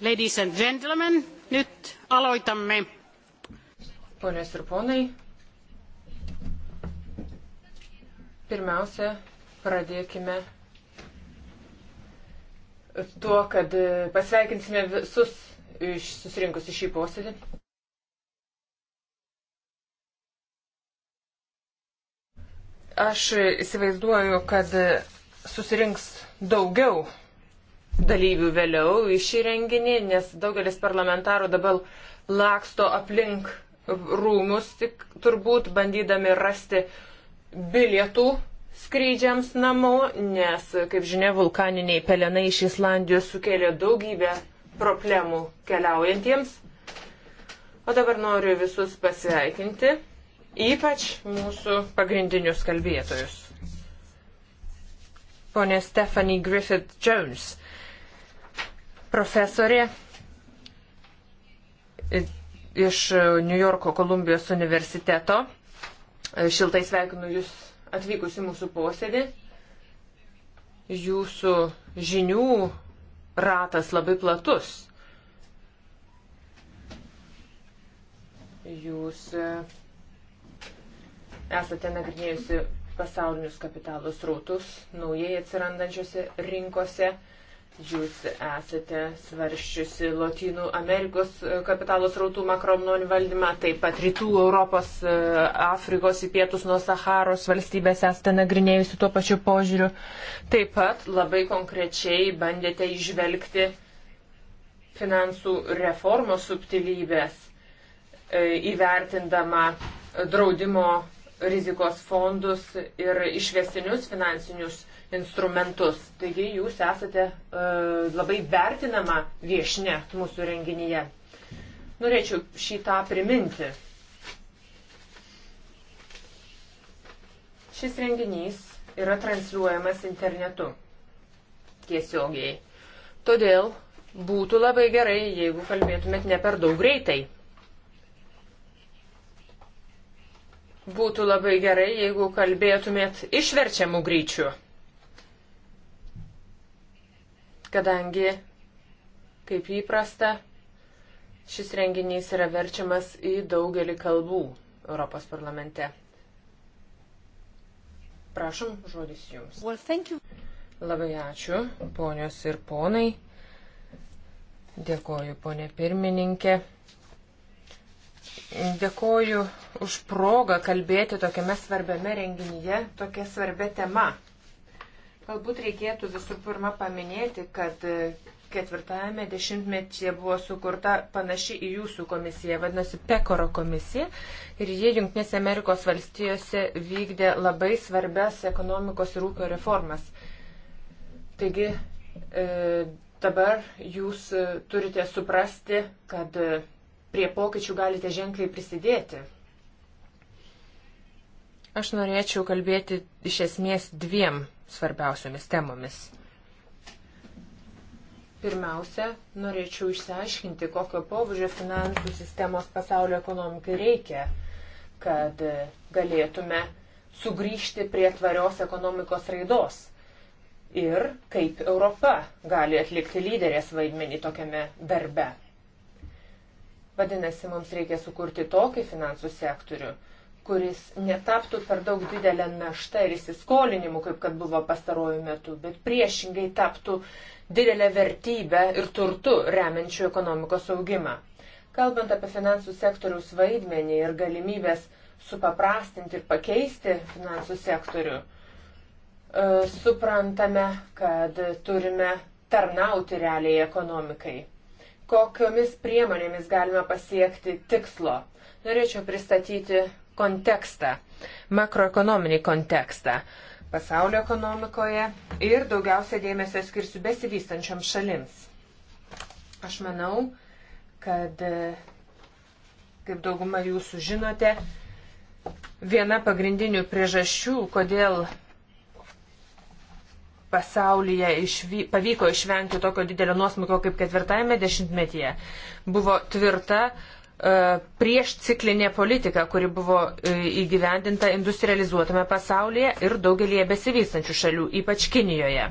Ladies and gentlemen, nyt aloitamme. Ponios ir ponai, Pirmiausia, pradėkime tuo, kad e, pasveikinsime visus susirinkus į šį posėdį. Aš įsivaizduoju, kad susirinks daugiau dalyvių vėliau į šį renginį, nes daugelis parlamentarų dabar laksto aplink rūmus, tik turbūt bandydami rasti bilietų skrydžiams namo, nes, kaip žinia, vulkaniniai pelenai iš Islandijos sukėlė daugybę problemų keliaujantiems. O dabar noriu visus pasveikinti, ypač mūsų pagrindinius kalbėtojus. Pone Stephanie Griffith Jones, profesorė iš New Yorko Kolumbijos universiteto Šiltai sveikinu Jūs atvykusi mūsų posėdį. Jūsų žinių ratas labai platus. Jūs e, esate nagrinėjusi pasaulinius kapitalus rautus naujai atsirandančiose rinkose Jūs esate svarščiusi Latinų Amerikos e, kapitalo srautų makroekonominį valdymą, taip pat Rytų Europos, e, Afrikos į pietus nuo Saharos valstybės esate nagrinėjusi tuo pačiu požiūriu. Taip pat labai konkrečiai bandėte išvelgti finansų reformos subtilybės, e, įvertindama draudimo rizikos fondus ir išvesinius finansinius instrumentus. Taigi jūs esate e, labai vertinama viešne mūsų renginyje. Norėčiau šitą priminti. Šis renginys yra transliuojamas internetu tiesiogiai. Todėl būtų labai gerai, jeigu kalbėtumėt ne per daug greitai. Būtų labai gerai, jeigu kalbėtumėt išverčiamų greičių. kadangi, kaip įprasta, šis renginys yra verčiamas į daugelį kalbų Europos parlamente. Prašom, žodis jums. Well, Labai ačiū, ponios ir ponai. Dėkoju, ponė pirmininkė. Dėkoju už progą kalbėti tokiame svarbiame renginyje, tokia svarbia tema. Galbūt reikėtų visų pirma paminėti, kad ketvirtajame dešimtmetyje buvo sukurta panaši į jūsų komisiją, vadinasi Pekoro komisija, ir jie Junktinėse Amerikos valstijose vykdė labai svarbias ekonomikos ir ūkio reformas. Taigi e, dabar jūs turite suprasti, kad prie pokyčių galite ženkliai prisidėti. Aš norėčiau kalbėti iš esmės dviem svarbiausiomis temomis. Pirmiausia, norėčiau išsiaiškinti, kokio pobūdžio finansų sistemos pasaulio ekonomikai reikia, kad e, galėtume sugrįžti prie tvarios ekonomikos raidos ir kaip Europa gali atlikti lyderės vaidmenį tokiame darbe. Vadinasi, mums reikia sukurti tokį finansų sektorių, kuris netaptų per daug didelę naštą ir įsiskolinimu, kaip kad buvo pastarojų metų, bet priešingai taptų didelę vertybę ir turtu remiančių ekonomikos augimą. Kalbant apie finansų sektoriaus vaidmenį ir galimybės supaprastinti ir pakeisti finansų sektorių, e, suprantame, kad turime tarnauti realiai ekonomikai. Kokiomis priemonėmis galime pasiekti tikslo? Norėčiau pristatyti kontekstą, makroekonominį kontekstą pasaulio ekonomikoje ir daugiausia dėmesio skirsiu besivystančiam šalims. Aš manau, kad, e, kaip dauguma jūsų žinote, viena pagrindinių priežasčių, kodėl pasaulyje išvy, pavyko išvengti tokio didelio nuosmukio kaip ketvirtajame dešimtmetyje, buvo tvirta uh, E, prieš ciklinė politika, kuri buvo e, įgyvendinta industrializuotame pasaulyje ir daugelie besivystančių šalių, ypač Kinijoje.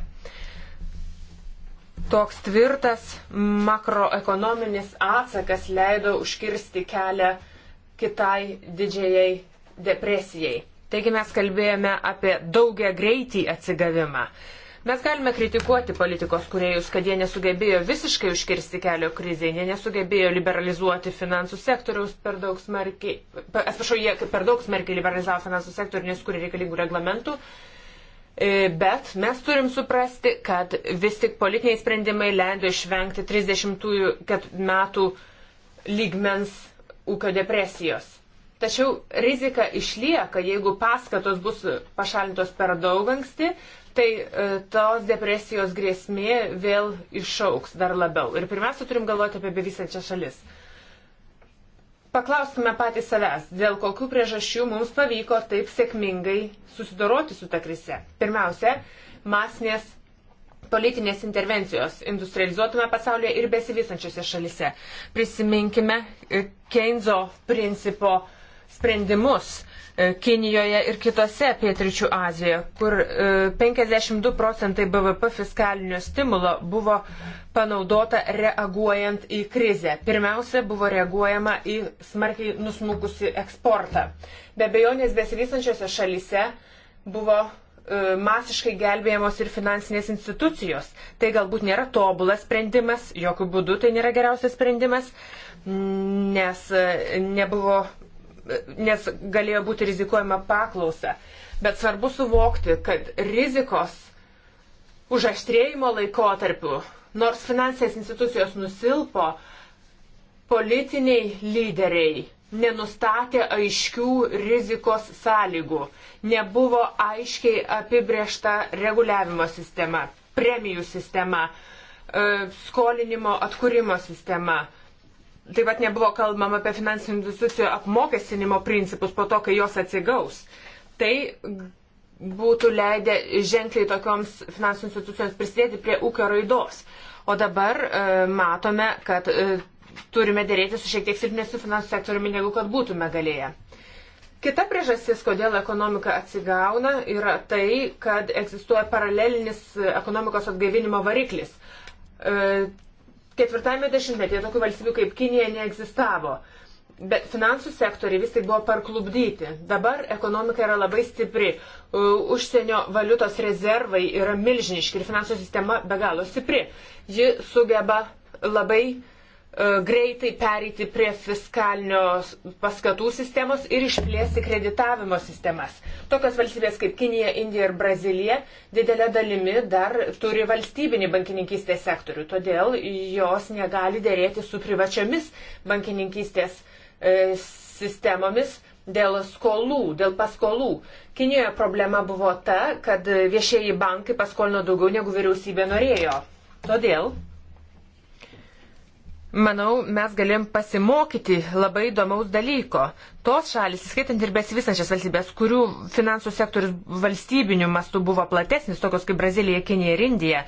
Toks tvirtas makroekonominis atsakas leido užkirsti kelią kitai didžiajai depresijai. Taigi mes kalbėjome apie daugia greitį atsigavimą. Uh, Mes galime kritikuoti politikos kuriejus, kad jie nesugebėjo visiškai užkirsti kelio krizėje, jie nesugebėjo liberalizuoti finansų sektoriaus per daug smarkiai, atsiprašau, jie per daug smarkiai liberalizavo finansų sektorių, nesukūrė reikalingų reglamentų. E, bet mes turim suprasti, kad vis tik politiniai sprendimai leido išvengti 30 metų lygmens ūkio depresijos. Tačiau rizika išlieka, jeigu paskatos bus pašalintos per daug anksti, tai e, tos depresijos grėsmė vėl išauks dar labiau. Ir pirmiausia, turim galvoti apie bevysančią šalis. Paklauskime patys savęs, dėl kokių priežasčių mums pavyko taip sėkmingai susidoroti su ta krise. Pirmiausia, masinės politinės intervencijos industrializuotume pasaulyje ir besivysančiose šalise. Prisiminkime e, Keynes'o principo sprendimus E, Kinijoje ir kitose pietričių Azijoje, kur 52 e, procentai BVP fiskalinio stimulo buvo panaudota reaguojant į krizę. Pirmiausia, buvo reaguojama į smarkiai nusmukusi eksportą. Be bejonės besivysančiose šalise buvo e, masiškai gelbėjamos ir finansinės institucijos. Tai galbūt nėra tobulas sprendimas, jokių būdų tai nėra geriausias sprendimas, nes nebuvo nes galėjo būti rizikuojama paklausa. Bet svarbu suvokti, kad rizikos užaštrėjimo laikotarpiu, nors finansinės institucijos nusilpo, politiniai lyderiai nenustatė aiškių rizikos sąlygų, nebuvo aiškiai apibriešta reguliavimo sistema, premijų sistema, e, skolinimo atkūrimo sistema. Taip pat nebuvo kalbama apie finansinių institucijų apmokestinimo principus po to, kai jos atsigaus. Tai būtų leidę ženkliai tokioms finansinių institucijoms prisidėti prie ūkio raidos. O dabar e, matome, kad e, turime dėrėti su šiek tiek silpnesniu finansų sektoriumi, negu kad būtume galėję. Kita priežastis, kodėl ekonomika atsigauna, yra tai, kad egzistuoja paralelinis e, ekonomikos atgaivinimo variklis. E, ketvirtame dešimtmetyje tokių valstybių kaip Kinija neegzistavo. Bet finansų sektoriai vis tik buvo parklubdyti. Dabar ekonomika yra labai stipri, užsienio valiutos rezervai yra milžiniški ir finansų sistema be galo stipri. Ji sugeba labai E, greitai pereiti prie fiskalinio paskatų sistemos ir išplėsti kreditavimo sistemas. Tokios valstybės kaip Kinija, Indija ir Brazilija didelė dalimi dar turi valstybinį bankininkystės sektorių, todėl jos negali dėrėti su privačiamis bankininkystės e, sistemomis dėl skolų, dėl paskolų. Kinijoje problema buvo ta, kad viešieji bankai paskolino daugiau negu vyriausybė norėjo. Todėl Manau, mes galim pasimokyti labai įdomaus dalyko. Tos šalis, skaitant ir besivysančias valstybės, kurių finansų sektorius valstybinių mastų buvo platesnis, tokios kaip Brazilija, Kinija ir Indija,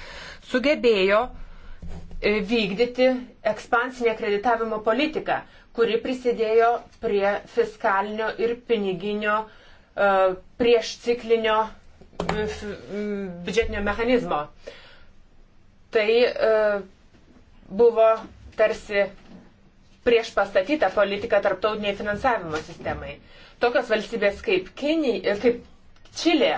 sugebėjo e, vykdyti ekspansinę kreditavimo politiką, kuri prisidėjo prie fiskalinio ir piniginio e, prieš ciklinio e, biudžetinio mechanizmo. Tai buvo tarsi prieš pastatytą politiką tarptautiniai finansavimo sistemai. Tokios valstybės kaip Kinija, kaip Čilė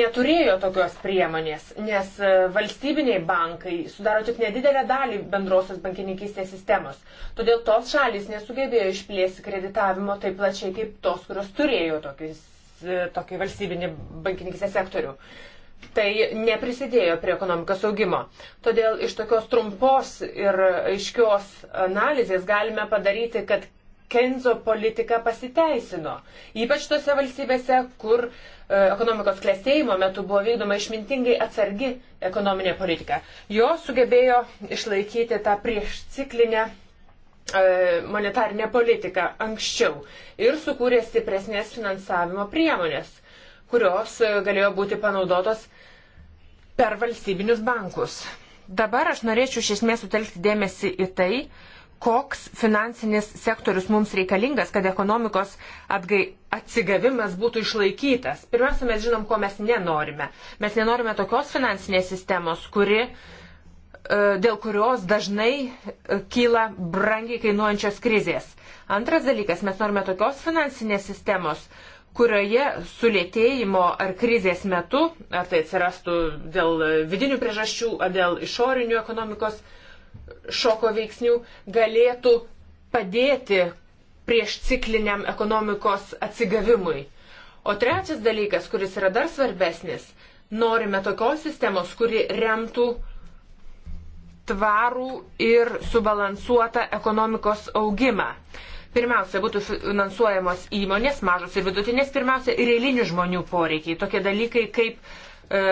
neturėjo tokios priemonės, nes e, valstybiniai bankai sudaro tik nedidelę dalį bendrosios bankininkystės sistemos. Todėl tos šalis nesugebėjo išplėsti kreditavimo taip plačiai kaip tos, kurios turėjo tokius, e, tokį valstybinį bankininkystės sektorių tai neprisidėjo prie ekonomikos augimo. Todėl iš tokios trumpos ir aiškios analizės galime padaryti, kad Kenzo politika pasiteisino. Ypač tose valstybėse, kur e, ekonomikos klėstėjimo metu buvo vykdoma išmintingai atsargi ekonominė politika. Jo sugebėjo išlaikyti tą priešciklinę e, monetarinę politiką anksčiau ir sukūrė stipresnės finansavimo priemonės kurios e, galėjo būti panaudotos per valstybinius bankus. Dabar aš norėčiau iš esmės sutelkti dėmesį į tai, koks finansinis sektorius mums reikalingas, kad ekonomikos atgai, atsigavimas būtų išlaikytas. Pirmiausia, mes žinom, ko mes nenorime. Mes nenorime tokios finansinės sistemos, kuri, e, dėl kurios dažnai e, kyla brangiai kainuojančios krizės. Antras dalykas, mes norime tokios finansinės sistemos, kurioje sulėtėjimo ar krizės metu, ar tai atsirastų dėl vidinių priežasčių, ar dėl išorinių ekonomikos šoko veiksnių, galėtų padėti prieš cikliniam ekonomikos atsigavimui. O trečias dalykas, kuris yra dar svarbesnis, norime tokios sistemos, kuri remtų tvarų ir subalansuotą ekonomikos augimą. Pirmiausia, būtų finansuojamos įmonės, mažos ir vidutinės, pirmiausia, realinių žmonių poreikiai. Tokie dalykai kaip e,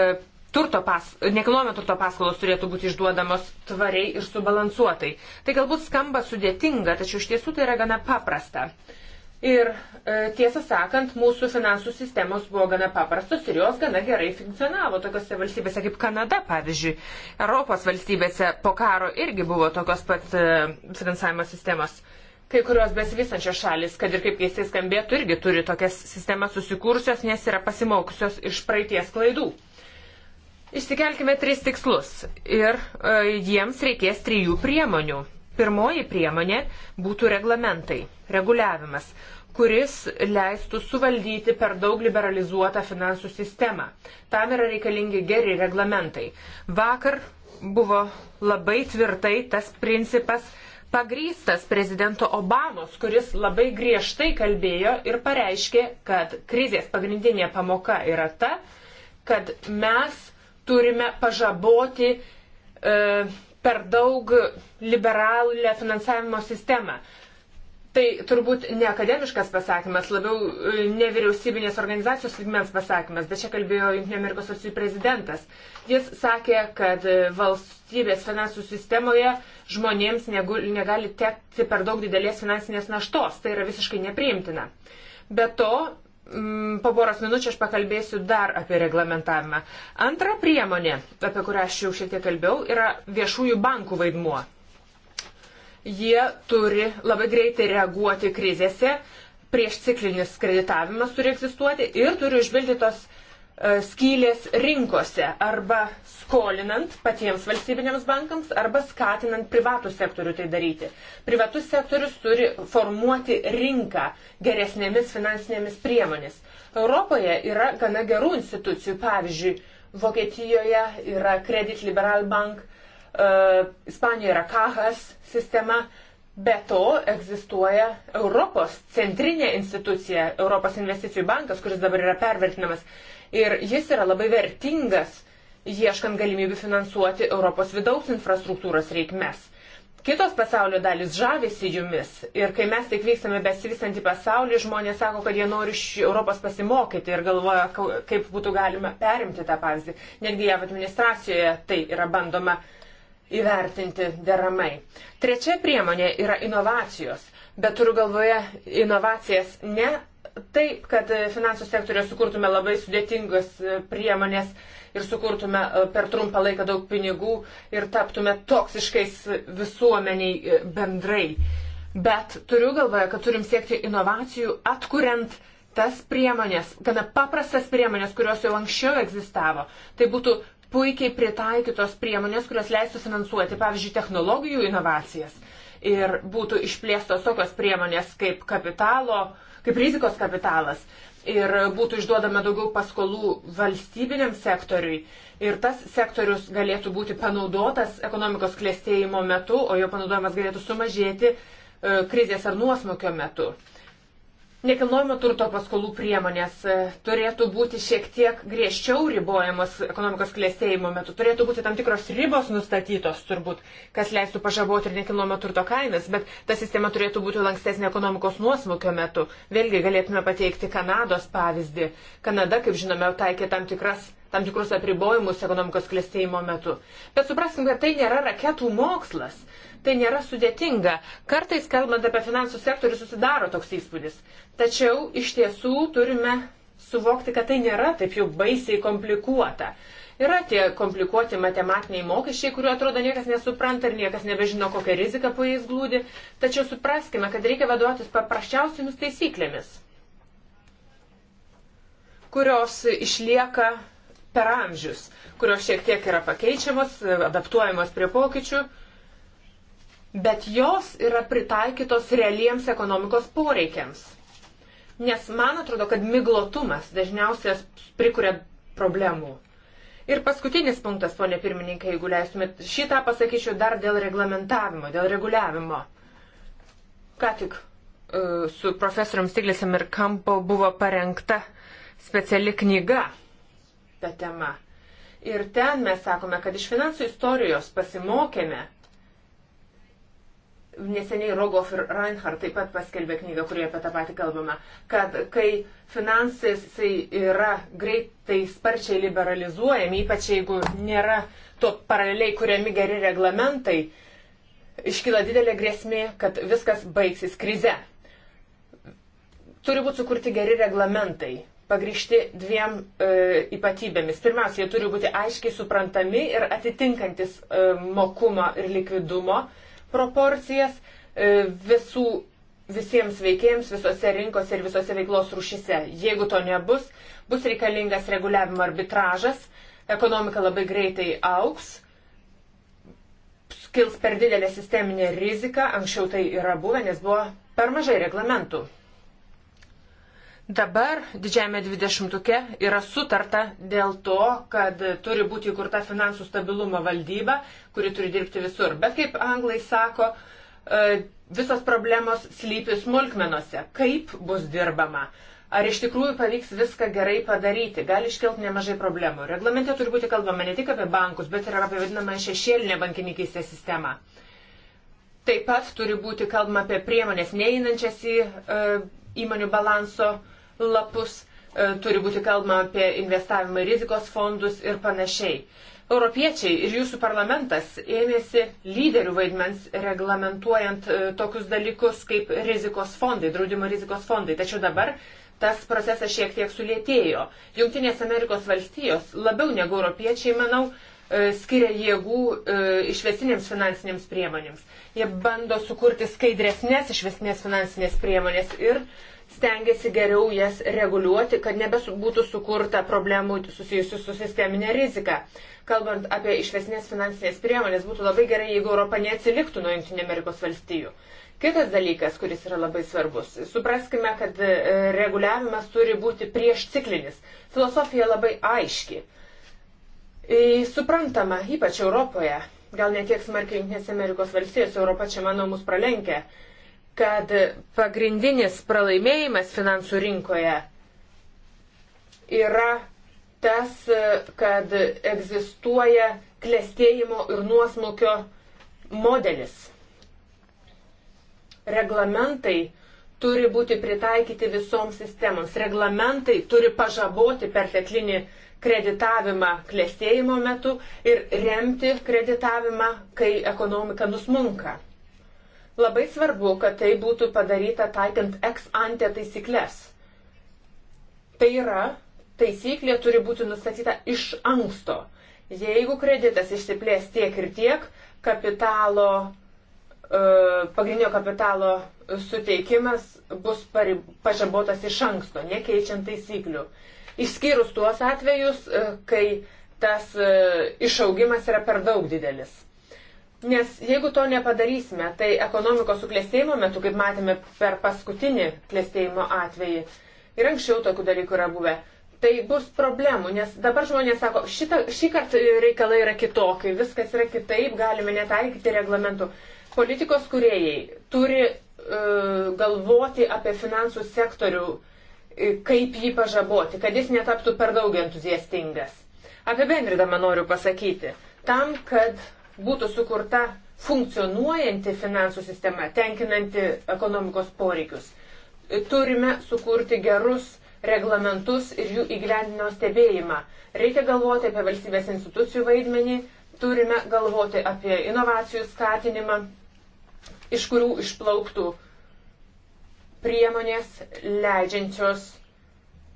turto pas, nekilnojamo turto paskolos turėtų būti išduodamos tvariai ir subalansuotai. Tai galbūt skamba sudėtinga, tačiau iš tiesų tai yra gana paprasta. Ir e, tiesą sakant, mūsų finansų sistemos buvo gana paprastos ir jos gana gerai funkcionavo tokiose valstybėse kaip Kanada, pavyzdžiui. Europos valstybėse po karo irgi buvo tokios pat e, finansavimo sistemos. Kai kurios besivysančios šalis, kad ir kaip keistai skambėtų, irgi turi tokias sistemas susikūrusios, nes yra pasimokusios iš praeities klaidų. Išsikelkime tris tikslus ir e, jiems reikės trijų priemonių. Pirmoji priemonė būtų reglamentai, reguliavimas, kuris leistų suvaldyti per daug liberalizuotą finansų sistemą. Tam yra reikalingi geri reglamentai. Vakar buvo labai tvirtai tas principas pagrystas prezidento Obamos, kuris labai griežtai kalbėjo ir pareiškė, kad krizės pagrindinė pamoka yra ta, kad mes turime pažaboti e, per daug liberalę finansavimo sistemą. Tai turbūt ne akademiškas pasakymas, labiau e, nevyriausybinės organizacijos lygmens pasakymas, bet čia kalbėjo JAV prezidentas. Jis sakė, kad e, valstybės finansų sistemoje žmonėms negali tekti per daug didelės finansinės naštos. Tai yra visiškai nepriimtina. Be to, po poros minučių aš pakalbėsiu dar apie reglamentavimą. Antra priemonė, apie kurią aš jau šiek tiek kalbėjau, yra viešųjų bankų vaidmuo jie turi labai greitai reaguoti krizėse, prieš ciklinis kreditavimas turi egzistuoti ir turi užbildi tos e, skylės rinkose arba skolinant patiems valstybinėms bankams arba skatinant privatų sektorių tai daryti. Privatus sektorius turi formuoti rinką geresnėmis finansinėmis priemonės. Europoje yra gana gerų institucijų, pavyzdžiui, Vokietijoje yra Credit Liberal Bank, Uh, Ispanijoje yra KAHAS sistema, be to egzistuoja Europos centrinė institucija, Europos investicijų bankas, kuris dabar yra pervertinamas. Ir jis yra labai vertingas, ieškant galimybių finansuoti Europos vidaus infrastruktūros reikmes. Kitos pasaulio dalis žavisi jumis ir kai mes tik vykstame besivystantį pasaulį, žmonės sako, kad jie nori iš Europos pasimokyti ir galvoja, kaip būtų galima perimti tą pavyzdį. Netgi JAV administracijoje tai yra bandoma uh, įvertinti deramai. Trečia priemonė yra inovacijos, bet turiu galvoje inovacijas ne taip, kad finansų sektorioje sukurtume labai sudėtingas e, priemonės ir sukurtume e, per trumpą laiką daug pinigų ir taptume toksiškais visuomeniai e, bendrai. Bet turiu galvoje, kad turim siekti inovacijų, atkuriant tas priemonės, gana paprastas priemonės, kurios jau anksčiau egzistavo. Tai būtų puikiai pritaikytos priemonės, kurios leistų finansuoti, pavyzdžiui, technologijų inovacijas. Ir būtų išplėstos tokios priemonės kaip kapitalo, kaip rizikos kapitalas. Ir būtų išduodama daugiau paskolų valstybiniam sektoriui. Ir tas sektorius galėtų būti panaudotas ekonomikos klėstėjimo metu, o jo panaudojimas galėtų sumažėti e, krizės ar nuosmokio metu. Uh, Nekilnojamo turto paskolų priemonės e, turėtų būti šiek tiek griežčiau ribojamos ekonomikos klėstėjimo metu. Turėtų būti tam tikros ribos nustatytos turbūt, kas leistų pažaboti ir nekilnojamo turto kainas, bet ta sistema turėtų būti lankstesnė ekonomikos nuosmukio metu. Vėlgi galėtume pateikti Kanados pavyzdį. Kanada, kaip žinome, taikė tam, tikras, tam tikrus apribojimus ekonomikos klėstėjimo metu. Bet supraskim, kad tai nėra raketų mokslas. Tai nėra sudėtinga. Kartais, kalbant apie finansų sektorių, susidaro toks įspūdis. Tačiau iš tiesų turime suvokti, kad tai nėra taip jau baisiai komplikuota. Yra tie komplikuoti matematiniai mokesčiai, kurių atrodo niekas nesupranta ir niekas nebežino, kokią riziką po jais glūdi. Tačiau supraskime, kad reikia vaduotis paprasčiausiamis taisyklėmis, kurios išlieka per amžius, kurios šiek tiek yra pakeičiamos, adaptuojamos prie pokyčių bet jos yra pritaikytos realiems ekonomikos poreikiams. Nes man atrodo, kad miglotumas dažniausiai prikuria problemų. Ir paskutinis punktas, ponė pirmininkai, jeigu leistumėt, šitą pasakyčiau dar dėl reglamentavimo, dėl reguliavimo. Ką tik e, su profesorium Stiglisam ir Kampo buvo parengta speciali knyga tą temą. Ir ten mes sakome, kad iš finansų istorijos pasimokėme, neseniai Rogoff ir Reinhardt taip pat paskelbė knygą, kurioje apie tą patį kalbama, kad kai finansai yra greitai sparčiai liberalizuojami, ypač jeigu nėra to paraleliai kuriami geri reglamentai, iškyla didelė grėsmė, kad viskas baigsis krize. Turi būti sukurti geri reglamentai, pagrišti dviem e, ypatybėmis. Pirmiausia, jie turi būti aiškiai suprantami ir atitinkantis e, mokumo ir likvidumo e, proporcijas e, visų, visiems veikėjams, visose rinkose ir visose veiklos rušise. Jeigu to nebus, bus reikalingas reguliavimo arbitražas, ekonomika labai greitai auks, kils per didelę sisteminę riziką, anksčiau tai yra buvę, nes buvo per mažai reglamentų. Dabar didžiame dvidešimtuke yra sutarta dėl to, kad turi būti įkurta finansų stabilumo valdyba, kuri turi dirbti visur. Bet kaip anglai sako, e, visos problemos slypi smulkmenuose. Kaip bus dirbama? ar iš tikrųjų pavyks viską gerai padaryti. Gali iškilti nemažai problemų. Reglamente turi būti kalbama ne tik apie bankus, bet ir apie vadinamą šešėlinę bankininkystės sistemą. Taip pat turi būti kalbama apie priemonės neįinančias į e, įmonių balanso lapus, e, turi būti kalbama apie investavimą į rizikos fondus ir panašiai. Europiečiai ir jūsų parlamentas ėmėsi lyderių vaidmens reglamentuojant e, tokius dalykus kaip rizikos fondai, draudimo rizikos fondai. Tačiau dabar tas procesas šiek tiek sulėtėjo. Junktinės Amerikos valstijos labiau negu europiečiai, manau, e, skiria jėgų išvesinėms finansinėms priemonėms. Jie bando sukurti skaidresnės išvesinės finansinės priemonės ir uh, stengiasi geriau jas reguliuoti, kad nebūtų sukurta problemų susijusių su sisteminė rizika. Kalbant apie išvesnės finansinės priemonės, būtų labai gerai, jeigu Europa neatsiliktų nuo Junktinė Amerikos valstijų. Kitas dalykas, kuris yra labai svarbus. Supraskime, kad e, reguliavimas turi būti prieš ciklinis. Filosofija labai aiški. E, suprantama, ypač Europoje, gal ne tiek smarkiai Junktinės Amerikos valstijos, Europa čia, manau, mus pralenkė kad pagrindinis pralaimėjimas finansų rinkoje yra tas, kad egzistuoja klėstėjimo ir nuosmukio modelis. Reglamentai turi būti pritaikyti visoms sistemoms. Reglamentai turi pažaboti perteklinį kreditavimą klėstėjimo metu ir remti kreditavimą, kai ekonomika nusmunka. Labai svarbu, kad tai būtų padaryta taikant ex ante taisyklės. Tai yra, taisyklė turi būti nustatyta iš anksto. Jeigu kreditas išsiplės tiek ir tiek, kapitalo, e, pagrindinio kapitalo suteikimas bus pažabotas iš anksto, nekeičiant taisyklių. Išskyrus tuos atvejus, e, kai tas e, išaugimas yra per daug didelis. Nes jeigu to nepadarysime, tai ekonomikos suklėstėjimo metu, kaip matėme per paskutinį klėstėjimo atvejį, ir anksčiau tokių dalykų yra buvę, tai bus problemų, nes dabar žmonės sako, šita, šį kartą reikalai yra kitokie, viskas yra kitaip, galime netaikyti reglamentų. Politikos kuriejai turi uh, galvoti apie finansų sektorių, e, kaip jį pažaboti, kad jis netaptų per daug entuziastingas. Apibendridama noriu pasakyti, tam, kad būtų sukurta funkcionuojanti finansų sistema, tenkinanti ekonomikos poreikius. Turime sukurti gerus reglamentus ir jų įgyvendinimo stebėjimą. Reikia galvoti apie valstybės institucijų vaidmenį, turime galvoti apie inovacijų skatinimą, iš kurių išplauktų priemonės leidžiančios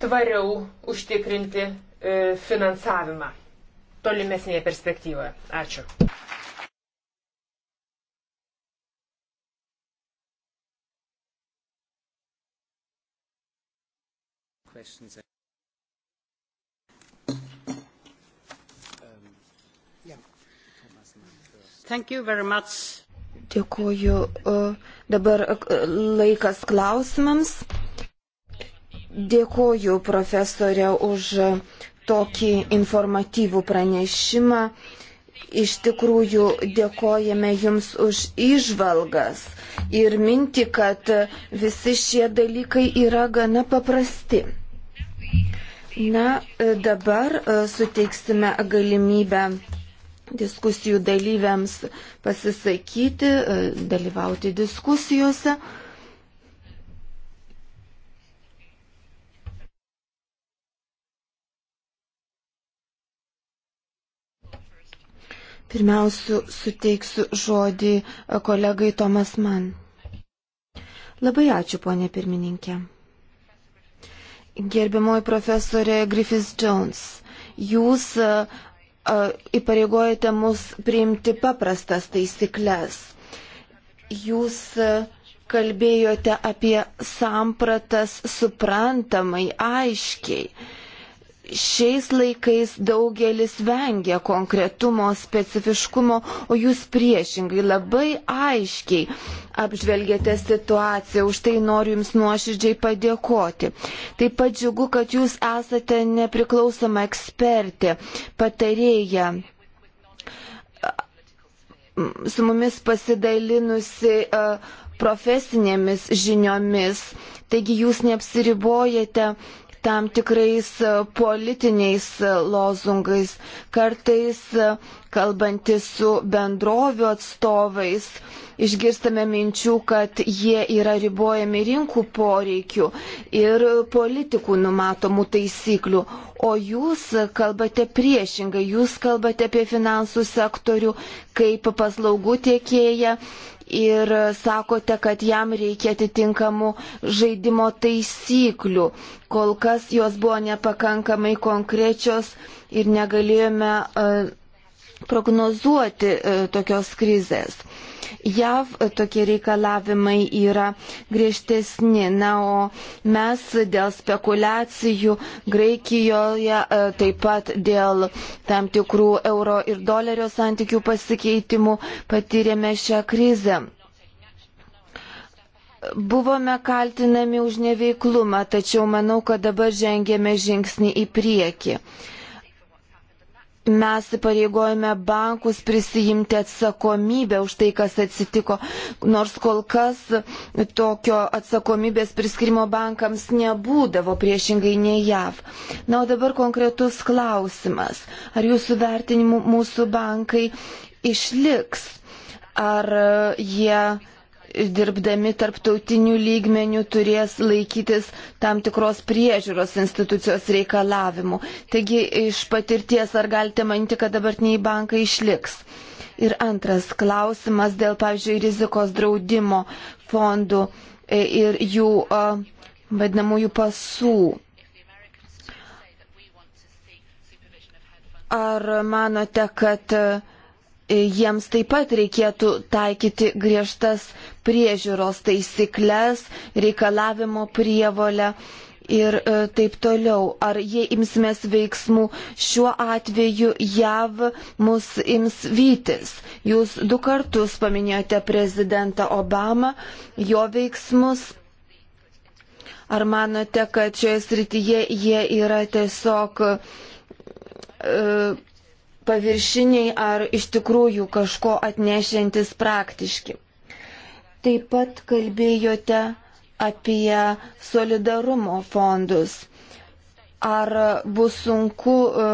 tvariau užtikrinti e, finansavimą tolimesnėje perspektyvoje. Ačiū. questions. Um, Thank you very much. Dėkuoju. Dabar e, laikas klausimams. Dėkuoju profesorė už tokį informatyvų pranešimą. Iš tikrųjų dėkojame Jums už išvalgas ir minti, kad visi šie dalykai yra gana paprasti. Na, e, dabar e, suteiksime galimybę diskusijų dalyviams pasisakyti, e, dalyvauti diskusijose. Pirmiausia, suteiksiu žodį kolegai Tomas Man. Labai ačiū, ponė pirmininkė. Gerbiamoji profesorė Griffith Jones, jūs uh, e, e, įpareigojate mus priimti paprastas taisyklės. Jūs e, kalbėjote apie sampratas suprantamai, aiškiai. Šiais laikais daugelis vengia konkretumo, specifiškumo, o jūs priešingai labai aiškiai apžvelgėte situaciją. Už tai noriu Jums nuoširdžiai padėkoti. Taip pat džiugu, kad Jūs esate nepriklausoma ekspertė, patarėja su mumis pasidalinusi profesinėmis žiniomis. Taigi jūs neapsiribojate uh, tam tikrais e, politiniais e, lozungais, kartais e, kalbantis su bendrovių atstovais, išgirstame minčių, kad jie yra ribojami rinkų poreikių ir politikų numatomų taisyklių. O jūs kalbate priešingai, jūs kalbate apie finansų sektorių kaip paslaugų tiekėją, ir sakote, kad jam reikia atitinkamų žaidimo taisyklių. Kol kas jos buvo nepakankamai konkrečios ir negalėjome uh, prognozuoti e, tokios krizės. JAV e, tokie reikalavimai yra griežtesni, na, o mes dėl spekulacijų Graikijoje, e, taip pat dėl tam tikrų euro ir dolerio santykių pasikeitimų patyrėme šią krizę. Buvome kaltinami už neveiklumą, tačiau manau, kad dabar žengėme žingsnį į priekį. Uh, mes pareigojame bankus prisijimti atsakomybę už tai, kas atsitiko, nors kol kas tokio atsakomybės priskirimo bankams nebūdavo priešingai nei JAV. Na, o dabar konkretus klausimas. Ar jūsų vertinimu mūsų bankai išliks? Ar jie dirbdami tarptautinių lygmenių turės laikytis tam tikros priežiūros institucijos reikalavimų. Taigi iš patirties ar galite manyti, kad dabartiniai bankai išliks? Ir antras klausimas dėl, pavyzdžiui, rizikos draudimo fondų e, ir jų e, vadinamųjų pasų. Ar manote, kad uh, E, jiems taip pat reikėtų taikyti griežtas priežiūros taisyklės, reikalavimo prievolę ir e, taip toliau. Ar jie imsimės veiksmų, šiuo atveju JAV mus ims vytis. Jūs du kartus paminėjote prezidentą Obamą, jo veiksmus. Ar manote, kad šioje srityje jie yra tiesiog. Uh, e, paviršiniai ar iš tikrųjų kažko atnešiantis praktiški. Taip pat kalbėjote apie solidarumo fondus. Ar bus sunku e,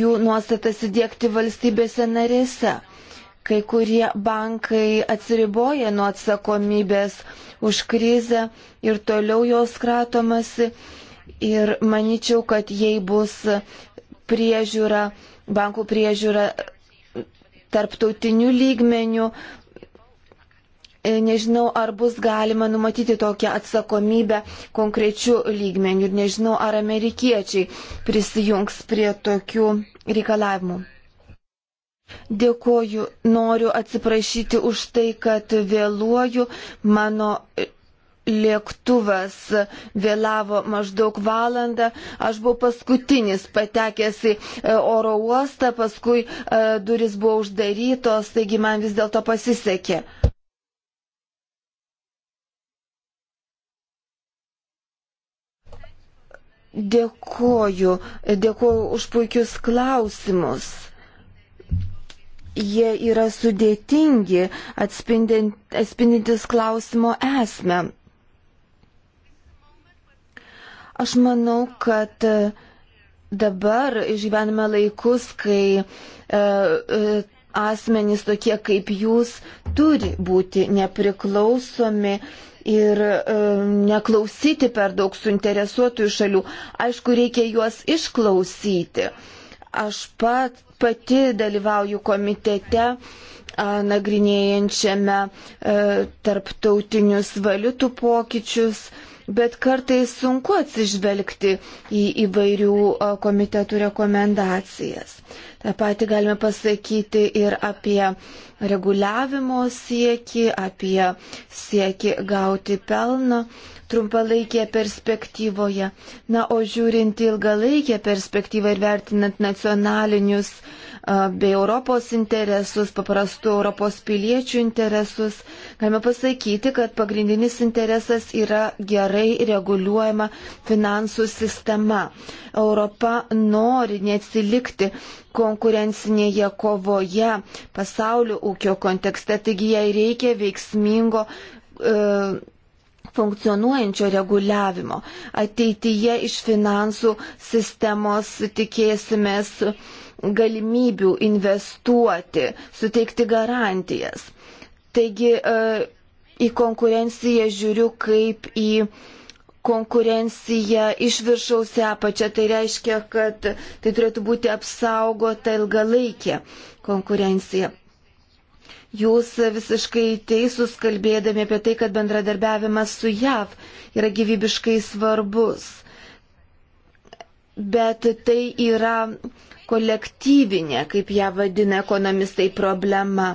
jų nuostatas įdėkti valstybėse narėse? Kai kurie bankai atsiriboja nuo atsakomybės už krizę ir toliau jos kratomasi. Ir manyčiau, kad jei bus priežiūra bankų priežiūra tarptautiniu lygmeniu. E, nežinau, ar bus galima numatyti tokią atsakomybę konkrečių lygmenių ir nežinau, ar amerikiečiai prisijungs prie tokių reikalavimų. Dėkoju, noriu atsiprašyti už tai, kad vėluoju. Mano lėktuvas vėlavo maždaug valandą. Aš buvau paskutinis patekęs į e, oro uostą, paskui e, duris buvo uždarytos, taigi man vis dėlto pasisekė. Dėkoju, dėkoju už puikius klausimus. Jie yra sudėtingi, atspindintis klausimo esmę. Aš manau, kad e, dabar išgyvename laikus, kai e, e, asmenys tokie kaip jūs turi būti nepriklausomi ir e, neklausyti per daug suinteresuotųjų šalių. Aišku, reikia juos išklausyti. Aš pat, pati dalyvauju komitete nagrinėjančiame e, tarptautinius valiutų pokyčius bet kartais sunku atsižvelgti į įvairių komitetų rekomendacijas. Ta pati galime pasakyti ir apie reguliavimo sieki, apie sieki gauti pelną trumpalaikėje perspektyvoje. Na, o žiūrint ilgalaikę perspektyvą ir vertinant nacionalinius uh, bei Europos interesus, paprastų Europos piliečių interesus, galime pasakyti, kad pagrindinis interesas yra gerai reguliuojama finansų sistema. Europa nori neatsilikti konkurencinėje kovoje pasaulio ūkio kontekste, taigi jai reikia veiksmingo. E, funkcionuojančio reguliavimo. Ateityje iš finansų sistemos tikėsimės uh, galimybių investuoti, suteikti garantijas. Taigi e, į konkurenciją žiūriu kaip į konkurencija iš viršaus į apačią. Tai reiškia, kad tai turėtų būti apsaugota ilgalaikė konkurencija. Jūs visiškai teisūs kalbėdami apie tai, kad bendradarbiavimas su JAV yra gyvybiškai svarbus. Bet tai yra kolektyvinė, kaip ją vadina ekonomistai, problema.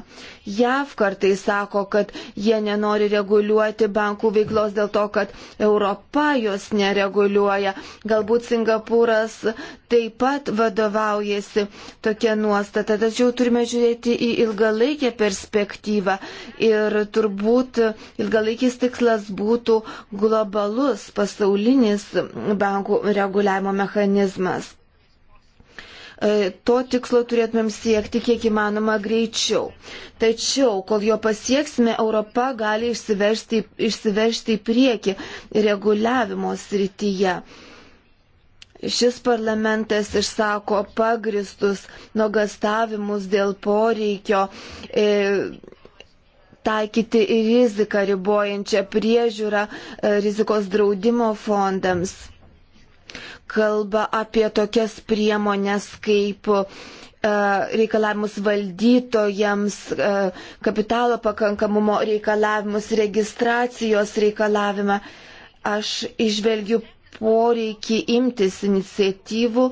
JAV kartai sako, kad jie nenori reguliuoti bankų veiklos dėl to, kad Europa jos nereguliuoja. Galbūt Singapūras taip pat vadovaujasi tokia nuostata, tačiau turime žiūrėti į ilgalaikę perspektyvą ir turbūt ilgalaikis tikslas būtų globalus pasaulinis bankų reguliavimo mechanizmas. E, to tikslo turėtumėm siekti kiek įmanoma greičiau. Tačiau, kol jo pasieksime, Europa gali išsiveršti, išsiveršti į priekį reguliavimo srityje. Šis parlamentas išsako pagristus nuogastavimus dėl poreikio. E, taikyti riziką ribojančią priežiūrą e, rizikos draudimo fondams kalba apie tokias priemonės kaip e, reikalavimus valdytojams, e, kapitalo pakankamumo reikalavimus, registracijos reikalavimą. Aš išvelgiu poreikį imtis iniciatyvų,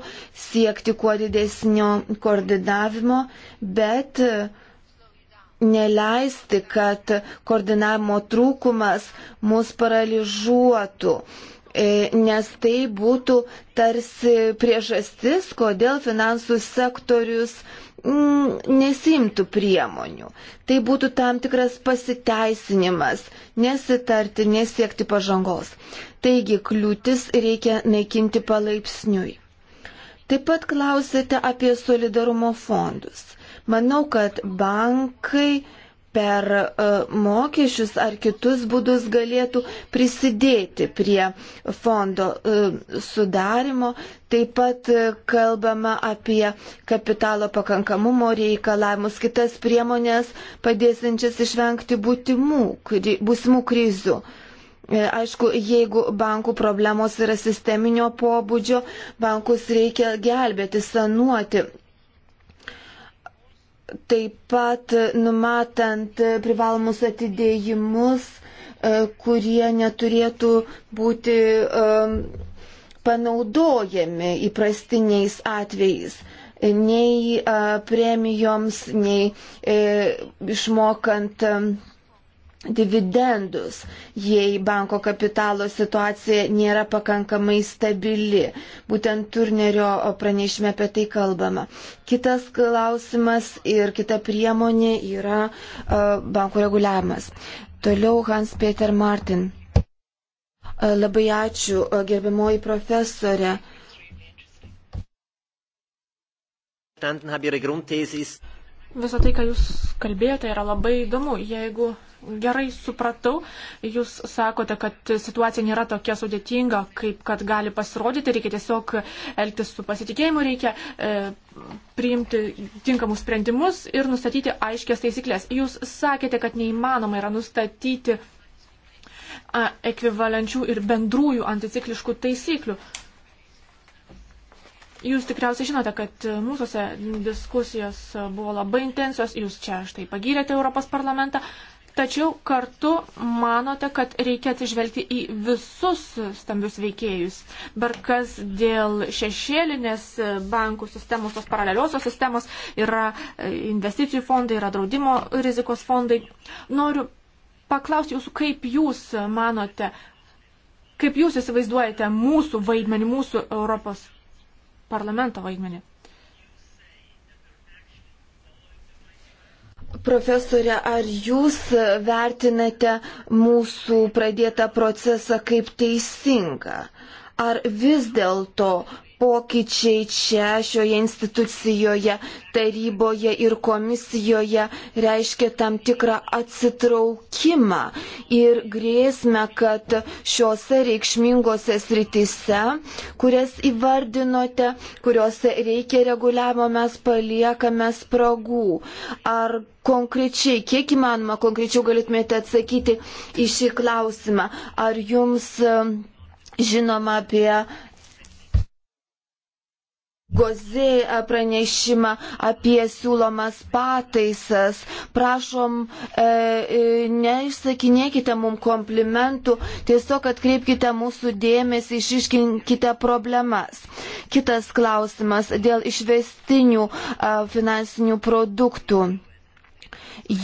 siekti kuo didesnio koordinavimo, bet neleisti, kad koordinavimo trūkumas mus paralyžuotų. Uh, E, nes tai būtų tarsi priežastis, kodėl finansų sektorius mm, nesimtų priemonių. Tai būtų tam tikras pasiteisinimas nesitarti, nesiekti pažangos. Taigi kliūtis reikia naikinti palaipsniui. Taip pat klausėte apie solidarumo fondus. Manau, kad bankai per e, mokesčius ar kitus būdus galėtų prisidėti prie fondo e, sudarimo. Taip pat e, kalbama apie kapitalo pakankamumo reikalavimus, kitas priemonės padėsinčias išvengti būtimų, būsimų krizių. Aišku, jeigu bankų problemos yra sisteminio pobūdžio, bankus reikia gelbėti, sanuoti, taip pat numatant privalomus atidėjimus, e, kurie neturėtų būti e, panaudojami įprastiniais atvejais nei e, premijoms, nei išmokant dividendus, jei banko kapitalo situacija nėra pakankamai stabili. Būtent turnerio pranešime apie tai kalbama. Kitas klausimas ir kita priemonė yra uh, bankų reguliavimas. Toliau Hans Peter Martin. Uh, labai ačiū, uh, gerbiamoji profesorė. Visą tai, ką jūs kalbėjote, yra labai įdomu. Jeigu gerai supratau, jūs sakote, kad situacija nėra tokia sudėtinga, kaip kad gali pasirodyti, reikia tiesiog elgtis su pasitikėjimu, reikia e, priimti tinkamus sprendimus ir nustatyti aiškias taisyklės. Jūs sakėte, kad neįmanoma yra nustatyti a, ekvivalenčių ir bendrųjų anticikliškų taisyklių. Jūs tikriausiai žinote, kad mūsųse diskusijos buvo labai intensios, jūs čia štai pagyrėte Europos parlamentą, Tačiau kartu manote, kad reikia atsižvelgti į visus stambius veikėjus. Bet kas dėl šešėlinės bankų sistemos, tos paraleliosios sistemos, yra e, investicijų fondai, yra draudimo rizikos fondai. Noriu paklausti jūsų, kaip jūs manote, kaip jūs įsivaizduojate mūsų vaidmenį, mūsų Europos parlamento vaidmenį. Profesorė, ar jūs vertinate mūsų pradėtą procesą kaip teisingą? Ar vis dėlto pokyčiai čia šioje institucijoje, taryboje ir komisijoje reiškia tam tikrą atsitraukimą ir grėsmę, kad šiuose reikšmingose sritise, kurias įvardinote, kuriuose reikia reguliavimo, mes paliekame spragų. Ar konkrečiai, kiek įmanoma, konkrečiau galėtumėte atsakyti į šį klausimą? Ar jums e, žinoma apie Gozė e, pranešimą apie siūlomas pataisas. Prašom, e, e, neišsakinėkite mum komplimentų, tiesiog atkreipkite mūsų dėmesį, išiškinkite problemas. Kitas klausimas dėl išvestinių e, finansinių produktų.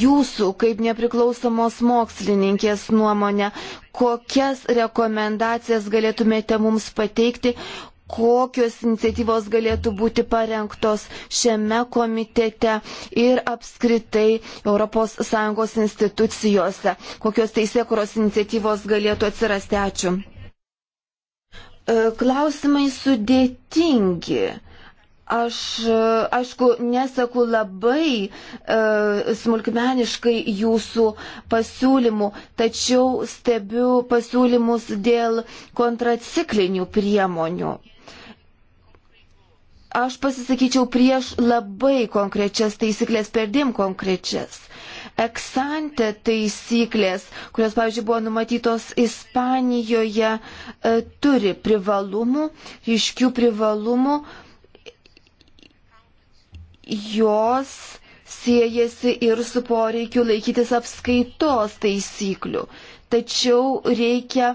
Jūsų, kaip nepriklausomos mokslininkės nuomonė, kokias rekomendacijas galėtumėte mums pateikti, kokios iniciatyvos galėtų būti parengtos šiame komitete ir apskritai ES institucijose, kokios teisėkuros iniciatyvos galėtų atsirasti. Ačiū. E, klausimai sudėtingi. Aš, e, aišku, nesaku labai e, smulkmeniškai jūsų pasiūlymų, tačiau stebiu pasiūlymus dėl kontraciklinių priemonių Aš pasisakyčiau prieš labai konkrečias taisyklės, perdim konkrečias. Eksante taisyklės, kurios, pavyzdžiui, buvo numatytos Ispanijoje, e, turi privalumų, ryškių privalumų. Jos siejasi ir su poreikiu laikytis apskaitos taisyklių. Tačiau reikia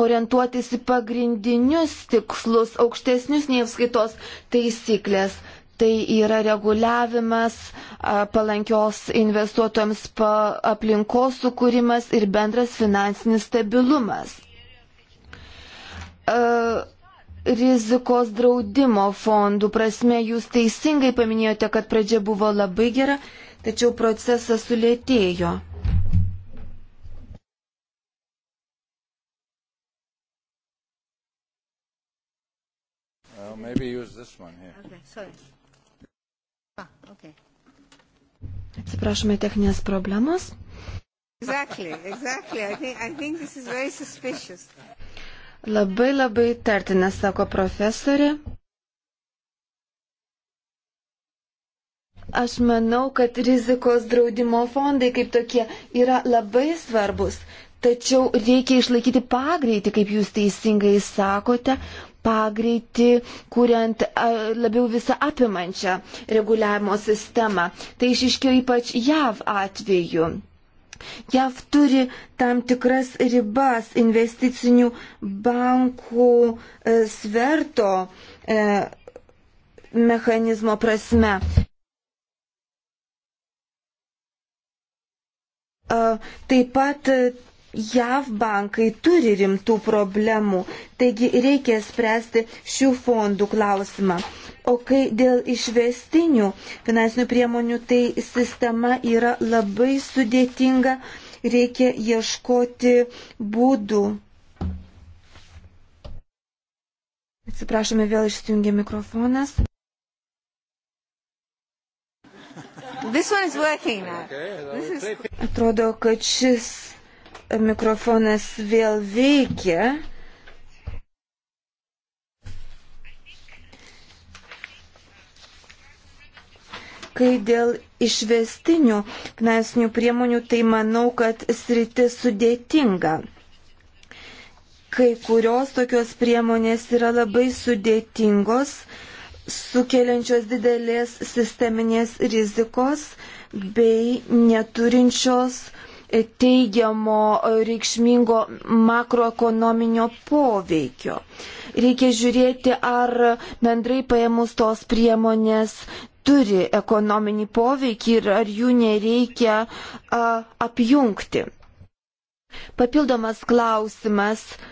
orientuotis į pagrindinius tikslus, aukštesnius nei apskaitos taisyklės. Tai yra reguliavimas, palankios investuotojams pa aplinkos sukūrimas ir bendras finansinis stabilumas. Uh, rizikos draudimo fondų prasme jūs teisingai paminėjote, kad pradžia buvo labai gera, tačiau procesas sulėtėjo. Maybe use this one here. Okay, sorry. Ah, okay. Atsiprašome techninės problemos. Exactly, exactly. I think, I think this is very suspicious. Labai labai tartina, sako profesorė. Aš manau, kad rizikos draudimo fondai kaip tokie yra labai svarbus, tačiau reikia išlaikyti pagreitį, kaip jūs teisingai sakote, pagreitį, kuriant labiau visą apimančią reguliavimo sistemą. Tai išiškėjo ypač JAV atveju. JAV turi tam tikras ribas investicinių bankų e, sverto e, mechanizmo prasme. Taip pat JAV bankai turi rimtų problemų, taigi reikia spręsti šių fondų klausimą. O kai dėl išvestinių finansinių priemonių, tai sistema yra labai sudėtinga, reikia ieškoti būdų. Atsiprašome, vėl išsijungia mikrofonas. Atrodo, kad šis mikrofonas vėl veikia. Kai dėl išvestinių finansinių priemonių, tai manau, kad sritis sudėtinga. Kai kurios tokios priemonės yra labai sudėtingos, sukeliančios didelės sisteminės rizikos bei neturinčios uh, teigiamo reikšmingo makroekonominio poveikio. Reikia žiūrėti, ar bendrai paėmus tos priemonės turi ekonominį poveikį ir ar jų nereikia a, apjungti. Papildomas klausimas. A,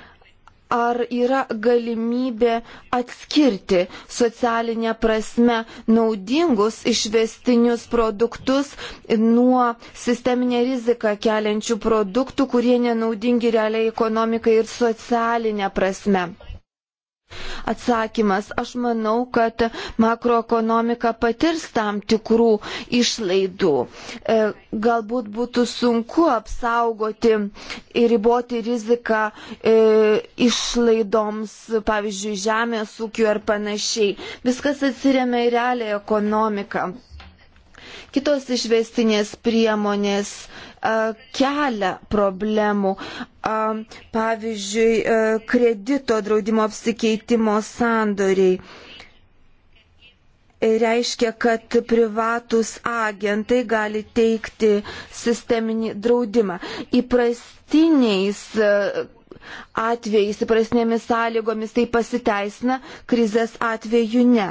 ar yra galimybė atskirti socialinę prasme naudingus išvestinius produktus nuo sisteminę riziką keliančių produktų, kurie nenaudingi realiai ekonomikai ir socialinę prasme atsakymas. Aš manau, kad makroekonomika patirs tam tikrų išlaidų. E, galbūt būtų sunku apsaugoti ir riboti riziką e, išlaidoms, pavyzdžiui, žemės ūkiu ar panašiai. Viskas atsiriame į realią ekonomiką kitos išvestinės priemonės kelia problemų. Pavyzdžiui, kredito draudimo apsikeitimo sandoriai e, reiškia, kad privatus agentai gali teikti sisteminį draudimą. Įprastiniais atvejais įprasnėmis sąlygomis tai pasiteisina, krizės atveju ne.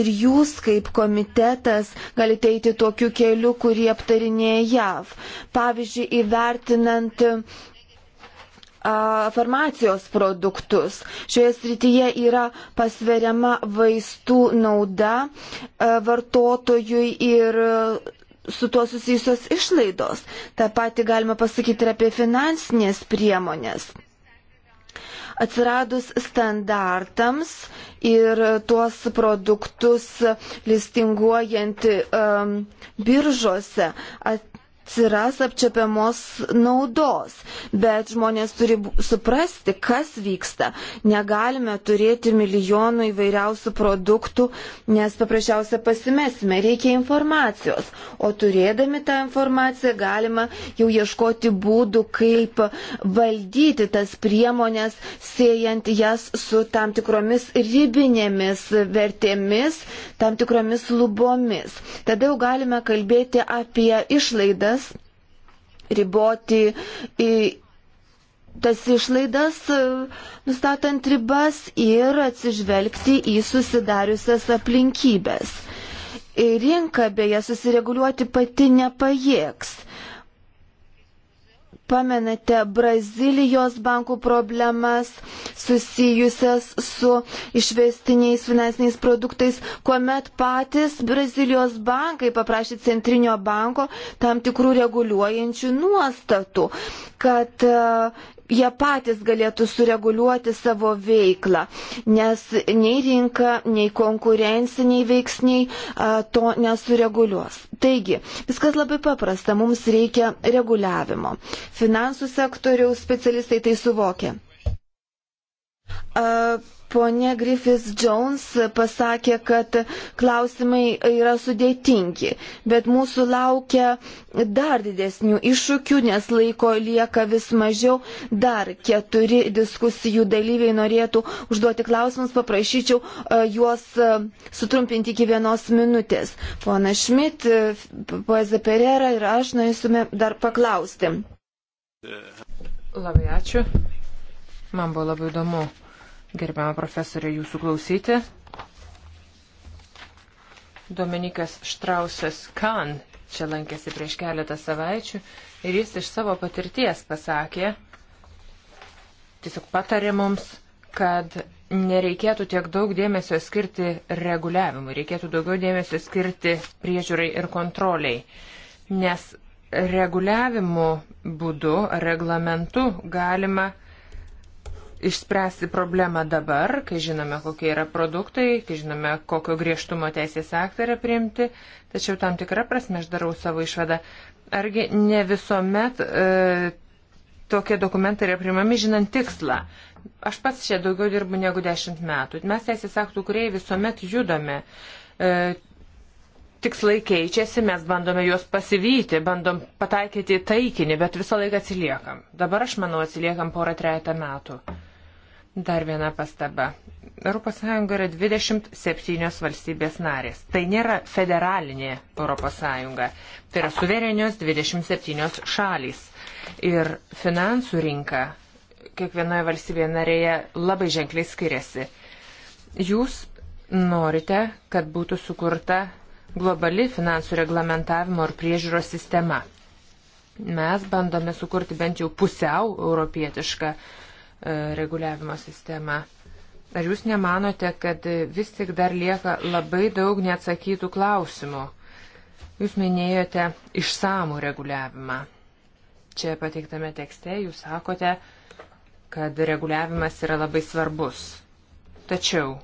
Ir jūs kaip komitetas galite eiti tokiu keliu, kurį aptarinėja JAV. Pavyzdžiui, įvertinant farmacijos produktus. Šioje srityje yra pasveriama vaistų nauda vartotojui ir su tuo susijusios išlaidos. Ta pati galima pasakyti ir apie finansinės priemonės. Atsiradus standartams ir tuos produktus listinguojant um, biržose, at, atsiras apčiapiamos naudos, bet žmonės turi suprasti, kas vyksta. Negalime turėti milijonų įvairiausių produktų, nes paprasčiausia pasimesime, reikia informacijos. O turėdami tą informaciją galima jau ieškoti būdų, kaip valdyti tas priemonės, siejant jas su tam tikromis ribinėmis vertėmis, tam tikromis lubomis. Tada jau galime kalbėti apie išlaidas išlaidas, riboti tas išlaidas, e, nustatant ribas ir atsižvelgti į susidariusias aplinkybės. Rinka beje susireguliuoti pati nepajėgs pamenate Brazilijos bankų problemas susijusias su išvestiniais finansiniais produktais, kuomet patys Brazilijos bankai paprašė Centrinio banko tam tikrų reguliuojančių nuostatų, kad jie patys galėtų sureguliuoti savo veiklą, nes nei rinka, nei konkurenciniai veiksniai to nesureguliuos. Taigi, viskas labai paprasta, mums reikia reguliavimo. Finansų sektoriaus specialistai tai suvokia. Pone Griffith Jones pasakė, kad klausimai yra sudėtingi, bet mūsų laukia dar didesnių iššūkių, nes laiko lieka vis mažiau. Dar keturi diskusijų dalyviai norėtų užduoti klausimus, paprašyčiau juos sutrumpinti iki vienos minutės. Pona Šmit, poeza Perera ir aš norėsime dar paklausti. Labai ačiū. Man buvo labai įdomu Gerbiamą profesorę jūsų klausyti. Dominikas Štrausas Kan čia lankėsi prieš keletą savaičių ir jis iš savo patirties pasakė, tiesiog patarė mums, kad nereikėtų tiek daug dėmesio skirti reguliavimui, reikėtų daugiau dėmesio skirti priežiūrai ir kontroliai, nes reguliavimo būdu, reglamentu galima išspręsti problemą dabar, kai žinome, kokie yra produktai, kai žinome, kokio griežtumo teisės aktai yra priimti, tačiau tam tikrą prasme aš darau savo išvadą. Argi ne visuomet e, tokie dokumentai yra priimami žinant tikslą. Aš pats čia daugiau dirbu negu dešimt metų. Mes teisės aktų kuriai visuomet judome. E, tikslai keičiasi, mes bandome juos pasivyti, bandom pataikyti į taikinį, bet visą laiką atsiliekam. Dabar aš manau atsiliekam porą trejata metų. Dar viena pastaba. ES yra 27 valstybės narės. Tai nėra federalinė ES. Tai yra suverenios 27 šalys. Ir finansų rinka kiekvienoje valstybėje narėje labai ženkliai skiriasi. Jūs norite, kad būtų sukurta globali finansų reglamentavimo ir priežiūros sistema. Mes bandome sukurti bent jau pusiau europietišką uh, E, reguliavimo sistemą. Ar jūs nemanote, kad vis tik dar lieka labai daug neatsakytų klausimų? Jūs minėjote išsamų reguliavimą. Čia pateiktame tekste jūs sakote, kad reguliavimas yra labai svarbus. Tačiau,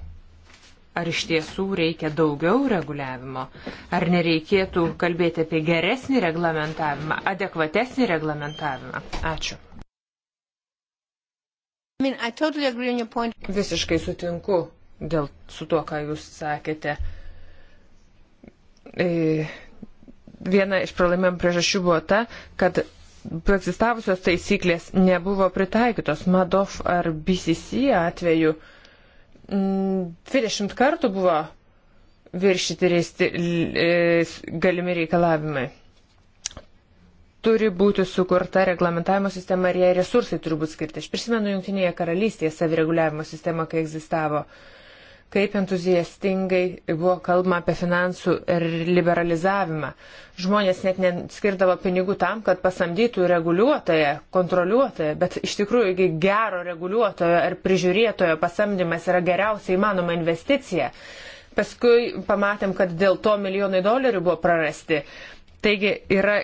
ar iš tiesų reikia daugiau reguliavimo? Ar nereikėtų kalbėti apie geresnį reglamentavimą, adekvatesnį reglamentavimą? Ačiū. I mean, I totally Visiškai sutinku dėl su tuo, ką jūs sakėte. E, viena iš pralaimėjimų priežasčių buvo ta, kad egzistavusios taisyklės nebuvo pritaikytos. Madoff ar BCC atveju 20 kartų buvo viršyti e, galimi reikalavimai turi būti sukurta reglamentavimo sistema ir jai resursai turi būti skirti. Aš prisimenu Junktinėje karalystėje savireguliavimo sistemą, kai egzistavo, kaip entuziastingai buvo kalbama apie finansų liberalizavimą. Žmonės net neskirdavo pinigų tam, kad pasamdytų reguliuotoją, kontroliuotoją, bet iš tikrųjų gero reguliuotojo ar prižiūrėtojo pasamdymas yra geriausia įmanoma investicija. Paskui pamatėm, kad dėl to milijonai dolerių buvo prarasti. Taigi yra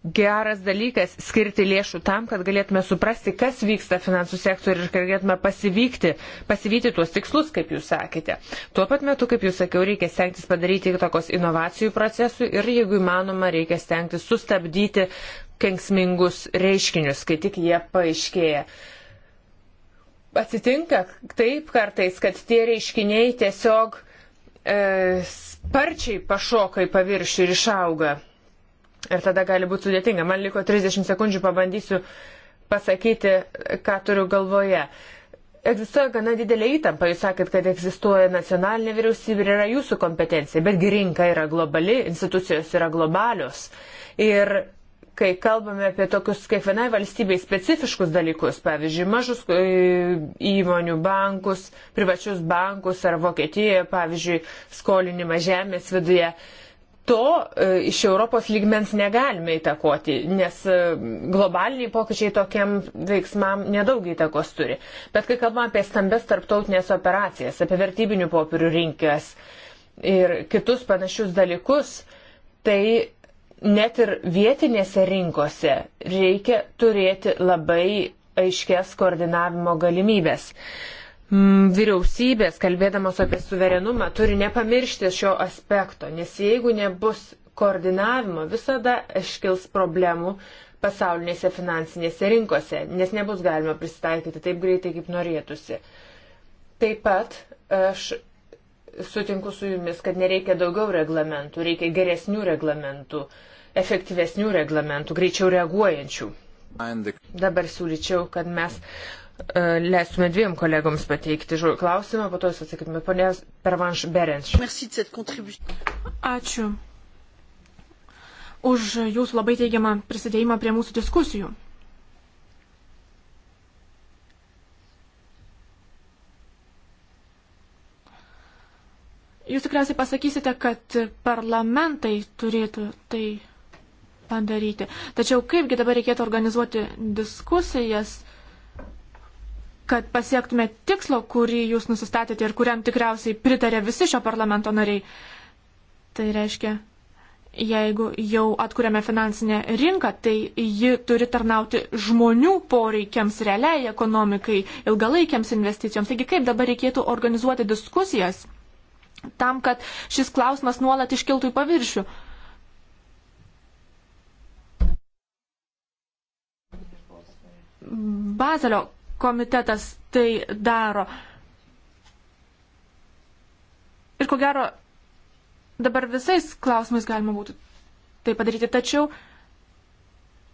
geras dalykas skirti lėšų tam, kad galėtume suprasti, kas vyksta finansų sektoriu ir kad galėtume pasivykti, pasivyti tuos tikslus, kaip jūs sakėte. Tuo pat metu, kaip jūs sakiau, reikia stengtis padaryti tokios inovacijų procesų ir, jeigu įmanoma, reikia stengtis sustabdyti kenksmingus reiškinius, kai tik jie paaiškėja. Atsitinka taip kartais, kad tie reiškiniai tiesiog e, sparčiai pašoka į paviršių ir išauga Ir tada gali būti sudėtinga. Man liko 30 sekundžių, pabandysiu pasakyti, ką turiu galvoje. Egzistuoja gana didelė įtampa, jūs sakėt, kad egzistuoja nacionalinė vyriausybė ir yra jūsų kompetencija, betgi rinka yra globali, institucijos yra globalios. Ir kai kalbame apie tokius kiekvienai valstybei specifiškus dalykus, pavyzdžiui, mažus e, įmonių bankus, privačius bankus ar Vokietijoje, pavyzdžiui, skolinimą žemės viduje, uh, to e, iš Europos lygmens negalime įtakoti, nes e, globaliniai pokyčiai tokiam veiksmam nedaug įtakos turi. Bet kai kalbame apie stambes tarptautinės operacijas, apie vertybinių popierių rinkas ir kitus panašius dalykus, tai net ir vietinėse rinkose reikia turėti labai aiškės koordinavimo galimybės. Uh, vyriausybės, kalbėdamos apie suverenumą, turi nepamiršti šio aspekto, nes jeigu nebus koordinavimo, visada iškils problemų pasaulinėse finansinėse rinkose, nes nebus galima pristaikyti taip greitai, kaip norėtųsi. Taip pat aš sutinku su jumis, kad nereikia daugiau reglamentų, reikia geresnių reglamentų, efektyvesnių reglamentų, greičiau reaguojančių. Dabar siūlyčiau, kad mes E, Leisime dviem kolegoms pateikti žodžių klausimą, po to jūs atsakytumėte. Pone Pervanš Berenš. Ačiū už jūsų labai teigiamą prisidėjimą prie mūsų diskusijų. Jūs tikriausiai pasakysite, kad parlamentai turėtų tai padaryti. Tačiau kaipgi dabar reikėtų organizuoti diskusijas, kad pasiektume tikslo, kurį jūs nusistatėte ir kuriam tikriausiai pritarė visi šio parlamento nariai. Tai reiškia, jeigu jau atkuriame finansinę rinką, tai ji turi tarnauti žmonių poreikiams, realiai ekonomikai, ilgalaikiams investicijoms. Taigi kaip dabar reikėtų organizuoti diskusijas tam, kad šis klausimas nuolat iškiltų į paviršių? Bazelio komitetas tai daro. Ir ko gero, dabar visais klausimais galima būtų tai padaryti, tačiau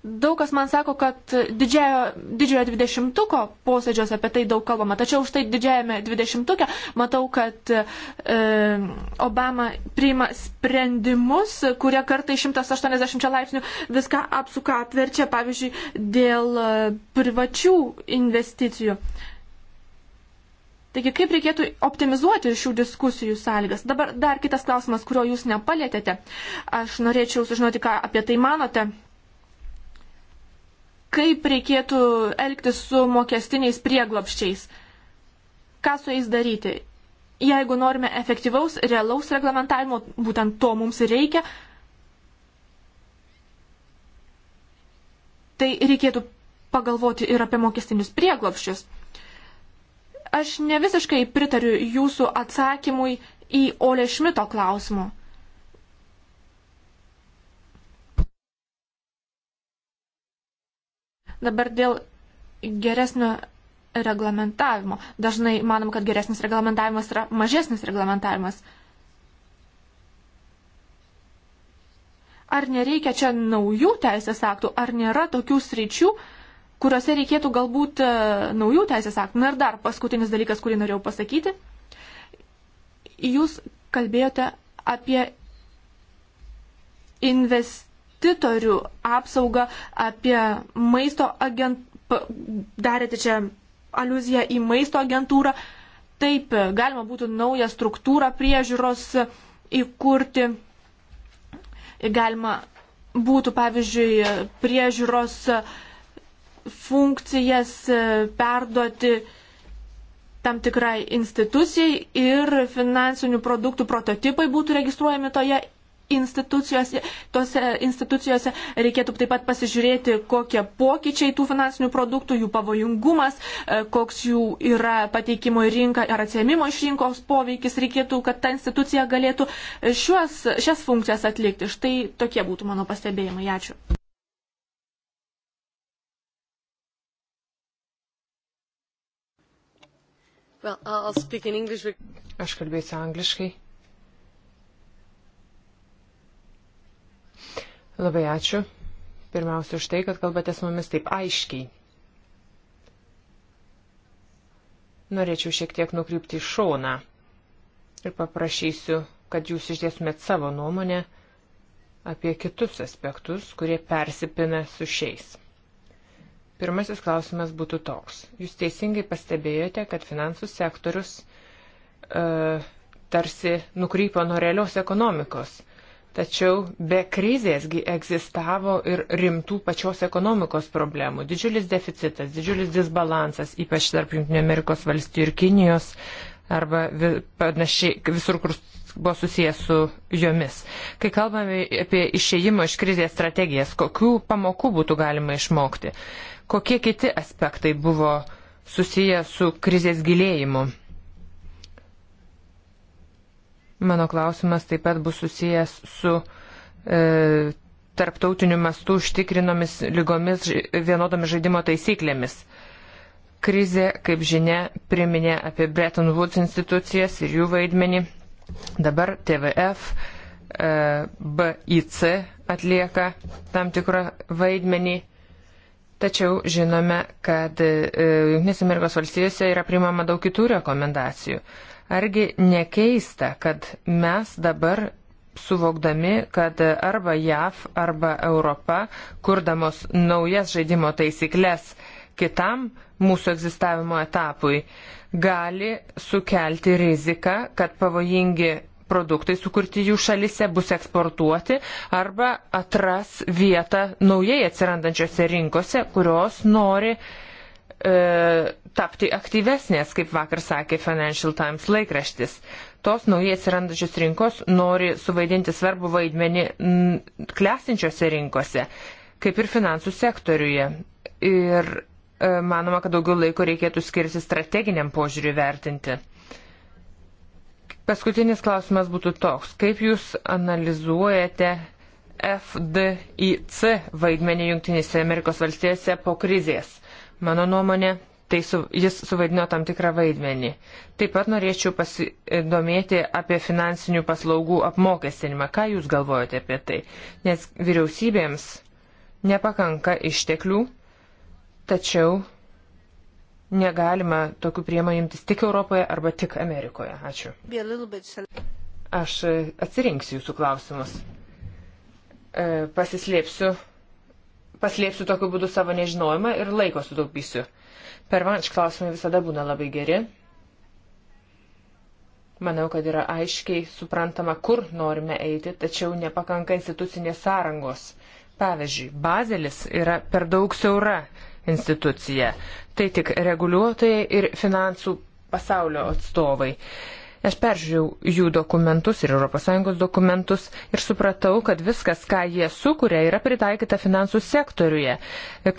Daug kas man sako, kad didžiojo, didžiojo dvidešimtuko posėdžiuose apie tai daug kalbama, tačiau štai didžiajame dvidešimtuke matau, kad e, Obama priima sprendimus, kurie kartai 180 laipsnių viską apsuka apverčia, pavyzdžiui, dėl e, privačių investicijų. Taigi, kaip reikėtų optimizuoti šių diskusijų sąlygas? Dabar dar kitas klausimas, kurio jūs nepalėtėte. Aš norėčiau sužinoti, ką apie tai manote kaip reikėtų elgtis su mokestiniais prieglopščiais, ką su jais daryti. Jeigu norime efektyvaus, realaus reglamentavimo, būtent to mums reikia, tai reikėtų pagalvoti ir apie mokestinius prieglopščius. Aš ne visiškai pritariu jūsų atsakymui į Ole Šmito klausimą. Dabar dėl geresnio reglamentavimo. Dažnai manom, kad geresnis reglamentavimas yra mažesnis reglamentavimas. Ar nereikia čia naujų teisės aktų, ar nėra tokių sričių, kuriuose reikėtų galbūt e, naujų teisės aktų. Na ir dar paskutinis dalykas, kurį norėjau pasakyti. Jūs kalbėjote apie investiciją petitorių apsaugą, apie maisto agentūrą, darėte čia aluziją į maisto agentūrą. Taip, galima būtų naują struktūrą priežiūros įkurti. Galima būtų, pavyzdžiui, priežiūros funkcijas perduoti tam tikrai institucijai ir finansinių produktų prototipai būtų registruojami toje institucijose, tose institucijose reikėtų taip pat pasižiūrėti, kokie pokyčiai tų finansinių produktų, jų pavojingumas, e, koks jų yra pateikimo į rinką ar atsiemimo iš rinkos poveikis, reikėtų, kad ta institucija galėtų šios, šias funkcijas atlikti. Štai tokie būtų mano pastebėjimai. Ačiū. Well, I'll speak in English. Aš kalbėsiu angliškai. Labai ačiū. Pirmiausia, už tai, kad kalbate su mumis taip aiškiai. Norėčiau šiek tiek nukrypti į šoną ir paprašysiu, kad jūs išdėstumėt savo nuomonę apie kitus aspektus, kurie persipina su šiais. Pirmasis klausimas būtų toks. Jūs teisingai pastebėjote, kad finansų sektorius e, tarsi nukrypo nuo realios ekonomikos. E, Tačiau be krizėsgi egzistavo ir rimtų pačios ekonomikos problemų. Didžiulis deficitas, didžiulis disbalansas, ypač tarp Junktinio Amerikos valstijų ir Kinijos, arba panašiai visur, kur buvo susijęs su jomis. Kai kalbame apie išėjimo iš krizės strategijas, kokių pamokų būtų galima išmokti, kokie kiti aspektai buvo susiję su krizės gilėjimu. Mano klausimas taip pat bus susijęs su e, tarptautiniu mastu užtikrinomis lygomis vienodomis žaidimo taisyklėmis. Krizė, kaip žinia, priminė apie Bretton Woods institucijas ir jų vaidmenį. Dabar TVF, e, BIC atlieka tam tikrą vaidmenį. Tačiau žinome, kad e, Junktinės Amerikos valstijose yra primama daug kitų rekomendacijų. E, Argi nekeista, kad mes dabar suvokdami, kad arba JAV, arba Europa, kurdamos naujas žaidimo taisyklės kitam mūsų egzistavimo etapui, gali sukelti riziką, kad pavojingi produktai sukurti jų šalise bus eksportuoti arba atras vietą naujai atsirandančiose rinkose, kurios nori uh, E, tapti aktyvesnės, kaip vakar sakė Financial Times laikraštis. Tos naujai atsirandačios rinkos nori suvaidinti svarbu vaidmenį klesinčiose rinkose, kaip ir finansų sektoriuje. Ir e, manoma, kad daugiau laiko reikėtų skirti strateginiam požiūriui vertinti. Paskutinis klausimas būtų toks. Kaip Jūs analizuojate FDIC vaidmenį Junktinėse Amerikos valstijose po krizės? Mano nuomonė, tai su, jis suvaidino tam tikrą vaidmenį. Taip pat norėčiau pasidomėti apie finansinių paslaugų apmokestinimą. Ką Jūs galvojate apie tai? Nes vyriausybėms nepakanka išteklių, tačiau negalima tokių priemonių imtis tik Europoje arba tik Amerikoje. Ačiū. Aš atsirinksiu Jūsų klausimus. E, pasislėpsiu paslėpsiu tokiu būdu savo nežinojimą ir laiko sutaupysiu. Per manš klausimai visada būna labai geri. Manau, kad yra aiškiai suprantama, kur norime eiti, tačiau nepakanka institucinės sąrangos. Pavyzdžiui, Bazelis yra per daug siaura institucija. Tai tik reguliuotojai ir finansų pasaulio atstovai. Uh, Aš peržiūrėjau jų dokumentus ir ES dokumentus ir supratau, kad viskas, ką jie sukuria, yra pritaikyta finansų sektoriuje.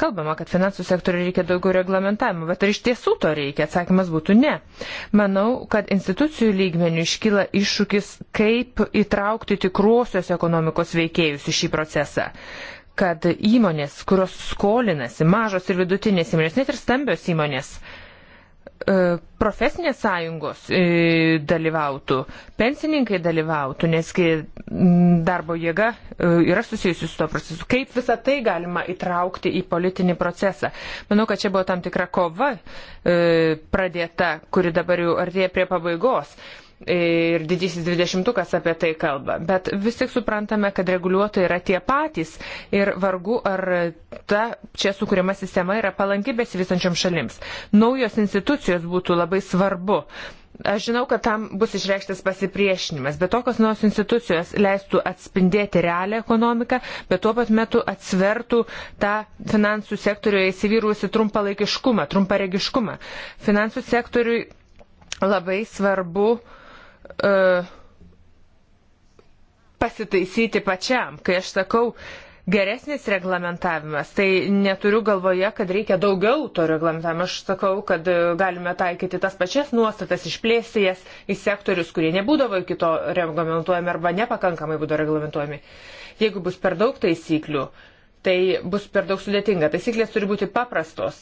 Kalbama, kad finansų sektoriuje reikia daugiau reglamentavimo, bet ar iš tiesų to reikia? Atsakymas būtų ne. Manau, kad institucijų lygmenių iškyla iššūkis, kaip įtraukti tikruosios ekonomikos veikėjus į šį procesą kad įmonės, kurios skolinasi, mažos ir vidutinės įmonės, net ir stambios įmonės, uh, E, profesinės sąjungos e, dalyvautų, pensininkai dalyvautų, nesgi darbo jėga e, yra susijusi su to procesu. Kaip visą tai galima įtraukti į politinį procesą? Manau, kad čia buvo tam tikra kova pradėta, kuri dabar jau artėja prie pabaigos ir didysis dvidešimtukas apie tai kalba. Bet vis tik suprantame, kad reguliuotojai yra tie patys ir vargu ar ta čia sukūrima sistema yra palanki besivysančiom šalims. Naujos institucijos būtų labai svarbu. Aš žinau, kad tam bus išreikštas pasipriešinimas, bet tokios naujos institucijos leistų atspindėti realią ekonomiką, bet tuo pat metu atsvertų tą finansų sektoriuje įsivyrusi trumpalaikiškumą, trumparegiškumą. Finansų sektoriui labai svarbu uh, uh, pasitaisyti pačiam. Kai aš sakau geresnis reglamentavimas, tai neturiu galvoje, kad reikia daugiau to reglamentavimo. Aš sakau, kad galime taikyti tas pačias nuostatas, išplėsti jas į sektorius, kurie nebūdavo iki to reglamentuojami arba nepakankamai būdavo reglamentuojami. Jeigu bus per daug taisyklių, tai bus per daug sudėtinga. Taisyklės turi būti paprastos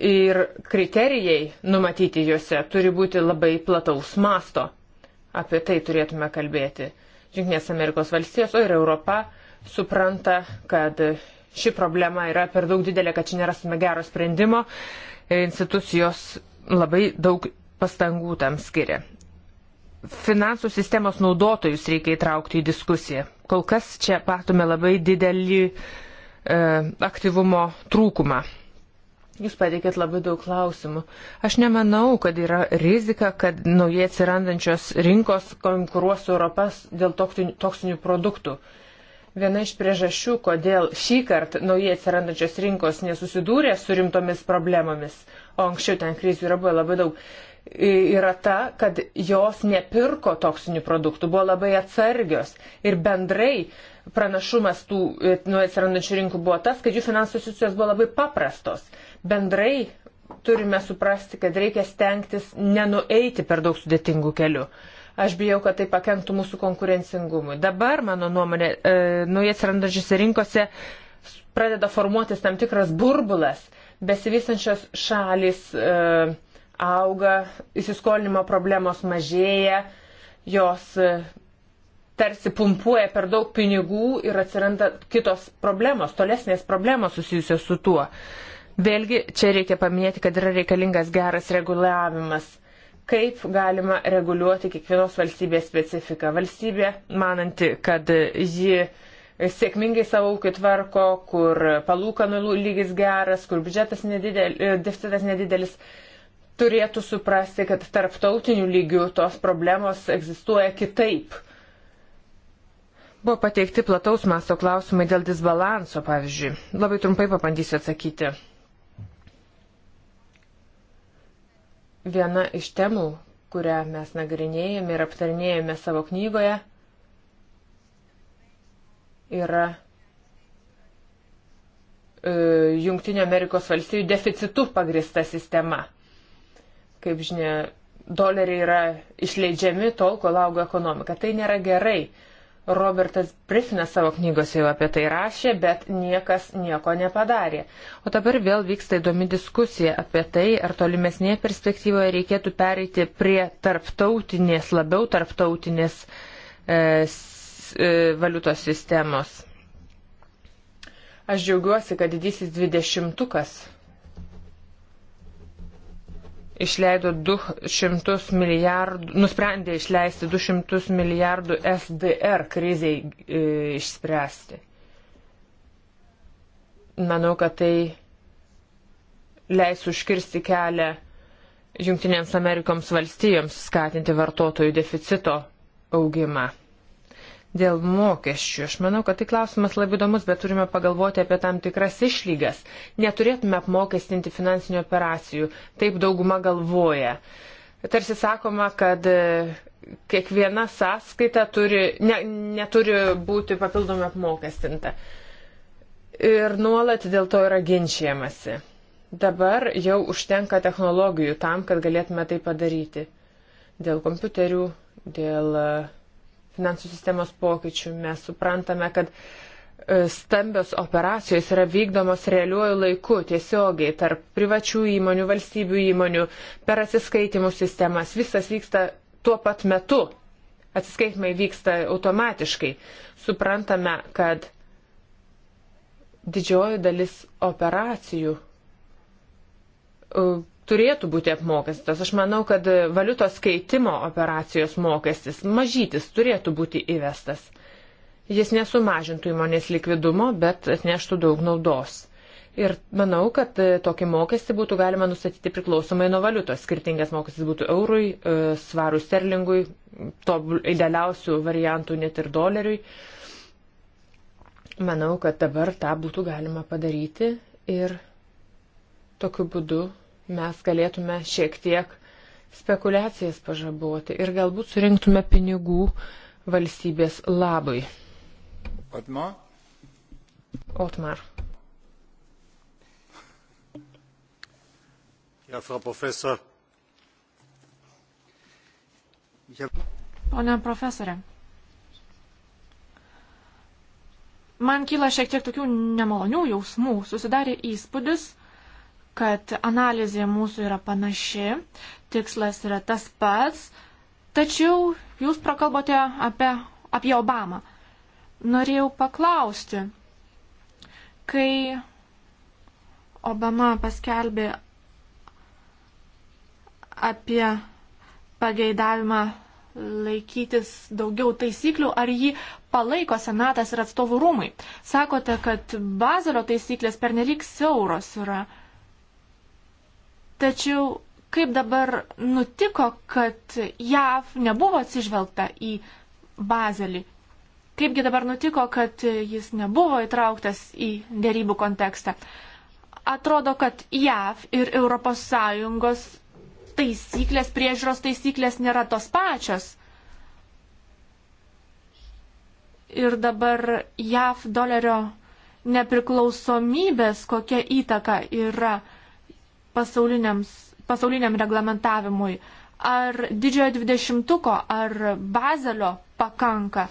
ir kriterijai numatyti juose turi būti labai plataus masto. Apie tai turėtume kalbėti. Junktinės Amerikos valstijos, o ir Europa supranta, kad ši problema yra per daug didelė, kad čia nerasime gero sprendimo. Institucijos labai daug pastangų tam skiria. Finansų sistemos naudotojus reikia įtraukti į diskusiją. Kol kas čia patome labai didelį e, aktyvumo trūkumą. Jūs pateikėt labai daug klausimų. Aš nemanau, kad yra rizika, kad naujai atsirandančios rinkos konkuruos Europas dėl toksinių produktų. Viena iš priežasčių, kodėl šį kartą naujai atsirandančios rinkos nesusidūrė su rimtomis problemomis, o anksčiau ten krizių yra buvę labai daug, yra ta, kad jos nepirko toksinių produktų, buvo labai atsargios ir bendrai pranašumas tų e, nuo atsirandančių rinkų buvo tas, kad jų finansų institucijos buvo labai paprastos bendrai turime suprasti, kad reikia stengtis nenueiti per daug sudėtingų kelių. Aš bijau, kad tai pakenktų mūsų konkurencingumui. Dabar, mano nuomonė, e, naujai atsirandančiose rinkose pradeda formuotis tam tikras burbulas. Besivysančios šalis e, auga, įsiskolinimo problemos mažėja, jos e, tarsi pumpuoja per daug pinigų ir atsiranda kitos problemos, tolesnės problemos susijusios su tuo. E, Vėlgi, čia reikia paminėti, kad yra reikalingas geras reguliavimas. Kaip galima reguliuoti kiekvienos valstybės specifiką? Valstybė, mananti, kad ji sėkmingai savo ūkį tvarko, kur palūkanų lygis geras, kur biudžetas nedidelis, e, deficitas nedidelis, turėtų suprasti, kad tarptautiniu lygiu tos problemos egzistuoja kitaip. Buvo pateikti plataus masto klausimai dėl disbalanso, pavyzdžiui. Labai trumpai pabandysiu atsakyti. Viena iš temų, kurią mes nagrinėjame ir aptarinėjame savo knygoje, yra e, Junktinio Amerikos valstybių deficitu pagrista sistema. Kaip žinia, doleriai yra išleidžiami tol, kol auga ekonomika. Tai nėra gerai. Robertas Briffinas savo knygose jau apie tai rašė, bet niekas nieko nepadarė. O dabar vėl vyksta įdomi diskusija apie tai, ar tolimesnėje perspektyvoje reikėtų pereiti prie tarptautinės, labiau tarptautinės e, s, e, valiutos sistemos. Aš džiaugiuosi, kad didysis dvidešimtukas 20 išleido 200 milijardų, nusprendė išleisti 200 milijardų SDR kriziai e, išspręsti. Manau, kad tai leis užkirsti kelią Junktinėms Amerikoms valstijoms skatinti vartotojų deficito augimą. Dėl mokesčių. Aš manau, kad tai klausimas labai įdomus, bet turime pagalvoti apie tam tikras išlygas. Neturėtume apmokestinti finansinių operacijų. Taip dauguma galvoja. Tarsi sakoma, kad e, kiekviena sąskaita turi, ne, neturi būti papildomai apmokestinta. Ir nuolat dėl to yra ginčiamasi. Dabar jau užtenka technologijų tam, kad galėtume tai padaryti. Dėl kompiuterių, dėl uh, finansų sistemos pokyčių. Mes suprantame, kad e, stambios operacijos yra vykdomos realiuoju laiku tiesiogiai tarp privačių įmonių, valstybių įmonių, per atsiskaitimų sistemas. Visas vyksta tuo pat metu. Atsiskaitimai vyksta automatiškai. Suprantame, kad didžioji dalis operacijų e, turėtų būti apmokestas. Aš manau, kad valiutos keitimo operacijos mokestis mažytis turėtų būti įvestas. Jis nesumažintų įmonės likvidumo, bet atneštų daug naudos. Ir manau, kad e, tokį mokestį būtų galima nustatyti priklausomai nuo valiutos. Skirtingas mokestis būtų eurui, e, svarų sterlingui, to idealiausių variantų net ir doleriui. Manau, kad dabar tą būtų galima padaryti ir tokiu būdu mes galėtume šiek tiek spekulacijas pažaboti ir galbūt surinktume pinigų valstybės labui. Otmar. Otmar. Ja, Frau Professor. Ja. Pone profesorė, man kyla šiek tiek tokių nemalonių jausmų. Susidarė įspūdis, kad analizė mūsų yra panaši, tikslas yra tas pats, tačiau jūs prakalbote apie, apie Obamą. Norėjau paklausti, kai Obama paskelbė apie pageidavimą laikytis daugiau taisyklių, ar jį palaiko Senatas ir atstovų rūmai. Sakote, kad Bazalio taisyklės pernelyg siauros yra. Tačiau kaip dabar nutiko, kad JAV nebuvo atsižvelgta į bazelį? Kaipgi dabar nutiko, kad jis nebuvo įtrauktas į dėrybų kontekstą? Atrodo, kad JAV ir ES taisyklės, priežiūros taisyklės nėra tos pačios. Ir dabar JAV dolerio nepriklausomybės, kokia įtaka yra pasauliniam reglamentavimui? Ar didžiojo dvidešimtuko, ar bazelio pakanka?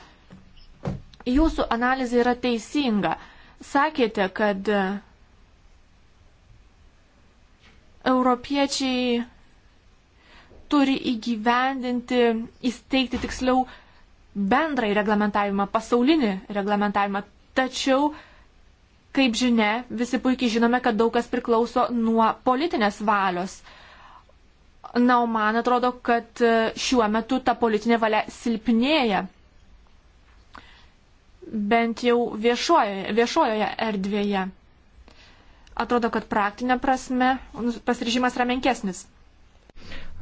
Jūsų analizė yra teisinga. Sakėte, kad europiečiai turi įgyvendinti, įsteigti tiksliau bendrąjį reglamentavimą, pasaulinį reglamentavimą. Tačiau uh, Kaip žinia, visi puikiai žinome, kad daug kas priklauso nuo politinės valios. Na, o man atrodo, kad e, šiuo metu ta politinė valia silpnėja. Bent jau viešojoje, viešojoje erdvėje. Atrodo, kad praktinė prasme nu, pasiryžimas yra menkesnis.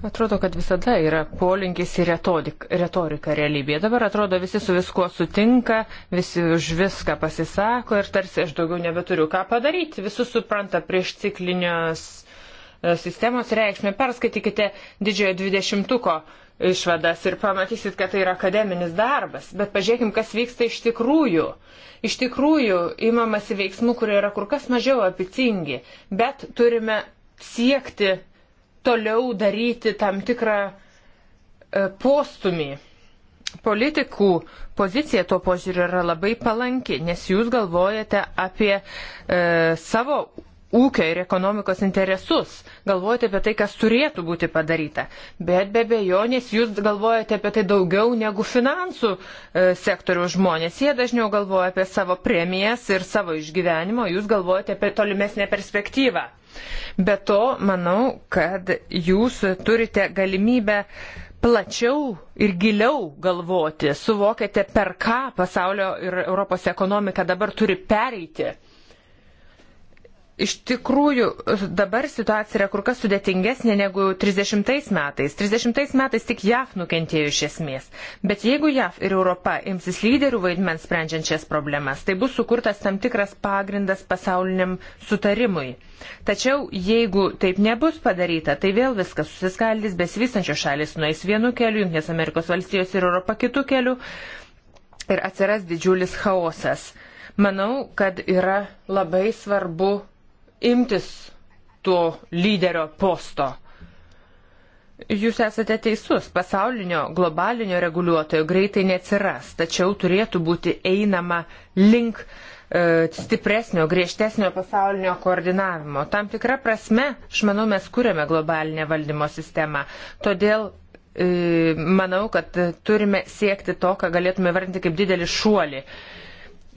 Atrodo, kad visada yra polinkis į retoriką realybėje. Dabar atrodo, visi su viskuo sutinka, visi už viską pasisako ir tarsi aš daugiau nebeturiu ką padaryti. Visi supranta prieš ciklinios e, sistemos reikšmę. Perskaitykite didžiojo dvidešimtuko išvadas ir pamatysit, kad tai yra akademinis darbas. Bet pažiūrėkim, kas vyksta iš tikrųjų. Iš tikrųjų, imamasi veiksmų, kurie yra kur kas mažiau apicingi, bet turime siekti toliau daryti tam tikrą e, postumį. Politikų pozicija tuo požiūriu yra labai palanki, nes jūs galvojate apie e, savo ūkio ir ekonomikos interesus, galvojate apie tai, kas turėtų būti padaryta. Bet be bejonės jūs galvojate apie tai daugiau negu finansų e, sektorių žmonės. Jie dažniau galvoja apie savo premijas ir savo išgyvenimo, jūs galvojate apie tolimesnę perspektyvą. Be to, manau, kad jūs turite galimybę plačiau ir giliau galvoti, suvokėte, per ką pasaulio ir Europos ekonomika dabar turi pereiti. Iš tikrųjų, dabar situacija yra kur kas sudėtingesnė negu 30 metais. 30 metais tik JAF nukentėjo iš esmės. Bet jeigu JAF ir Europa imsis lyderių vaidmens sprendžiančias problemas, tai bus sukurtas tam tikras pagrindas pasauliniam sutarimui. Tačiau jeigu taip nebus padaryta, tai vėl viskas susiskaldys, besivystančios šalis nueis vienu keliu, Junktinės Amerikos valstijos ir Europa kitų kelių ir atsiras didžiulis chaosas. Manau, kad yra labai svarbu imtis to lyderio posto. Jūs esate teisus, pasaulinio globalinio reguliuotojo greitai neatsiras, tačiau turėtų būti einama link e, stipresnio, griežtesnio pasaulinio koordinavimo. Tam tikra prasme, aš manau, mes kūrėme globalinę valdymo sistemą. Todėl e, manau, kad turime siekti to, ką galėtume vardinti kaip didelį šuolį. E,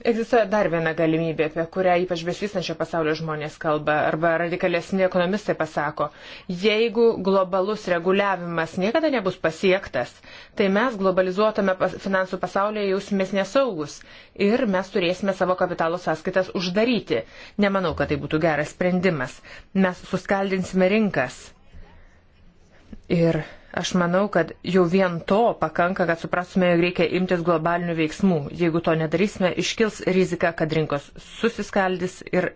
Egzistuoja dar viena galimybė, apie kurią ypač besistančio pasaulio žmonės kalba, arba radikalesni ekonomistai pasako, jeigu globalus reguliavimas niekada nebus pasiektas, tai mes globalizuotame finansų pasaulyje jausimės nesaugus ir mes turėsime savo kapitalo sąskaitas uždaryti. Nemanau, kad tai būtų geras sprendimas. Mes suskaldinsime rinkas. Ir Aš manau, kad jau vien to pakanka, kad suprastume, jog reikia imtis globalinių veiksmų. Jeigu to nedarysime, iškils rizika, kad rinkos susiskaldys ir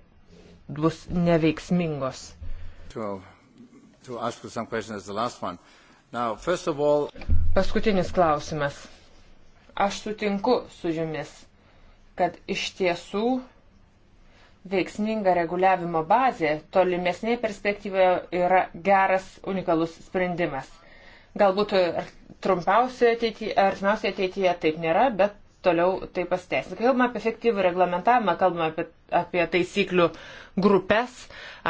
bus neveiksmingos. To, to Now, all... Paskutinis klausimas. Aš sutinku su jumis, kad iš tiesų veiksminga reguliavimo bazė tolimesnėje perspektyvoje yra geras unikalus sprendimas. Galbūt eh, trumpiausioje ateityje, artimiausioje ateityje taip nėra, bet toliau tai pasitęs. Kalbame apie efektyvų reglamentavimą, kalbame apie, apie taisyklių grupės,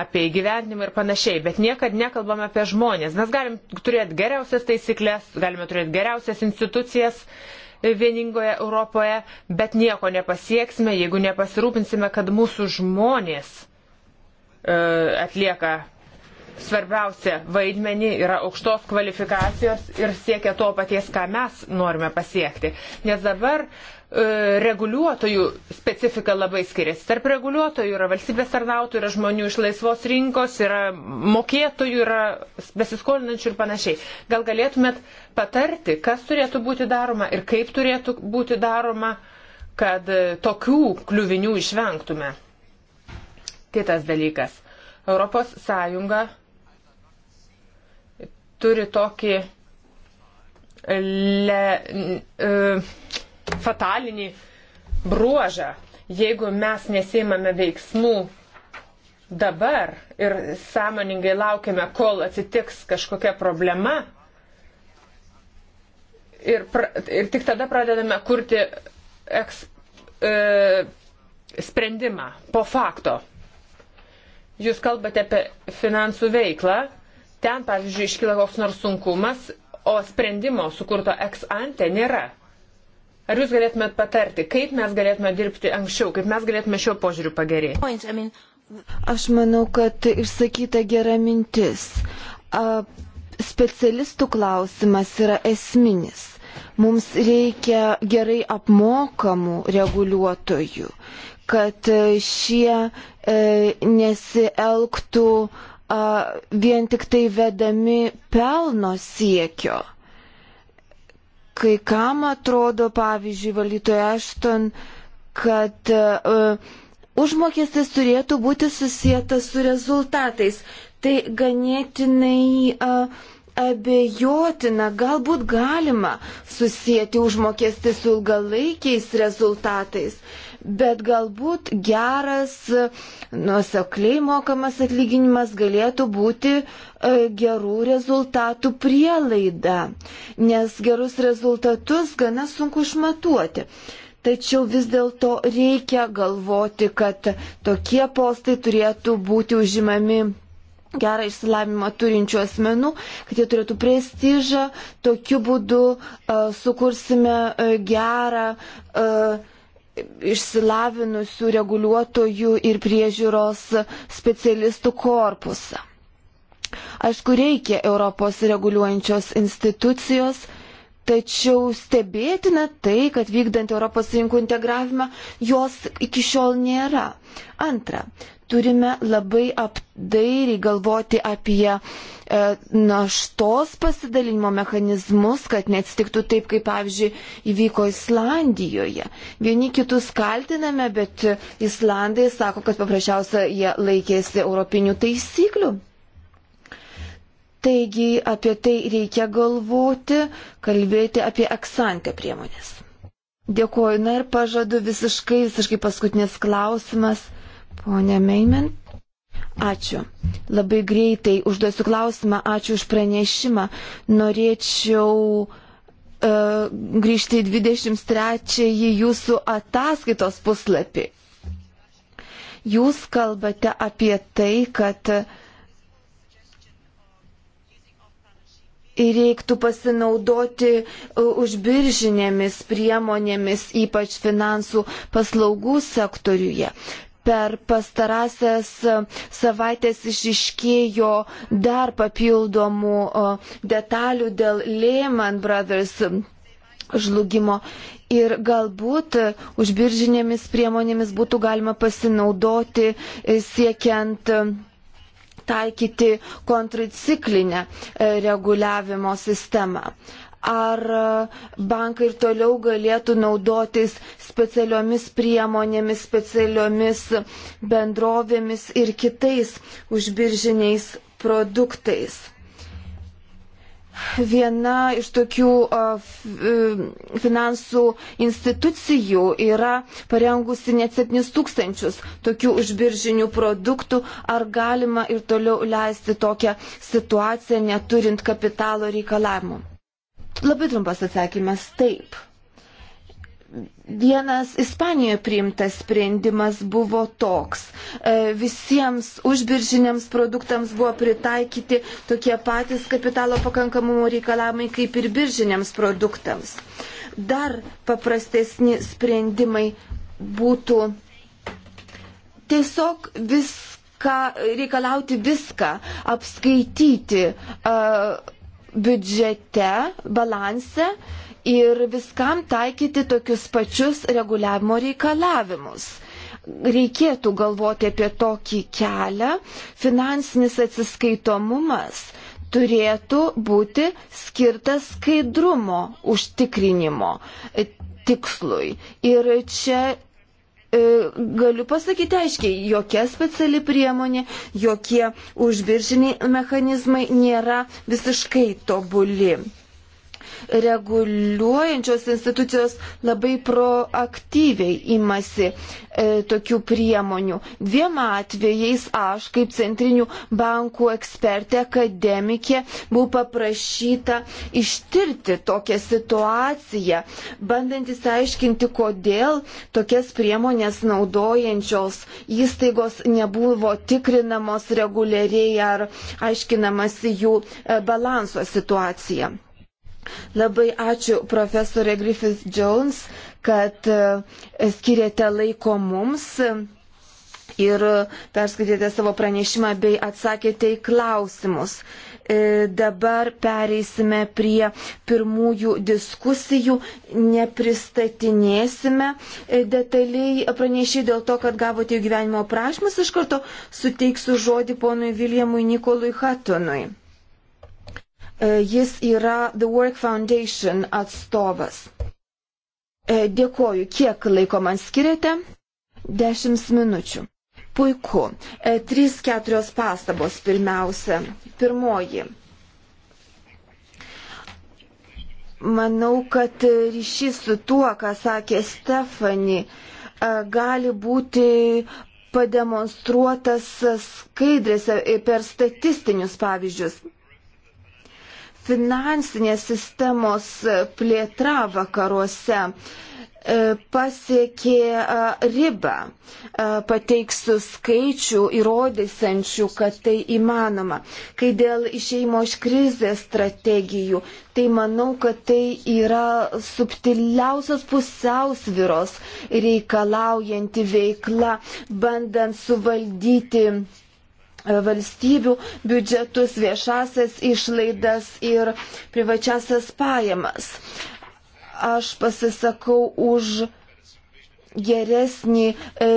apie įgyvendimą ir panašiai, bet niekad nekalbame apie žmonės. Mes galim turėti geriausias taisyklės, galime turėti geriausias institucijas vieningoje Europoje, bet nieko nepasieksime, jeigu nepasirūpinsime, kad mūsų žmonės e, atlieka svarbiausia vaidmenį, yra aukštos kvalifikacijos ir siekia to paties, ką mes norime pasiekti. Nes dabar e, reguliuotojų specifika labai skiriasi. Tarp reguliuotojų yra valstybės tarnautojų, yra žmonių iš laisvos rinkos, yra mokėtojų, yra besiskolinančių ir panašiai. Gal galėtumėt patarti, kas turėtų būti daroma ir kaip turėtų būti daroma, kad e, tokių kliuvinių išvengtume? Kitas dalykas. Europos Sąjunga turi tokį le, e, fatalinį bruožą. Jeigu mes nesimame veiksmų dabar ir sąmoningai laukiame, kol atsitiks kažkokia problema, ir, pra, ir tik tada pradedame kurti eks, e, sprendimą po fakto. Jūs kalbate apie finansų veiklą, ten, pavyzdžiui, iškyla koks nors sunkumas, o sprendimo sukurto ex ante nėra. Ar jūs galėtumėt patarti, kaip mes galėtume dirbti anksčiau, kaip mes galėtume šiuo požiūriu pagerėti? Aš manau, kad išsakyta gera mintis. Specialistų klausimas yra esminis. Mums reikia gerai apmokamų reguliuotojų, kad šie e, nesielgtų uh, a, vien tik tai vedami pelno siekio. Kai kam atrodo, pavyzdžiui, valytoja Ašton, kad a, užmokestis turėtų būti susijęs su rezultatais. Tai ganėtinai a, abejotina, galbūt galima susijęti užmokestį su ilgalaikiais rezultatais. A, bet galbūt geras nuosekliai mokamas atlyginimas galėtų būti e, gerų rezultatų prielaida, nes gerus rezultatus gana sunku išmatuoti. Tačiau vis dėlto reikia galvoti, kad tokie postai turėtų būti užimami gerą išsilavinimą turinčių asmenų, kad jie turėtų prestižą, tokiu būdu uh, sukursime uh, gerą uh, išsilavinusių reguliuotojų ir priežiūros specialistų korpusą. Aišku, reikia Europos reguliuojančios institucijos, tačiau stebėtina tai, kad vykdant Europos rinkų integravimą jos iki šiol nėra. Antra, turime labai apdairiai galvoti apie e, naštos pasidalinimo mechanizmus, kad neatsitiktų taip, kaip pavyzdžiui įvyko Islandijoje. Vieni kitus kaltiname, bet Islandai sako, kad paprasčiausia jie laikėsi europinių taisyklių. Taigi apie tai reikia galvoti, kalbėti apie eksantę priemonės. Dėkuoju, na ir pažadu visiškai, visiškai paskutinis klausimas Pone Meimen. Ačiū. Labai greitai užduosiu klausimą. Ačiū už pranešimą. Norėčiau e, grįžti į 23-ąjį jūsų ataskaitos puslapį. Jūs kalbate apie tai, kad reiktų pasinaudoti e, užbiržinėmis priemonėmis, ypač finansų paslaugų sektoriuje per pastarąsias e, savaitės išiškėjo dar papildomų e, detalių dėl Lehman Brothers žlugimo. Ir galbūt e, užbiržinėmis priemonėmis būtų galima pasinaudoti siekiant taikyti kontraciklinę reguliavimo sistemą ar e, bankai ir toliau galėtų naudotis specialiomis priemonėmis, specialiomis bendrovėmis ir kitais užbiržiniais produktais. Viena iš tokių e, e, finansų institucijų yra parengusi net 7000 tokių užbiržinių produktų. Ar galima ir toliau leisti tokią situaciją neturint kapitalo reikalavimų? Labai trumpas atsakymas - taip. Vienas Ispanijoje priimtas sprendimas buvo toks. E, visiems užbiržiniams produktams buvo pritaikyti tokie patys kapitalo pakankamumo reikalavimai kaip ir biržiniams produktams. Dar paprastesni sprendimai būtų tiesiog viską, reikalauti viską, apskaityti. Uh, biudžete, balanse ir viskam taikyti tokius pačius reguliavimo reikalavimus. Reikėtų galvoti apie tokį kelią. Finansinis atsiskaitomumas turėtų būti skirtas skaidrumo užtikrinimo tikslui. Ir čia E, galiu pasakyti aiškiai, jokia speciali priemonė, jokie užbiržiniai mechanizmai nėra visiškai tobuli reguliuojančios institucijos labai proaktyviai imasi e, tokių priemonių. Dviem atvejais aš, kaip centrinių bankų ekspertė, akademikė, buvau paprašyta ištirti tokią situaciją, bandant įsiaiškinti, kodėl tokias priemonės naudojančios įstaigos nebuvo tikrinamos reguliariai ar aiškinamasi jų e, balanso situacija. Labai ačiū profesorė Griffith Jones, kad e, skiriate laiko mums ir perskaitėte savo pranešimą bei atsakėte į klausimus. E, dabar pereisime prie pirmųjų diskusijų, nepristatinėsime e, detaliai pranešiai dėl to, kad gavote jų gyvenimo prašymus, iš karto suteiksiu žodį ponui Viljamui Nikolui Hatonui. E, jis yra The Work Foundation atstovas. E, dėkoju, kiek laiko man skiriate? Dešimt minučių. Puiku. E, trys, keturios pastabos pirmiausia. Pirmoji. Manau, kad ryšys su tuo, ką sakė Stefani, gali būti pademonstruotas skaidrėse per statistinius pavyzdžius finansinės sistemos plėtra vakaruose e, pasiekė e, ribą. E, pateiksiu skaičių įrodysiančių, kad tai įmanoma. Kai dėl išeimo iš krizės strategijų, tai manau, kad tai yra subtiliausios pusiausviros reikalaujanti veikla, bandant suvaldyti valstybių biudžetus, viešasias išlaidas ir privačiasias pajamas. Aš pasisakau už geresnį e, e,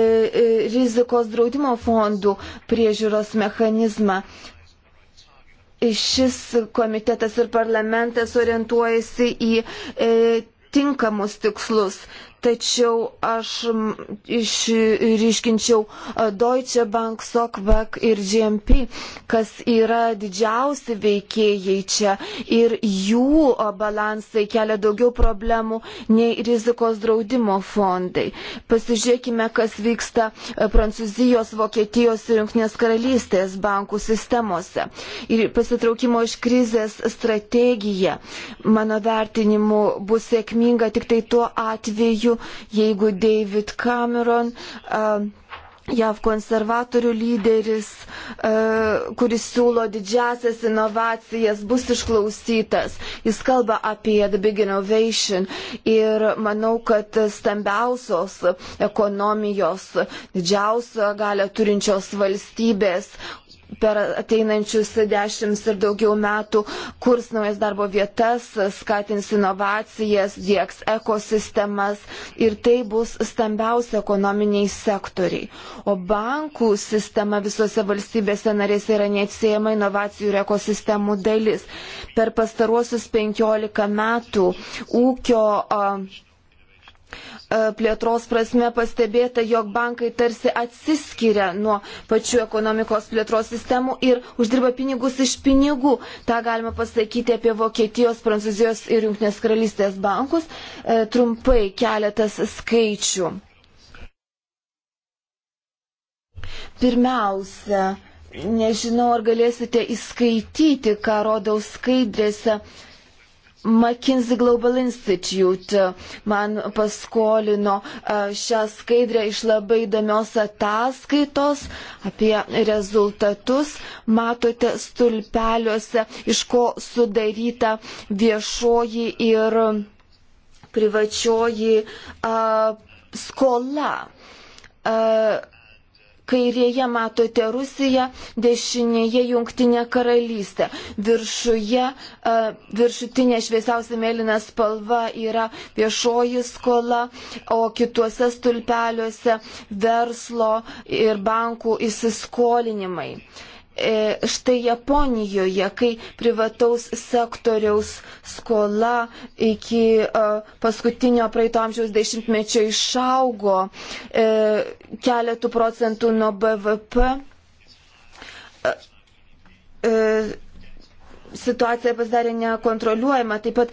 rizikos draudimo fondų priežiūros mechanizmą. Šis komitetas ir parlamentas orientuojasi į e, tinkamus tikslus tačiau aš išryškinčiau e, Deutsche Bank, Sokvek ir GMP, kas yra didžiausi veikėjai čia ir jų e, balansai kelia daugiau problemų nei rizikos draudimo fondai. Pasižiūrėkime, kas vyksta e, Prancūzijos, Vokietijos ir Junktinės karalystės bankų sistemose. Ir pasitraukimo iš krizės strategija, mano vertinimu, bus sėkminga tik tai tuo atveju, pavyzdžių, jeigu David Cameron, JAV konservatorių lyderis, kuris siūlo didžiasias inovacijas, bus išklausytas. Jis kalba apie the big innovation ir manau, kad stambiausios ekonomijos, didžiausią galę turinčios valstybės per ateinančius dešimt ir daugiau metų kurs naujas darbo vietas, skatins inovacijas, dieks ekosistemas ir tai bus stambiausi ekonominiai sektoriai. O bankų sistema visose valstybėse narėse yra neatsiejama inovacijų ir ekosistemų dalis. Per pastaruosius 15 metų ūkio uh, E, plėtros prasme pastebėta, jog bankai tarsi atsiskiria nuo pačių ekonomikos plėtros sistemų ir uždirba pinigus iš pinigų. Ta galima pasakyti apie Vokietijos, Prancūzijos ir Junktinės karalystės bankus. E, trumpai keletas skaičių. Pirmiausia, nežinau, ar galėsite įskaityti, ką rodau skaidrėse. Uh, McKinsey Global Institute uh, man paskolino uh, šią skaidrę iš labai įdomios ataskaitos apie rezultatus. Matote stulpeliuose, iš ko sudaryta viešoji ir privačioji a, uh, skola. A, Kairėje matote Rusiją, dešinėje Junktinė karalystė. Viršuje, e, viršutinė šviesiausia mėlyna spalva yra viešoji skola, o kituose stulpeliuose verslo ir bankų įsiskolinimai. E, štai Japonijoje, kai privataus sektoriaus skola iki e, paskutinio praeito amžiaus dešimtmečio išaugo e, keletų procentų nuo BVP, situacija pasidarė nekontroliuojama. Taip pat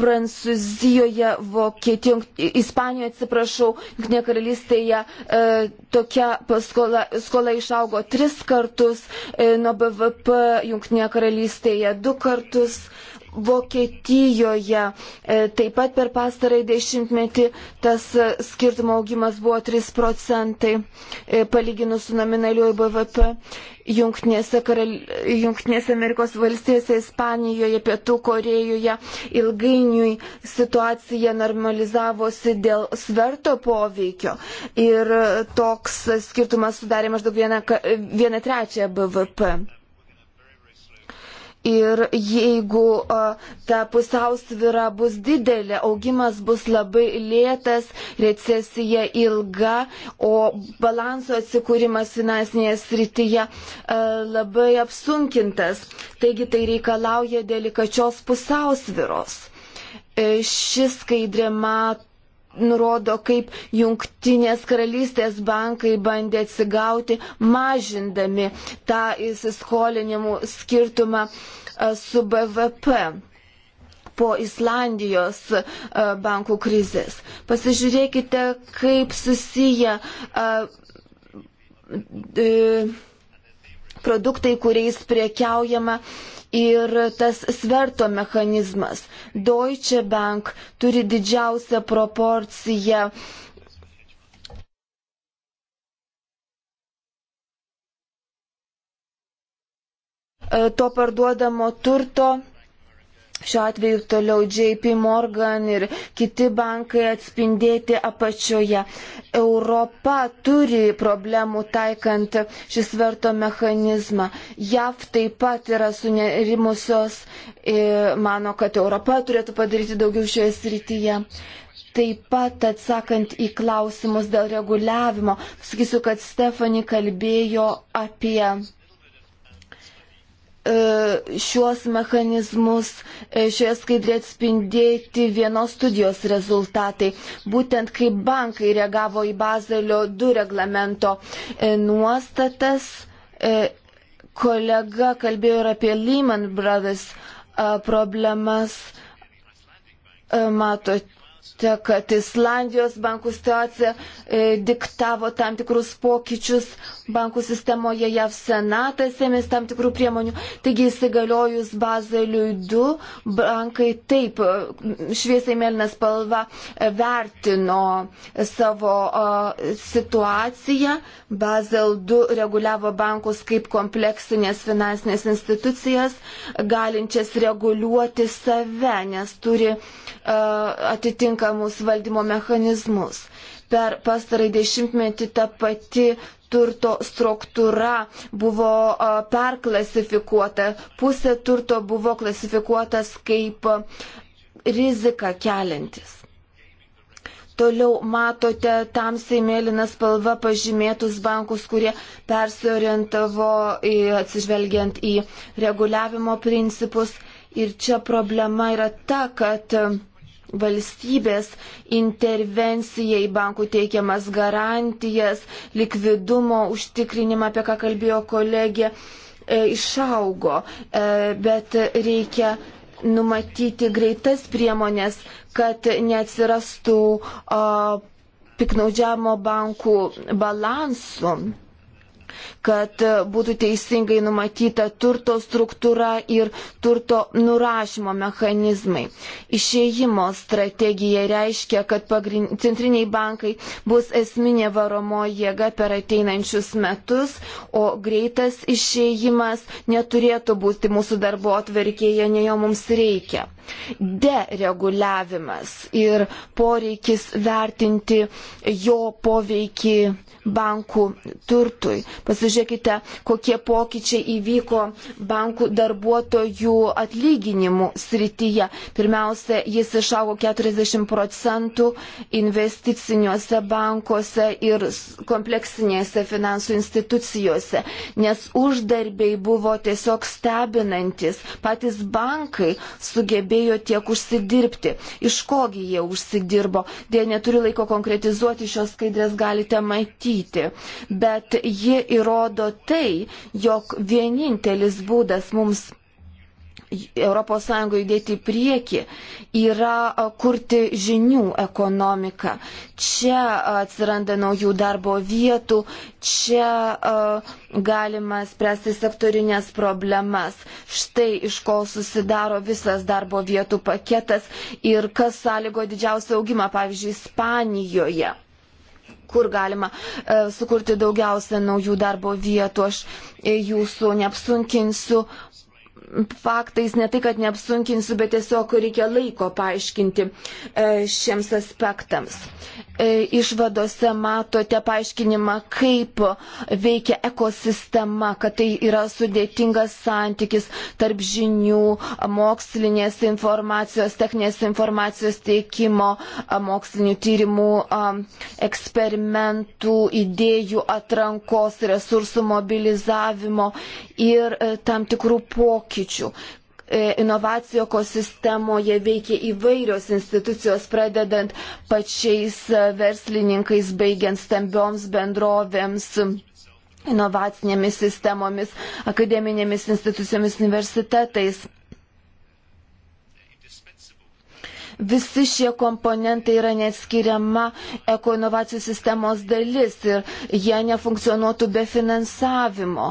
Prancūzijoje, Vokietijoje, Ispanijoje, atsiprašau, Junktinėje karalystėje e, tokia paskola, skola išaugo tris kartus, e, nuo BVP Junktinėje karalystėje du kartus. Vokietijoje e, taip pat per pastarąjį dešimtmetį tas e, skirtumo augimas buvo 3 procentai e, palyginus su nominaliuoju BVP. Junktinėse, karal... Junktinėse Amerikos valstijose, Ispanijoje, Pietų Korejoje ilgainiui situacija normalizavosi dėl sverto poveikio ir toks skirtumas sudarė maždaug vieną, vieną trečią BVP. Ir jeigu o, ta pusiausvyra bus didelė, augimas bus labai lėtas, recesija ilga, o balanso atsikūrimas finansinėje srityje e, labai apsunkintas. Taigi tai reikalauja delikačios pusiausviros. E, Ši skaidrė mat nurodo, kaip jungtinės karalystės bankai bandė atsigauti, mažindami tą įsiskolinimų skirtumą e, su BVP po Islandijos e, bankų krizės. Pasižiūrėkite, kaip susiję. Uh, uh, produktai, kuriais priekiaujama ir tas sverto mechanizmas. Deutsche Bank turi didžiausią proporciją. to parduodamo turto Šiuo atveju toliau JP Morgan ir kiti bankai atspindėti apačioje. Europa turi problemų taikant šį sverto mechanizmą. JAV taip pat yra sunerimusios, mano, kad Europa turėtų padaryti daugiau šioje srityje. Taip pat atsakant į klausimus dėl reguliavimo, sakysiu, kad Stefani kalbėjo apie E, šiuos mechanizmus e, šioje skaidrėje atspindėti vienos studijos rezultatai. Būtent kaip bankai reagavo į Bazelio 2 reglamento e, nuostatas, kolega kalbėjo ir apie Lehman Brothers problemas. Matote, kad Islandijos bankų situacija e, diktavo tam tikrus pokyčius bankų sistemoje, JAV senatas ėmės tam tikrų priemonių. Taigi įsigaliojus Bazeliui 2, bankai taip šviesiai mėlyną spalvą e, vertino savo e, situaciją. Bazel 2 reguliavo bankus kaip kompleksinės finansinės institucijas, galinčias reguliuoti save, nes turi e, atitinkamą atitinkamus valdymo mechanizmus. Per pastarąjį dešimtmetį ta pati turto struktūra buvo perklasifikuota. Pusė turto buvo klasifikuotas kaip rizika keliantis. Toliau matote tamsiai mėlyną spalvą pažymėtus bankus, kurie persiorientavo į, atsižvelgiant į reguliavimo principus. Ir čia problema yra ta, kad valstybės intervencija į bankų teikiamas garantijas, likvidumo užtikrinimą, apie ką kalbėjo kolegė, e, išaugo, e, bet reikia numatyti greitas priemonės, kad neatsirastų piknaudžiamo bankų balansų kad būtų teisingai numatyta turto struktūra ir turto nurašymo mechanizmai. Išėjimo strategija reiškia, kad pagrind... centriniai bankai bus esminė varomoji jėga per ateinančius metus, o greitas išėjimas neturėtų būti mūsų darbo atverkėje, ne jo mums reikia. Dereguliavimas ir poreikis vertinti jo poveikį bankų turtui. Pasižiūrėkite, kokie pokyčiai įvyko bankų darbuotojų atlyginimų srityje. Pirmiausia, jis išaugo 40 procentų investiciniuose bankuose ir kompleksinėse finansų institucijose, nes uždarbiai buvo tiesiog stebinantis. Patys bankai sugebėjo sugebėjo tiek užsidirbti. Iš kogi jie užsidirbo, dėja neturi laiko konkretizuoti, šios skaidrės galite matyti. Bet ji įrodo tai, jog vienintelis būdas mums ES judėti į priekį yra kurti žinių ekonomiką. Čia atsiranda naujų darbo vietų, čia galima spręsti sektorinės problemas. Štai iš ko susidaro visas darbo vietų paketas ir kas sąlygo didžiausią augimą, pavyzdžiui, Ispanijoje kur galima e, sukurti daugiausia naujų darbo vietų. Aš e, jūsų neapsunkinsiu, faktais ne tai, kad neapsunkinsiu, bet tiesiog reikia laiko paaiškinti e, šiems aspektams. E, išvadose matote paaiškinimą, kaip veikia ekosistema, kad tai yra sudėtingas santykis tarp žinių, mokslinės informacijos, techninės informacijos teikimo, mokslinių tyrimų, eksperimentų, idėjų atrankos, resursų mobilizavimo ir e, tam tikrų pokyčių. E, inovacijų ekosistemoje veikia įvairios institucijos, pradedant pačiais verslininkais, baigiant stambioms bendrovėms inovacinėmis sistemomis, akademinėmis institucijomis, universitetais. Visi šie komponentai yra neatskiriama ekoinovacijų sistemos dalis ir jie nefunkcionuotų be finansavimo.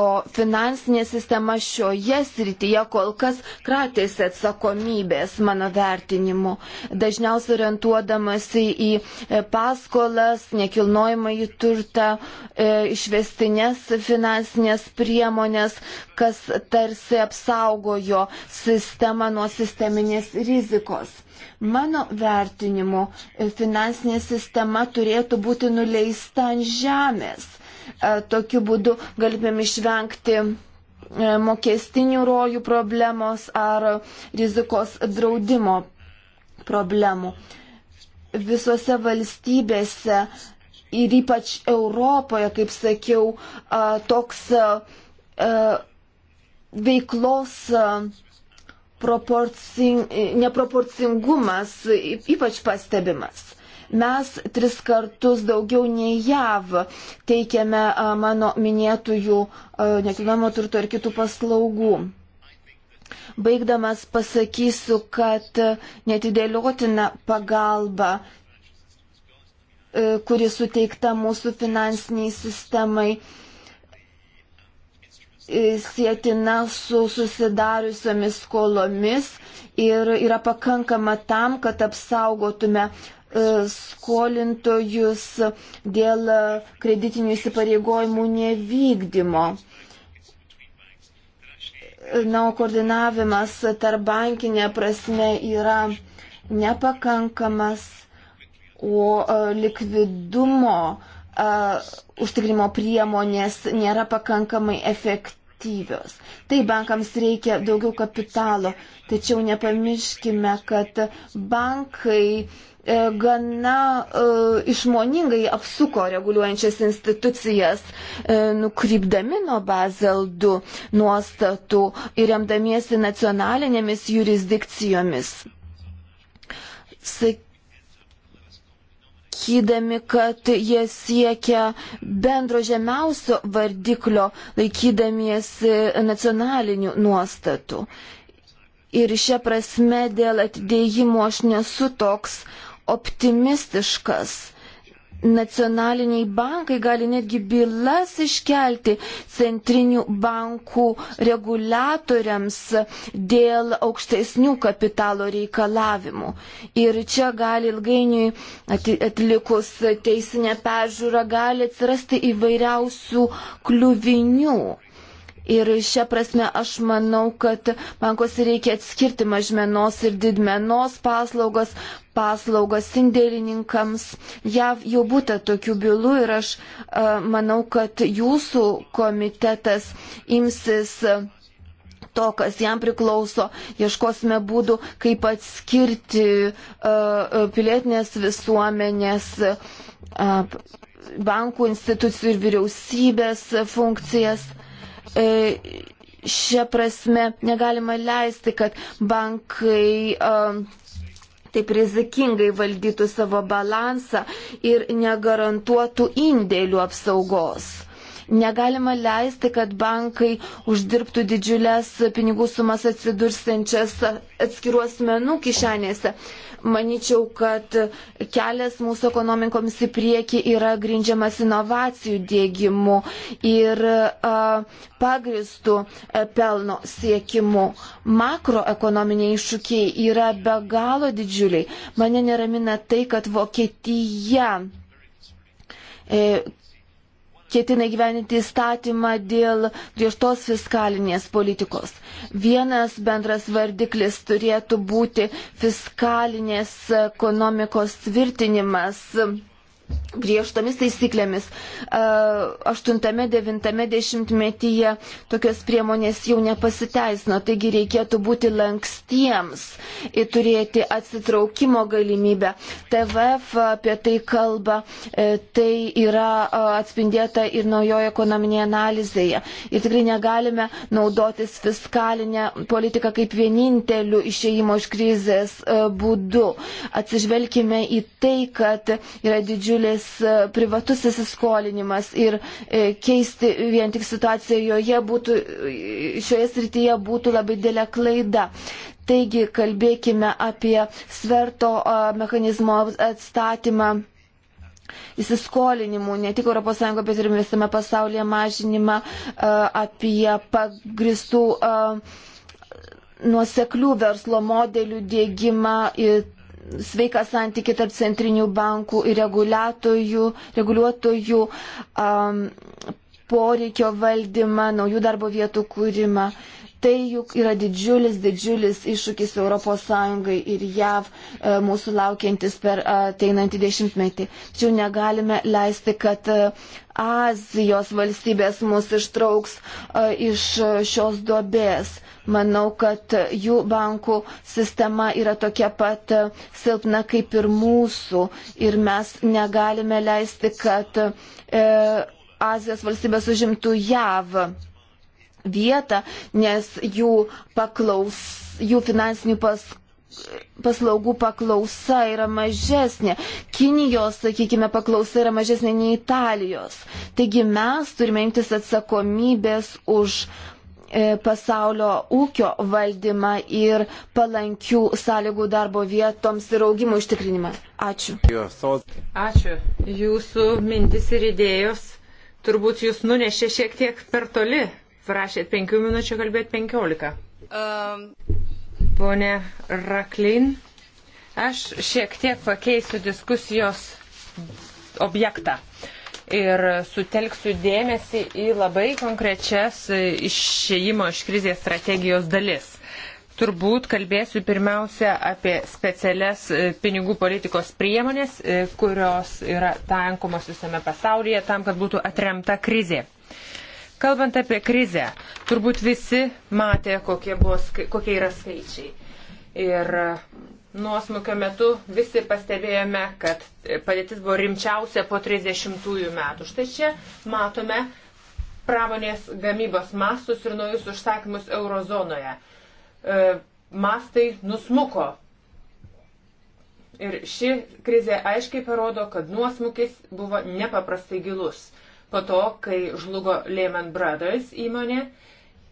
O finansinė sistema šioje srityje kol kas kratėsi atsakomybės mano vertinimu, dažniausiai orientuodamasi į e, paskolas, nekilnojimą į turtą, e, išvestinės finansinės priemonės, kas tarsi apsaugojo sistemą nuo sisteminės rizikos rizikos. Mano vertinimu, e, finansinė sistema turėtų būti nuleista ant žemės. E, tokiu būdu galime išvengti e, mokestinių rojų problemos ar rizikos draudimo problemų. Visose valstybėse ir ypač Europoje, kaip sakiau, toks veiklos neproporcingumas ypač pastebimas. Mes tris kartus daugiau nei JAV teikiame mano minėtųjų nekilnojamo turto ir kitų paslaugų. Baigdamas pasakysiu, kad netidėliotina pagalba, e, kuri suteikta mūsų finansiniai sistemai, sėtina su susidariusiomis skolomis ir yra pakankama tam, kad apsaugotume e, skolintojus dėl kreditinių įsipareigojimų nevykdymo. Na, o koordinavimas tarp bankinė prasme yra nepakankamas, o e, likvidumo uh, užtikrimo priemonės nėra pakankamai efektyvios. Tai bankams reikia daugiau kapitalo, tačiau nepamirškime, kad bankai e, gana uh, išmoningai apsuko reguliuojančias institucijas, uh, nukrypdami nuo Basel II nuostatų ir remdamiesi nacionalinėmis jurisdikcijomis. Sak sakydami, kad jie siekia bendro žemiausio vardiklio, laikydamiesi nacionalinių nuostatų. Ir šią prasme dėl atidėjimo aš nesu toks optimistiškas nacionaliniai bankai gali netgi bylas iškelti centrinių bankų reguliatoriams dėl aukštesnių kapitalo reikalavimų. Ir čia gali ilgainiui atlikus teisinę peržiūrą gali atsirasti įvairiausių kliuvinių. Ir šią prasme aš manau, kad bankos reikia atskirti mažmenos ir didmenos paslaugas, paslaugas sindėlininkams. JAV jau būta tokių bylų ir aš a, e, manau, kad jūsų komitetas imsis e, to, kas jam priklauso, ieškosime būdų, kaip atskirti a, e, pilietinės visuomenės. A, bankų institucijų ir vyriausybės funkcijas. E, šią prasme negalima leisti, kad bankai e, taip rizikingai valdytų savo balansą ir negarantuotų indėlių apsaugos. Negalima leisti, kad bankai uždirbtų didžiulės pinigų sumas atsidursiančias atskirų asmenų kišenėse. Maničiau, kad kelias mūsų ekonomikoms į priekį yra grindžiamas inovacijų dėgymu ir a, pagristų pelno siekimu. Makroekonominiai iššūkiai yra be galo didžiuliai. Mane neramina tai, kad Vokietija e, ketina gyveninti įstatymą dėl griežtos fiskalinės politikos. Vienas bendras vardiklis turėtų būti fiskalinės ekonomikos tvirtinimas griežtomis taisyklėmis. Aštuntame, devintame dešimtmetyje tokios priemonės jau nepasiteisino, taigi reikėtų būti lankstiems ir turėti atsitraukimo galimybę. TVF apie tai kalba, e, tai yra atspindėta ir naujoje ekonominėje analizėje. Ir tikrai negalime naudotis fiskalinę politiką kaip vieninteliu išėjimo iš krizės e, būdu. Atsižvelkime į tai, kad yra didžiulės tas e, privatus įsiskolinimas ir e, keisti vien tik situaciją joje būtų, e, šioje srityje būtų labai dėlė klaida. Taigi kalbėkime apie sverto mechanizmo atstatymą įsiskolinimų, ne tik ES, bet ir visame pasaulyje mažinimą, apie pagristų nuoseklių verslo modelių dėgymą, sveiką santykį tarp centrinių bankų ir reguliuotojų, reguliuotojų um, poreikio valdymą, naujų darbo vietų kūrimą. Tai juk yra didžiulis, didžiulis iššūkis ES ir JAV e, mūsų laukiantis per e, ateinantį dešimtmetį. Tačiau negalime leisti, kad e, Azijos valstybės mus ištrauks iš šios duobės. Manau, kad jų bankų sistema yra tokia pat silpna kaip ir mūsų ir mes negalime leisti, kad e, Azijos valstybės užimtų JAV vietą, nes jų, paklaus, jų finansinių paskatų paslaugų paklausa yra mažesnė. Kinijos, sakykime, paklausa yra mažesnė nei Italijos. Taigi mes turime imtis atsakomybės už E, pasaulio ūkio valdymą ir palankių sąlygų darbo vietoms ir augimų užtikrinimą. Ačiū. Ačiū. Jūsų mintis ir idėjos turbūt jūs nunešė šiek tiek per toli. Prašėt penkių minučių, kalbėt penkiolika. Um. Pone Raklin, aš šiek tiek pakeisiu diskusijos objektą. Uh, ir sutelksiu dėmesį į labai konkrečias išėjimo iš krizės strategijos dalis. Turbūt kalbėsiu pirmiausia apie specialias e, pinigų politikos priemonės, e, kurios yra tankomos visame pasaulyje tam, kad būtų atremta krizė. Kalbant apie krizę, turbūt visi matė, kokie, buvo, kokie yra skaičiai. Ir nuosmukio metu visi pastebėjome, kad padėtis buvo rimčiausia po 30-ųjų metų. Štai čia matome pramonės gamybos mastus ir naujus užsakymus eurozonoje. E, mastai nusmuko. Ir ši krizė aiškiai parodo, kad nuosmukis buvo nepaprastai gilus. Po to, kai žlugo Lehman Brothers įmonė,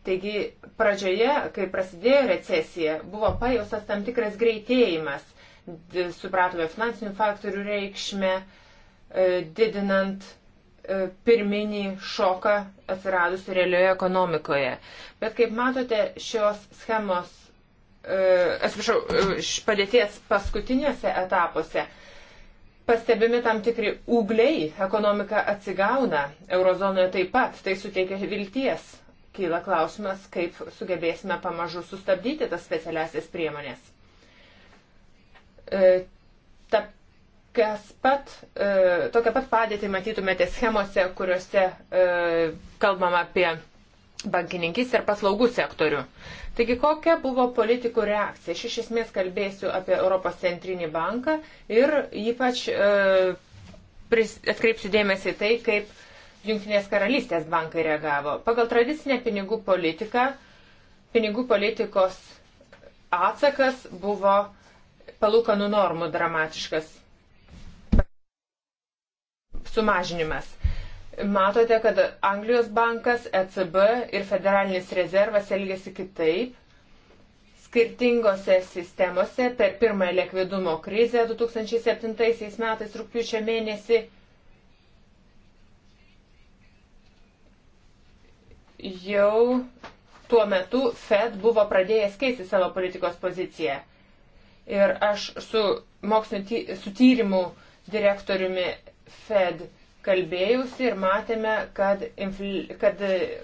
Taigi pradžioje, kai prasidėjo recesija, buvo pajustas tam tikras greitėjimas, supratome finansinių faktorių reikšmę, e, didinant e, pirminį šoką atsiradusi realioje ekonomikoje. Bet kaip matote, šios schemos, e, atsiprašau, padėties paskutiniuose etapuose pastebimi tam tikri ūgliai, ekonomika atsigauna, eurozonoje taip pat, tai suteikia vilties kyla klausimas, kaip sugebėsime pamažu sustabdyti tas specialiasias priemonės. E, ta, kas pat, e, tokią pat padėtį matytumėte schemose, kuriuose e, kalbam apie bankininkys ir paslaugų sektorių. Taigi kokia buvo politikų reakcija? Aš iš esmės kalbėsiu apie Europos centrinį banką ir ypač e, pris, atkreipsiu dėmesį tai, kaip Junktinės karalystės bankai reagavo. Pagal tradicinę pinigų politiką, pinigų politikos atsakas buvo palūkanų normų dramatiškas sumažinimas. Matote, kad Anglijos bankas, ECB ir federalinis rezervas elgėsi kitaip. Skirtingose sistemose per pirmąją likvidumo krizę 2007 metais rūpiučio mėnesį jau tuo metu Fed buvo pradėjęs keisti savo politikos poziciją. Ir aš su mokslinio ty su tyrimų direktoriumi Fed kalbėjusi ir matėme, kad, kad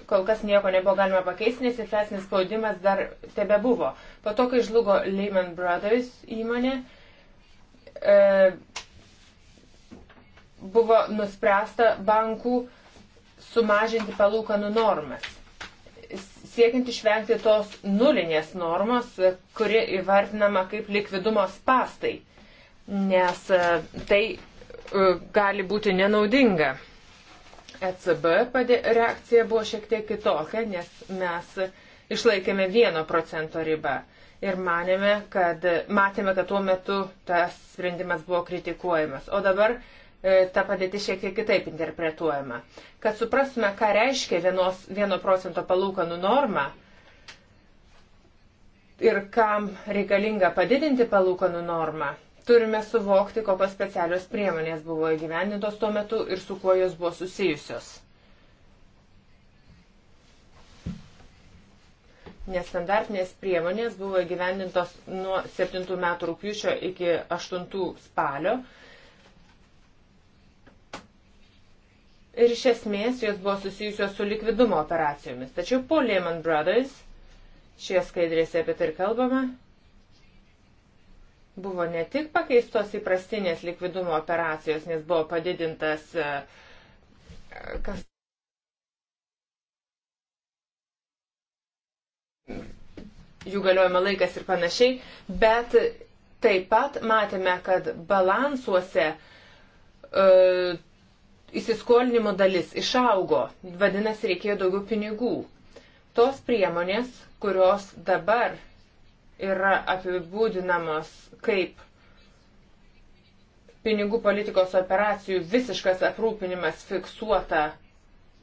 kol kas nieko nebuvo galima pakeisti, nes infliacinis spaudimas dar tebe buvo. Po to, kai žlugo Lehman Brothers įmonė, e, buvo nuspręsta bankų sumažinti palūkanų normas, siekiant išvengti tos nulinės normos, kuri įvardinama kaip likvidumo spastai, nes e, tai e, gali būti nenaudinga. ECB reakcija buvo šiek tiek kitokia, nes mes išlaikėme 1 procento ribą ir manėme, kad, matėme, kad tuo metu tas sprendimas buvo kritikuojamas. O dabar uh, E, ta padėtis šiek tiek kitaip interpretuojama. Kad suprastume, ką reiškia vienos, vieno procento palūkanų norma ir kam reikalinga padidinti palūkanų normą, turime suvokti, kokios specialios priemonės buvo įgyvendintos tuo metu ir su kuo jos buvo susijusios. Nestandartinės priemonės buvo įgyvendintos nuo 7 metų rūpiučio iki 8 spalio ir iš esmės jos buvo susijusios su likvidumo operacijomis. Tačiau po Lehman Brothers, šie skaidrėse apie tai ir kalbama, buvo ne tik pakeistos įprastinės likvidumo operacijos, nes buvo padidintas e, kas. jų galiojimo laikas ir panašiai, bet taip pat matėme, kad balansuose uh, įsiskolinimo dalis išaugo, vadinasi, reikėjo daugiau pinigų. Tos priemonės, kurios dabar yra apibūdinamos kaip pinigų politikos operacijų visiškas aprūpinimas fiksuota,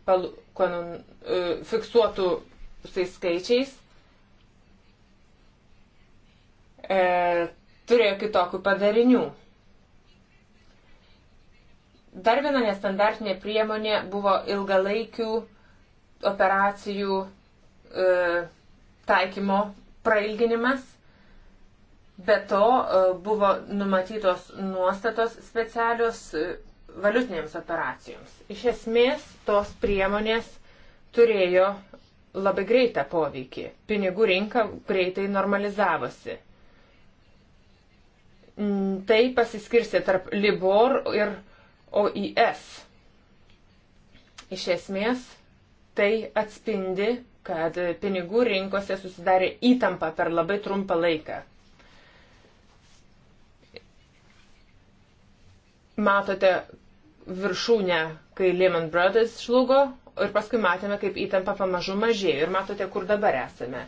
pal, konon, e, fiksuotų tai skaičiais, e, turėjo kitokių padarinių. Dar viena nestandartinė priemonė buvo ilgalaikių operacijų e, taikymo prailginimas. Be to e, buvo numatytos nuostatos specialios e, valiutinėms operacijoms. Iš esmės tos priemonės turėjo labai greitą poveikį. Pinigų rinka greitai normalizavosi. Tai pasiskirsi tarp Libor ir OIF. Iš esmės, tai atspindi, kad pinigų rinkose susidarė įtampa per labai trumpą laiką. Matote viršūnę, kai Lehman Brothers žlugo ir paskui matėme, kaip įtampa pamažu mažėjo ir matote, kur dabar esame.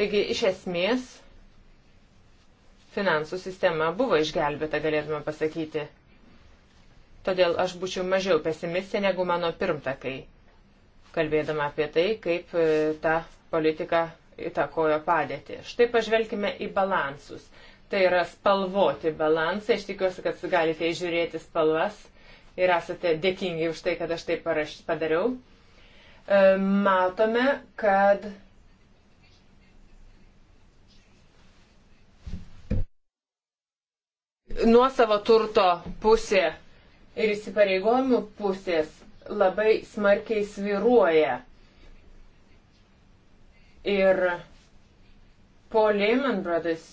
Taigi, iš esmės, finansų sistema buvo išgelbėta, galėtume pasakyti todėl aš būčiau mažiau pesimistė negu mano pirmtakai, kalbėdama apie tai, kaip e, ta politika įtakojo padėtį. Štai pažvelkime į balansus. Tai yra spalvoti balansai. Aš tikiuosi, kad galite įžiūrėti spalvas ir esate dėkingi už tai, kad aš tai paraš, padariau. E, matome, kad nuosavo turto pusė ir įsipareigojimų pusės labai smarkiai sviruoja. Ir po Lehman Brothers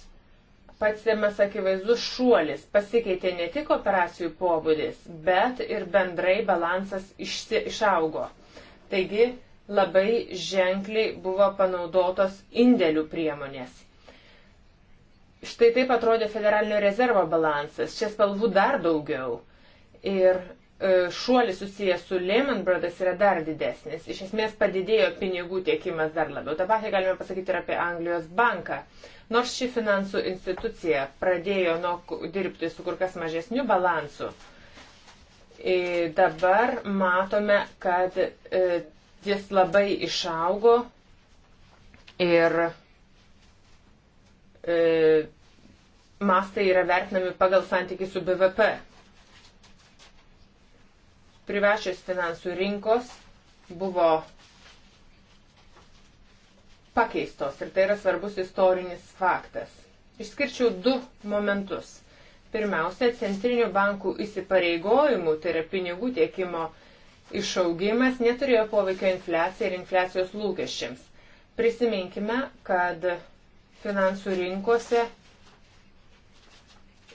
patsėmės akivaizdus šuolis, pasikeitė ne tik operacijų pobūdis, bet ir bendrai balansas išsi, išaugo. Taigi labai ženkliai buvo panaudotos indėlių priemonės. Štai taip atrodė Federalinio rezervo balansas, čia spalvų dar daugiau ir e, šuolis susijęs su Lehman Brothers yra dar didesnis. Iš esmės padidėjo pinigų tiekimas dar labiau. Ta patį galime pasakyti ir apie Anglijos banką. Nors ši finansų institucija pradėjo nuo dirbti su kur kas mažesniu balansu, dabar matome, kad e, jis labai išaugo ir e, mastai yra vertinami pagal santykių su BVP privačios finansų rinkos buvo pakeistos ir tai yra svarbus istorinis faktas. Išskirčiau du momentus. Pirmiausia, centrinių bankų įsipareigojimų, tai yra pinigų tiekimo išaugimas, neturėjo poveikio infliacijai ir infliacijos lūkesčiams. Prisiminkime, kad finansų rinkose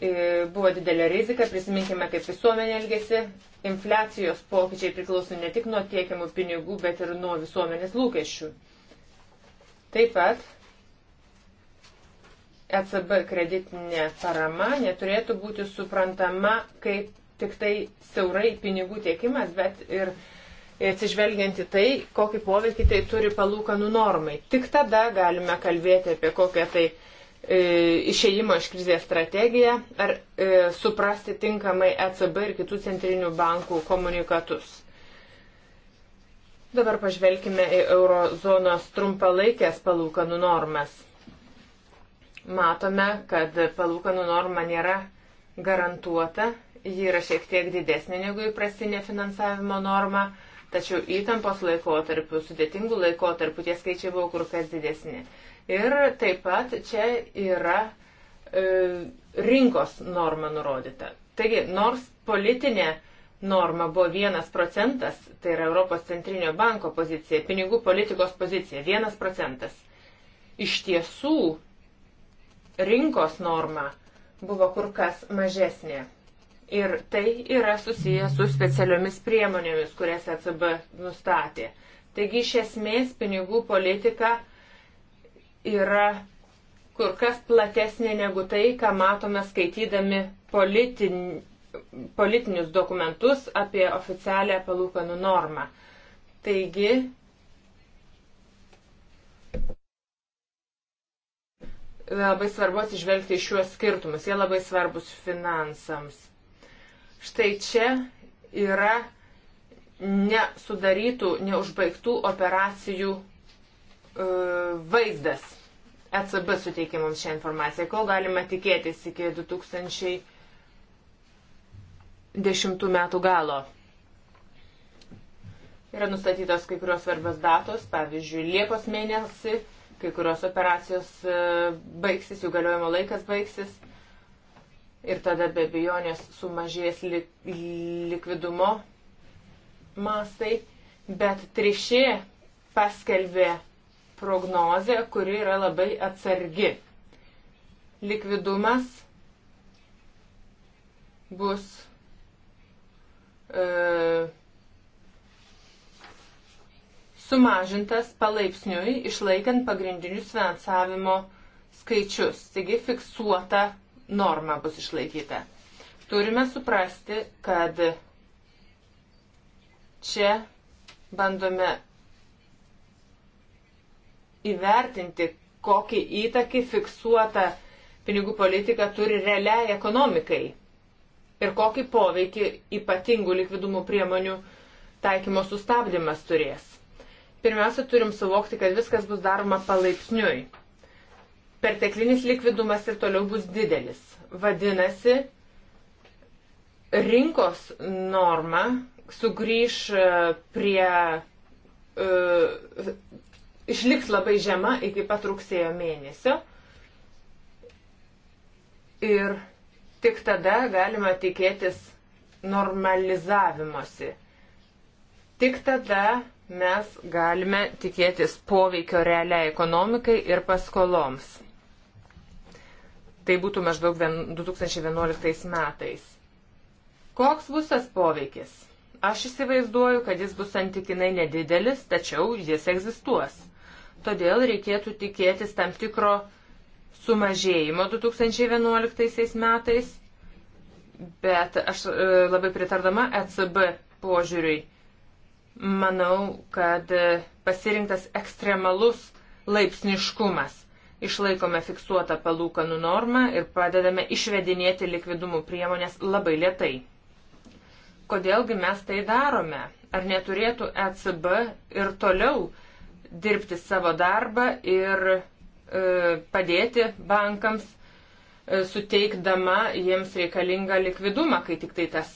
e, buvo didelė rizika, prisiminkime, kaip visuomenė elgėsi Infliacijos pokyčiai priklauso ne tik nuo tiekiamų pinigų, bet ir nuo visuomenės lūkesčių. Taip pat ECB kreditinė parama neturėtų būti suprantama kaip tik tai siaurai pinigų tiekimas, bet ir atsižvelgiant į tai, kokį poveikį tai turi palūkanų normai. Tik tada galime kalbėti apie kokią tai uh, E, išėjimo iš krizės strategiją, ar e, suprasti tinkamai ECB ir kitų centrinių bankų komunikatus. Dabar pažvelkime į eurozonos trumpalaikės palūkanų normas. Matome, kad palūkanų norma nėra garantuota, ji yra šiek tiek didesnė negu įprastinė finansavimo norma, tačiau įtampos laikotarpiu, sudėtingų laikotarpiu tie skaičiai buvo kur kas didesni. Ir taip pat čia yra e, rinkos norma nurodyta. Taigi, nors politinė norma buvo vienas procentas, tai yra Europos centrinio banko pozicija, pinigų politikos pozicija, vienas procentas. Iš tiesų, rinkos norma buvo kur kas mažesnė. Ir tai yra susiję su specialiomis priemonėmis, kurias ECB nustatė. Taigi iš esmės pinigų politika uh, yra kur kas platesnė negu tai, ką matome skaitydami politin, politinius dokumentus apie oficialią palūkanų normą. Taigi, labai svarbu atsižvelgti į šiuos skirtumus, jie labai svarbus finansams. Štai čia yra nesudarytų, neužbaigtų operacijų e, vaizdas. ECB suteikė mums šią informaciją. Ko galima tikėtis iki 2010 metų galo? Yra nustatytos kai kurios svarbios datos, pavyzdžiui, Liepos mėnesį, kai kurios operacijos e, baigsis, jų galiojimo laikas baigsis ir tada be abejonės sumažės li likvidumo mastai, bet trišė paskelbė prognozė, kuri yra labai atsargi. Likvidumas bus e, sumažintas palaipsniui, išlaikant pagrindinius finansavimo skaičius. Taigi fiksuota norma bus išlaikyta. Turime suprasti, kad čia bandome įvertinti, kokį įtakį fiksuota pinigų politika turi realiai ekonomikai ir kokį poveikį ypatingų likvidumo priemonių taikymo sustabdymas turės. Pirmiausia, turim suvokti, kad viskas bus daroma palaipsniui. Perteklinis likvidumas ir toliau bus didelis. Vadinasi, rinkos norma sugrįž e, prie e, išliks labai žema iki pat rugsėjo mėnesio. Ir tik tada galima tikėtis normalizavimosi. Tik tada mes galime tikėtis poveikio realiai ekonomikai ir paskoloms. Tai būtų maždaug 2011 metais. Koks bus tas poveikis? Aš įsivaizduoju, kad jis bus santykinai nedidelis, tačiau jis egzistuos todėl reikėtų tikėtis tam tikro sumažėjimo 2011 metais, bet aš e, labai pritardama ECB požiūriui. Manau, kad e, pasirinktas ekstremalus laipsniškumas. Išlaikome fiksuotą palūkanų normą ir padedame išvedinėti likvidumų priemonės labai lietai. Kodėlgi mes tai darome? Ar neturėtų ECB ir toliau uh, dirbti savo darbą ir e, padėti bankams, e, suteikdama jiems reikalingą likvidumą, kai tik tai tas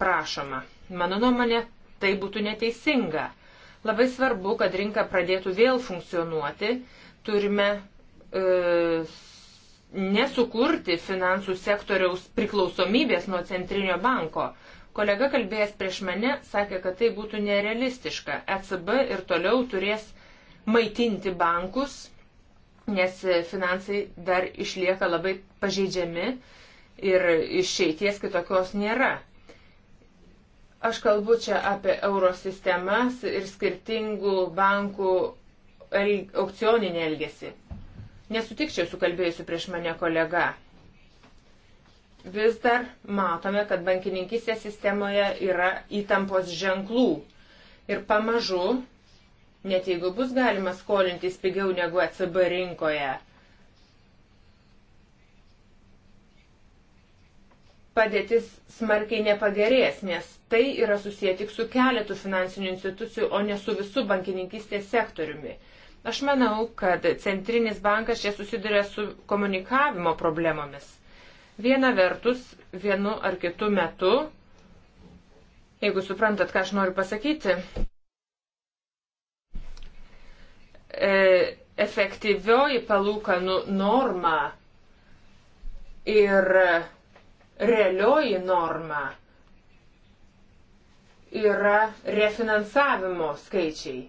prašoma. Mano nuomonė, tai būtų neteisinga. Labai svarbu, kad rinka pradėtų vėl funkcionuoti. Turime e, nesukurti finansų sektoriaus priklausomybės nuo centrinio banko. Kolega kalbėjęs prieš mane sakė, kad tai būtų nerealistiška. ECB ir toliau turės maitinti bankus, nes finansai dar išlieka labai pažeidžiami ir išeities kitokios nėra. Aš kalbu čia apie eurosistemas ir skirtingų bankų aukcioninį elgesį. Nesutikčiau su kalbėjusiu prieš mane kolega. Vis dar matome, kad bankininkistės sistemoje yra įtampos ženklų. Ir pamažu net jeigu bus galima skolintis pigiau negu ECB rinkoje. Padėtis smarkiai nepagerės, nes tai yra susiję tik su keletu finansinių institucijų, o ne su visu bankininkystės sektoriumi. Aš manau, kad centrinis bankas čia susiduria su komunikavimo problemomis. Viena vertus, vienu ar kitu metu, jeigu suprantat, ką aš noriu pasakyti, e, efektyvioji palūkanų norma ir realioji norma yra refinansavimo skaičiai.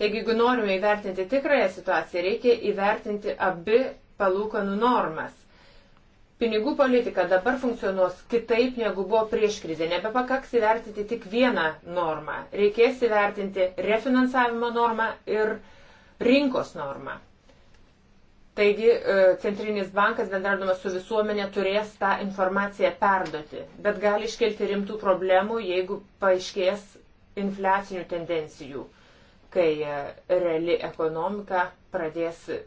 Taigi, jeigu norime įvertinti tikrąją situaciją, reikia įvertinti abi palūkanų normas. Pinigų politika dabar funkcionuos kitaip, negu buvo prieš krizę. Nebepakaks įvertinti tik vieną normą. Reikės įvertinti refinansavimo normą ir rinkos normą. Taigi e, Centrinis bankas, bendradamas su visuomenė, turės tą informaciją perduoti, bet gali iškelti rimtų problemų, jeigu paaiškės infliacinių tendencijų, kai e, reali ekonomika pradės e,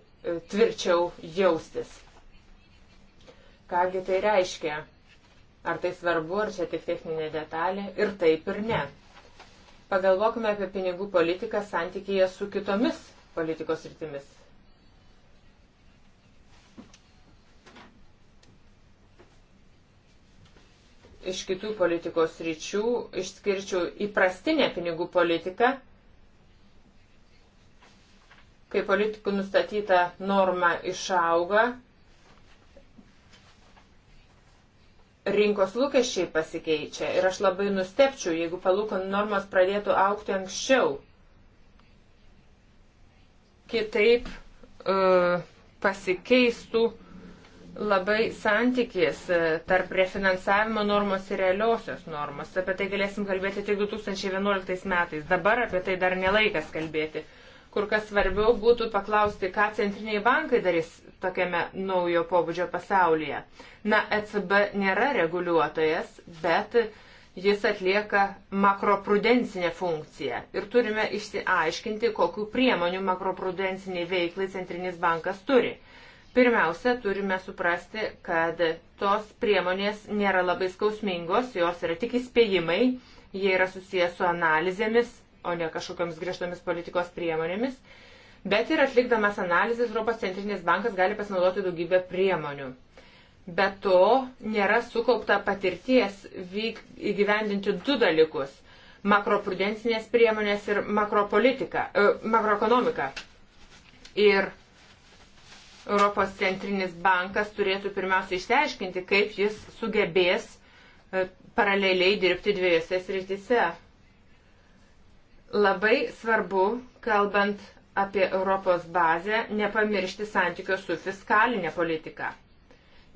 tvirčiau jaustis. Kągi tai reiškia? Ar tai svarbu, ar čia tik techninė detalė? Ir taip ir ne. Pagalvokime apie pinigų politiką santykėje su kitomis politikos rytimis. Iš kitų politikos ryčių išskirčiau įprastinę pinigų politiką, kai politikų nustatyta norma išauga rinkos lūkesčiai pasikeičia ir aš labai nustepčiau, jeigu palūkanų normos pradėtų aukti anksčiau. Kitaip uh, pasikeistų labai santykis e, tarp refinansavimo normos ir realiosios normos. Apie tai galėsim kalbėti tik 2011 metais. Dabar apie tai dar nelaikas kalbėti. Kur kas svarbiau būtų paklausti, ką centriniai bankai darys tokiame naujo pobūdžio pasaulyje. Na, ECB nėra reguliuotojas, bet jis atlieka makroprudencinę funkciją ir turime išsiaiškinti, kokiu priemonių makroprudenciniai veiklai Centrinis bankas turi. Pirmiausia, turime suprasti, kad tos priemonės nėra labai skausmingos, jos yra tik įspėjimai, jie yra susijęs su analizėmis, o ne kažkokiamis griežtomis politikos priemonėmis bet ir atlikdamas analizės Europos centrinis bankas gali pasinaudoti daugybę priemonių. Be to nėra sukaupta patirties vyk, įgyvendinti du dalykus - makroprudencinės priemonės ir makropolitika, e, makroekonomika. Ir Europos centrinis bankas turėtų pirmiausia išteiškinti, kaip jis sugebės e, paraleliai dirbti dviejose srityse. Labai svarbu, kalbant apie Europos bazę nepamiršti santykio su fiskalinė politika.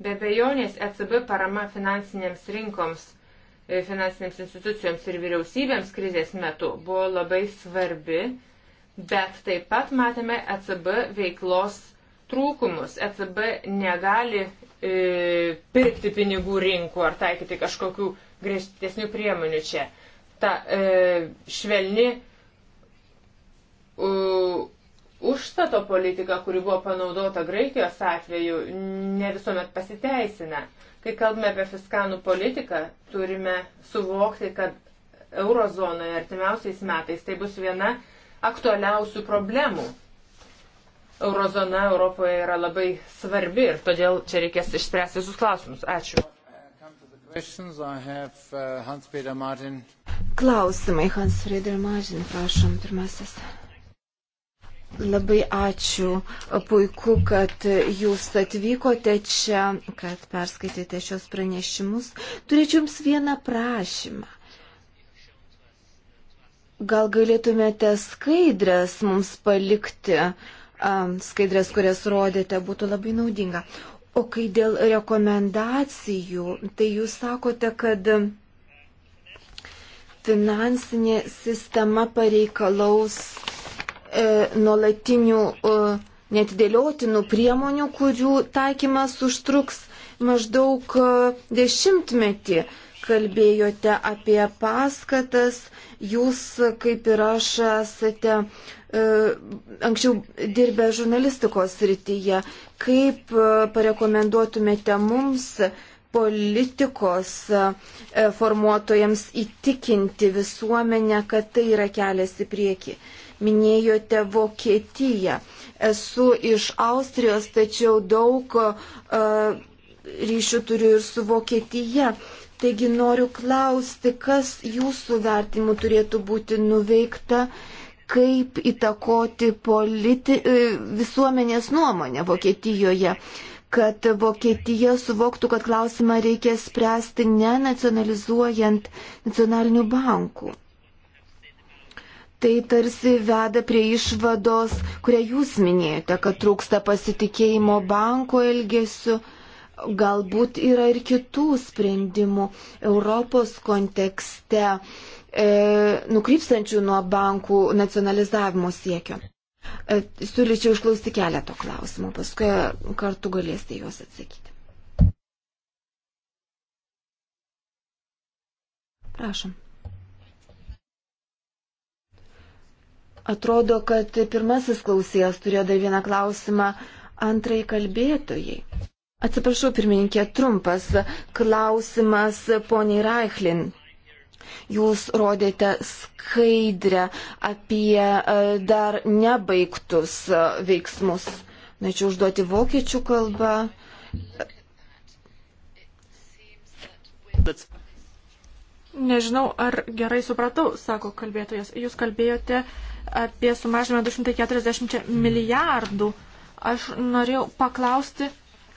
Be bejonės ECB parama finansinėms rinkoms, e, finansinėms institucijoms ir vyriausybėms krizės metu buvo labai svarbi, bet taip pat matėme ECB veiklos trūkumus. ECB negali e, pirkti pinigų rinkų ar taikyti kažkokių griežtesnių priemonių čia. Ta e, švelni užstato politika, kuri buvo panaudota Graikijos atveju, ne visuomet pasiteisina. Kai kalbame apie fiskanų politiką, turime suvokti, kad eurozonoje artimiausiais metais tai bus viena aktualiausių problemų. Eurozona Europoje yra labai svarbi ir todėl čia reikės išspręsti visus klausimus. Ačiū. Uh, Klausimai, Hans Frieder Mažin, prašom, pirmasis. Labai ačiū. Puiku, kad jūs atvykote čia, kad perskaitėte šios pranešimus. Turėčiau jums vieną prašymą. Gal galėtumėte skaidrės mums palikti, skaidrės, kurias rodėte, būtų labai naudinga. O kai dėl rekomendacijų, tai jūs sakote, kad finansinė sistema pareikalaus E, nuolatinių e, netidėliotinų priemonių, kurių taikymas užtruks maždaug e, dešimtmetį. Kalbėjote apie paskatas, jūs kaip ir aš esate e, anksčiau dirbę žurnalistikos rytyje. Kaip parekomenduotumėte mums politikos formuotojams įtikinti visuomenę, kad tai yra kelias į priekį? E, minėjote Vokietiją. Esu iš Austrijos, tačiau daug uh, ryšių turiu ir su Vokietija. Taigi noriu klausti, kas jūsų vertimu turėtų būti nuveikta, kaip įtakoti politi, e, visuomenės nuomonę Vokietijoje kad Vokietija suvoktų, kad klausimą reikia spręsti ne nacionalizuojant nacionalinių bankų. Tai tarsi veda prie išvados, kurią jūs minėjote, kad trūksta pasitikėjimo banko elgesiu. Galbūt yra ir kitų sprendimų Europos kontekste, e, nukrypstančių nuo bankų nacionalizavimo siekio. E, siūlyčiau išklausyti keletą klausimų, paskui kartu galėsite juos atsakyti. Prašom. Atrodo, kad pirmasis klausėjas turėjo dar vieną klausimą antrai kalbėtojai. Atsiprašau, pirmininkė, trumpas klausimas poniai Reichlin. Jūs rodėte skaidrę apie e, dar nebaigtus e, veiksmus. Norėčiau užduoti vokiečių kalbą. Nežinau, ar gerai supratau, sako kalbėtojas. Jūs kalbėjote uh, apie sumažinimą 240 milijardų. Aš norėjau paklausti,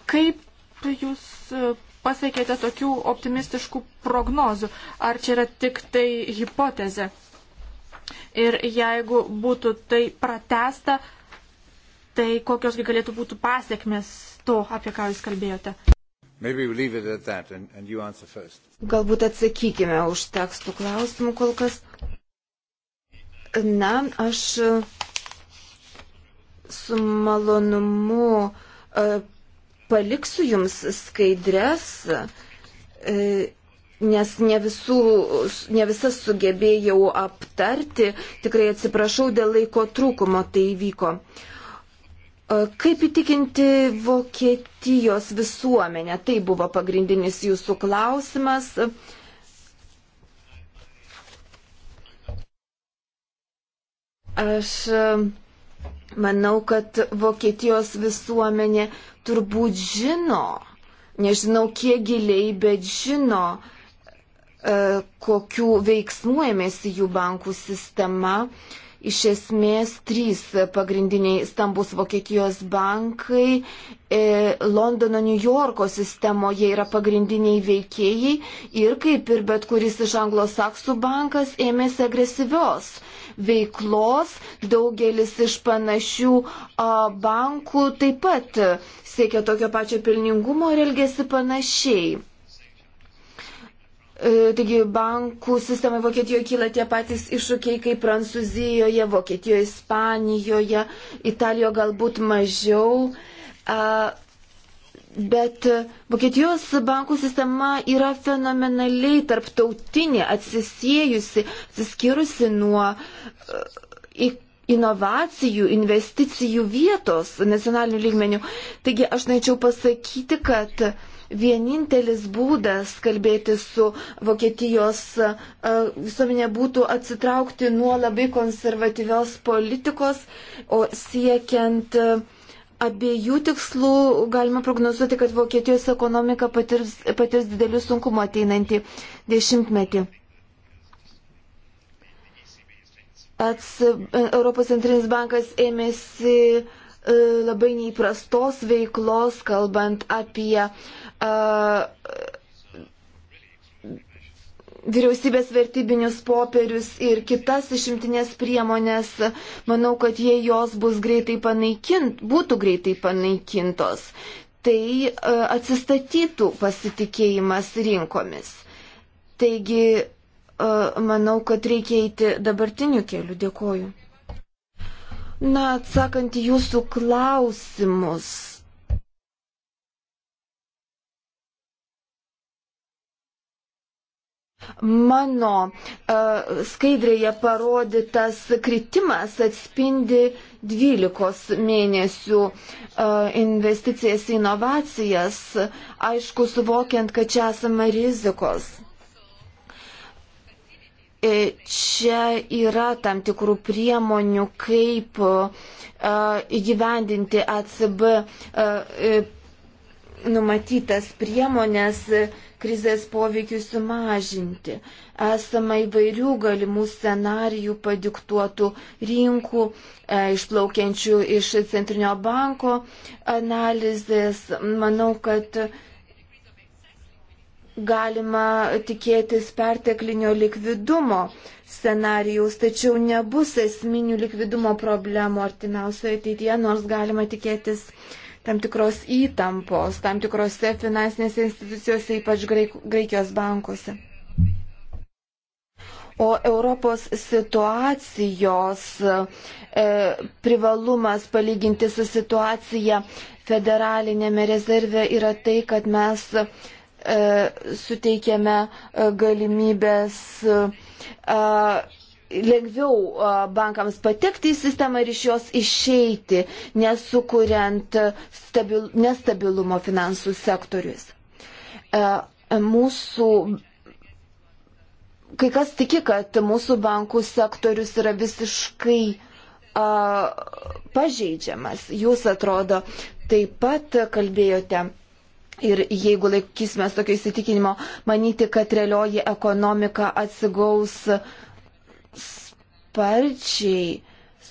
kaip jūs e, pasiekėte tokių optimistiškų prognozių? Ar čia yra tik tai hipotezė? Ir jeigu būtų tai pratesta, tai kokiosgi galėtų būti pasiekmes to, apie ką jūs kalbėjote? We'll and, and Galbūt atsakykime už tekstų klausimų kol kas. Na, aš e, su malonumu e, paliksiu jums skaidres, e, nes ne, visų, ne visas sugebėjau aptarti. Tikrai atsiprašau dėl laiko trūkumo tai vyko. Kaip įtikinti Vokietijos visuomenę? Tai buvo pagrindinis jūsų klausimas. Aš e, manau, kad Vokietijos visuomenė turbūt žino, nežinau kiek giliai, bet žino, e, kokių veiksmų ėmėsi jų bankų sistema. Iš esmės, trys pagrindiniai stambus Vokietijos bankai e, Londono, New Yorko sistemoje yra pagrindiniai veikėjai ir kaip ir bet kuris iš anglosaksų bankas ėmėsi agresyvios veiklos. Daugelis iš panašių bankų taip pat siekia tokio pačio pelningumo ir elgesi panašiai. E, taigi bankų sistemai Vokietijoje kyla tie patys iššūkiai kaip Prancūzijoje, Vokietijoje, Ispanijoje, Italijoje galbūt mažiau. Bet e, Vokietijos bankų sistema yra fenomenaliai tarptautinė, atsisėjusi, atsiskyrusi nuo e, inovacijų, investicijų vietos nacionalinių lygmenių. Taigi aš norėčiau pasakyti, kad vienintelis būdas kalbėti su Vokietijos e, visuomenė būtų atsitraukti nuo labai konservatyvios politikos, o siekiant uh, abiejų tikslų galima prognozuoti, kad Vokietijos ekonomika patirs, patirs didelių sunkumų ateinantį dešimtmetį. Ats, e, Europos centrinis bankas ėmėsi e, labai neįprastos veiklos, kalbant apie e, vyriausybės vertybinius popierius ir kitas išimtinės priemonės, manau, kad jei jos bus greitai panaikint, būtų greitai panaikintos, tai e, atsistatytų pasitikėjimas rinkomis. Taigi, e, manau, kad reikia eiti dabartiniu keliu. Dėkoju. Na, atsakant į jūsų klausimus Mano uh, skaidrėje parodytas kritimas atspindi 12 mėnesių uh, investicijas į inovacijas, aišku, suvokiant, kad čia esame rizikos. E, čia yra tam tikrų priemonių, kaip uh, įgyvendinti ACB uh, numatytas priemonės krizės poveikiu sumažinti. Esama įvairių galimų scenarijų padiktuotų rinkų, e, išplaukiančių iš Centrinio banko analizės. Manau, kad galima tikėtis perteklinio likvidumo scenarijaus, tačiau nebus esminių likvidumo problemų artimiausioje ateityje, nors galima tikėtis uh, tam tikros įtampos, tam tikrose finansinėse institucijose, ypač Graikijos bankuose. O Europos situacijos e, privalumas palyginti su situacija federalinėme rezerve yra tai, kad mes e, suteikėme e, galimybės e, lengviau bankams patekti į sistemą ir iš jos išeiti, nesukuriant stabil, nestabilumo finansų sektorius. Mūsų kai kas tiki, kad mūsų bankų sektorius yra visiškai a, pažeidžiamas. Jūs atrodo taip pat kalbėjote. Ir jeigu laikysime tokio įsitikinimo, manyti, kad realioji ekonomika atsigaus sparčiai,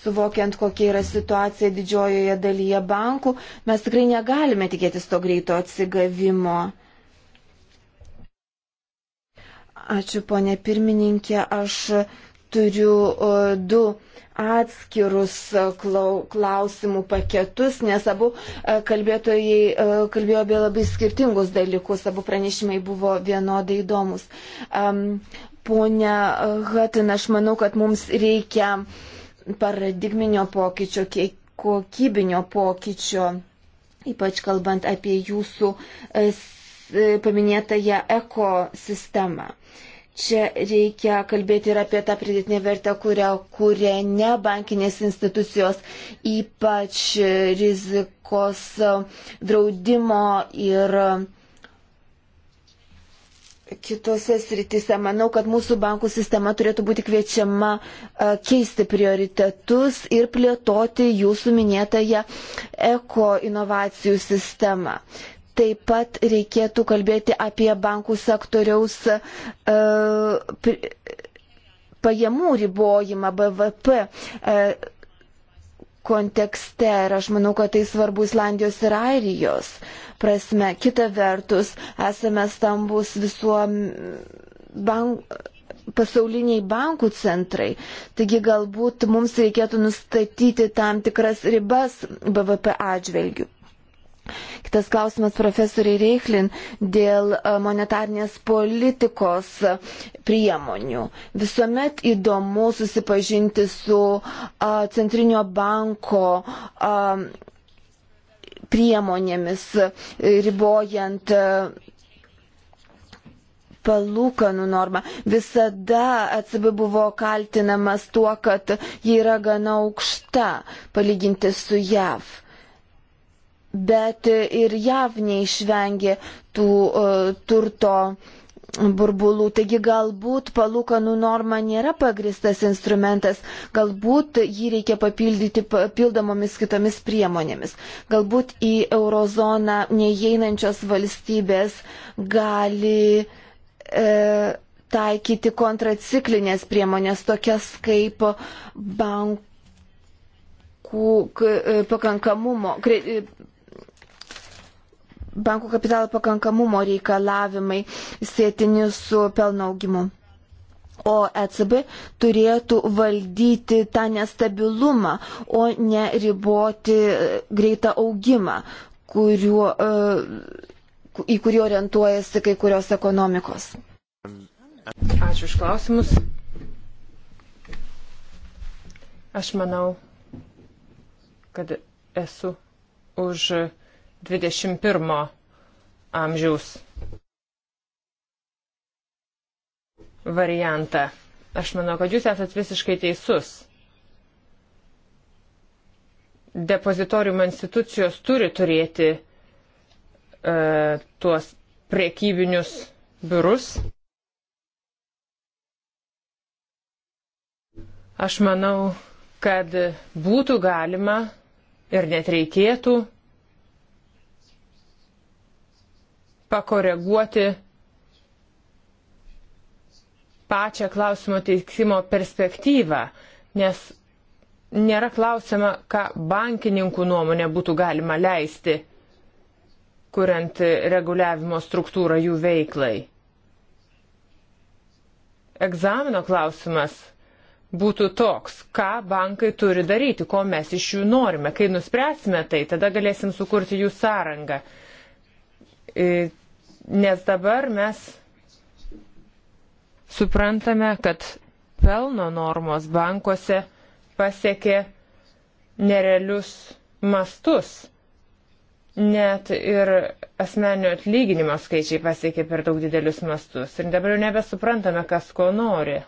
suvokiant, kokia yra situacija didžiojoje dalyje bankų, mes tikrai negalime tikėtis to greito atsigavimo. Ačiū, ponė pirmininkė, aš turiu uh, du atskirus klausimų paketus, nes abu e, kalbėtojai e, kalbėjo apie labai skirtingus dalykus, abu pranešimai buvo vienodai įdomus. Pone Hatin, aš manau, kad mums reikia paradigminio pokyčio, kokybinio pokyčio, ypač kalbant apie jūsų e, e, paminėtąją ekosistemą. Čia reikia kalbėti ir apie tą pridėtinę vertę, kurią kūrė ne bankinės institucijos, ypač rizikos draudimo ir kitose sritise. Manau, kad mūsų bankų sistema turėtų būti kviečiama e, keisti prioritetus ir plėtoti jūsų minėtąją eko inovacijų sistemą. Taip pat reikėtų kalbėti apie bankų sektoriaus uh, pajamų ribojimą BVP. Uh, e, kontekste ir aš manau, kad tai svarbu Islandijos ir Airijos uh, prasme. Kita vertus, esame stambus visuom bank, pasauliniai bankų centrai. Taigi galbūt mums reikėtų nustatyti tam tikras ribas BVP atžvelgių. Kitas klausimas profesoriai Reichlin dėl e, monetarnės politikos priemonių. Visuomet įdomu susipažinti su a, e, Centrinio banko a, e, priemonėmis, e, ribojant e, palūkanų norma. Visada ECB buvo kaltinamas tuo, kad ji yra gana aukšta palyginti su JAV. Bet ir JAV neišvengė tų uh, turto uh, burbulų. Taigi galbūt palūkanų norma nėra pagristas instrumentas, galbūt jį reikia papildyti papildomomis kitomis priemonėmis. Galbūt į eurozoną neįeinančios valstybės gali e, taikyti kontraciklinės priemonės, tokias kaip bankų e, pakankamumo, kre, bankų kapitalo pakankamumo reikalavimai sėtini su pelno augimu. O ECB turėtų valdyti tą nestabilumą, o ne riboti e, greitą augimą, kuriuo, e, į kurį orientuojasi kai kurios ekonomikos. Ačiū iš klausimus. Aš manau, kad esu už 21 amžiaus variantą. Aš manau, kad jūs esat visiškai teisus. Depozitoriumo institucijos turi turėti e, tuos priekybinius biurus. Aš manau, kad būtų galima ir net reikėtų pakoreguoti pačią klausimo teikimo perspektyvą, nes nėra klausima, ką bankininkų nuomonė būtų galima leisti, kuriant reguliavimo struktūrą jų veiklai. Egzamino klausimas būtų toks, ką bankai turi daryti, ko mes iš jų norime. Kai nuspręsime tai, tada galėsim sukurti jų sąrangą. E, Nes dabar mes suprantame, kad pelno normos bankuose pasiekė nerealius mastus. Net ir asmenio atlyginimo skaičiai pasiekė per daug didelius mastus. Ir dabar jau nebesuprantame, kas ko nori.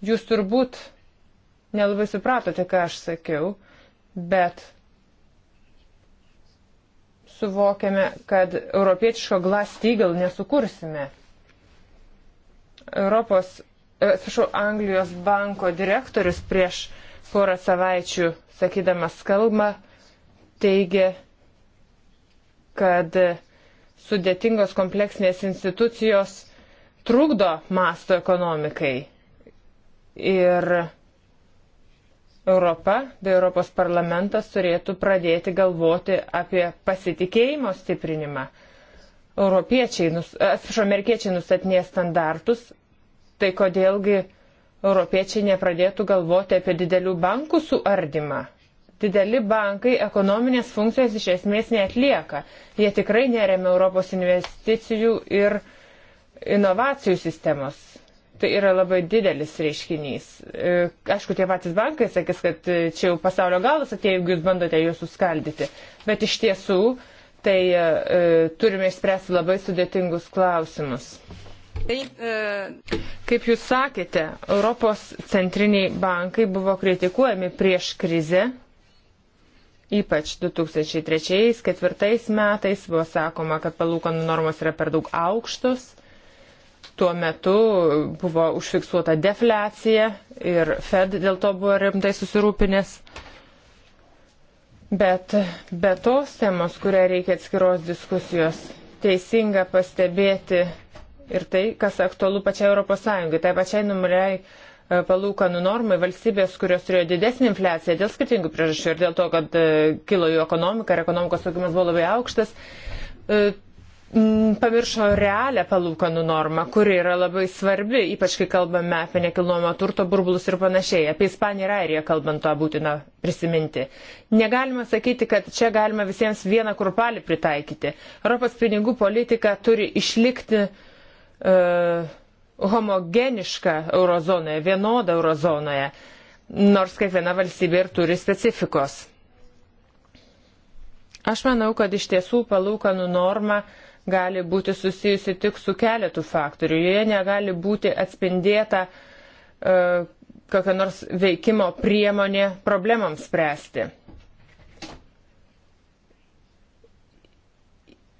Jūs turbūt nelabai supratote, ką aš sakiau, bet suvokiame, kad europietiško Glass-Steagall nesukursime. Europos, e, atsiprašau, Anglijos banko direktorius prieš porą savaičių, sakydamas kalbą, teigė, kad sudėtingos kompleksinės institucijos trukdo masto ekonomikai. Ir Europa bei Europos parlamentas turėtų pradėti galvoti apie pasitikėjimo stiprinimą. Europiečiai, atsiprašau, amerikiečiai nustatinė standartus, tai kodėlgi europiečiai nepradėtų galvoti apie didelių bankų suardymą. Dideli bankai ekonominės funkcijos iš esmės neatlieka. Jie tikrai neremia Europos investicijų ir inovacijų sistemos. Tai yra labai didelis reiškinys. E, aišku, tie patys bankai sakys, kad e, čia jau pasaulio galas atėjo, jeigu jūs bandote juos suskaldyti. Bet iš tiesų, tai e, e turime išspręsti labai sudėtingus klausimus. Tai, Kaip jūs sakėte, Europos centriniai bankai buvo kritikuojami prieš krizę, ypač 2003-2004 metais buvo sakoma, kad palūkanų normos yra per daug aukštos Tuo metu buvo užfiksuota deflecija ir Fed dėl to buvo rimtai susirūpinęs. Bet be tos temos, kurią reikia atskiros diskusijos, teisinga pastebėti ir tai, kas aktualu pačiai ES, tai pačiai numeriai e, palūkanų normai valstybės, kurios turėjo didesnį infliaciją dėl skirtingų priežasčių ir dėl to, kad e, kilo jų ekonomika ir ekonomikos augimas buvo labai aukštas, e, Mm, pamiršo realią palūkanų normą, kuri yra labai svarbi, ypač kai kalbame apie nekilnojamo turto burbulus ir panašiai, apie Ispaniją ir Airiją kalbant to būtina prisiminti. Negalima sakyti, kad čia galima visiems vieną kurpalį pritaikyti. Europos pinigų politika turi išlikti uh, e, homogenišką eurozonoje, vienodą eurozonoje, nors kiekviena valstybė ir turi specifikos. Aš manau, kad iš tiesų palūkanų norma uh, gali būti susijusi tik su keletu faktorių. Joje negali būti atspindėta e, kokia nors veikimo priemonė problemams spręsti.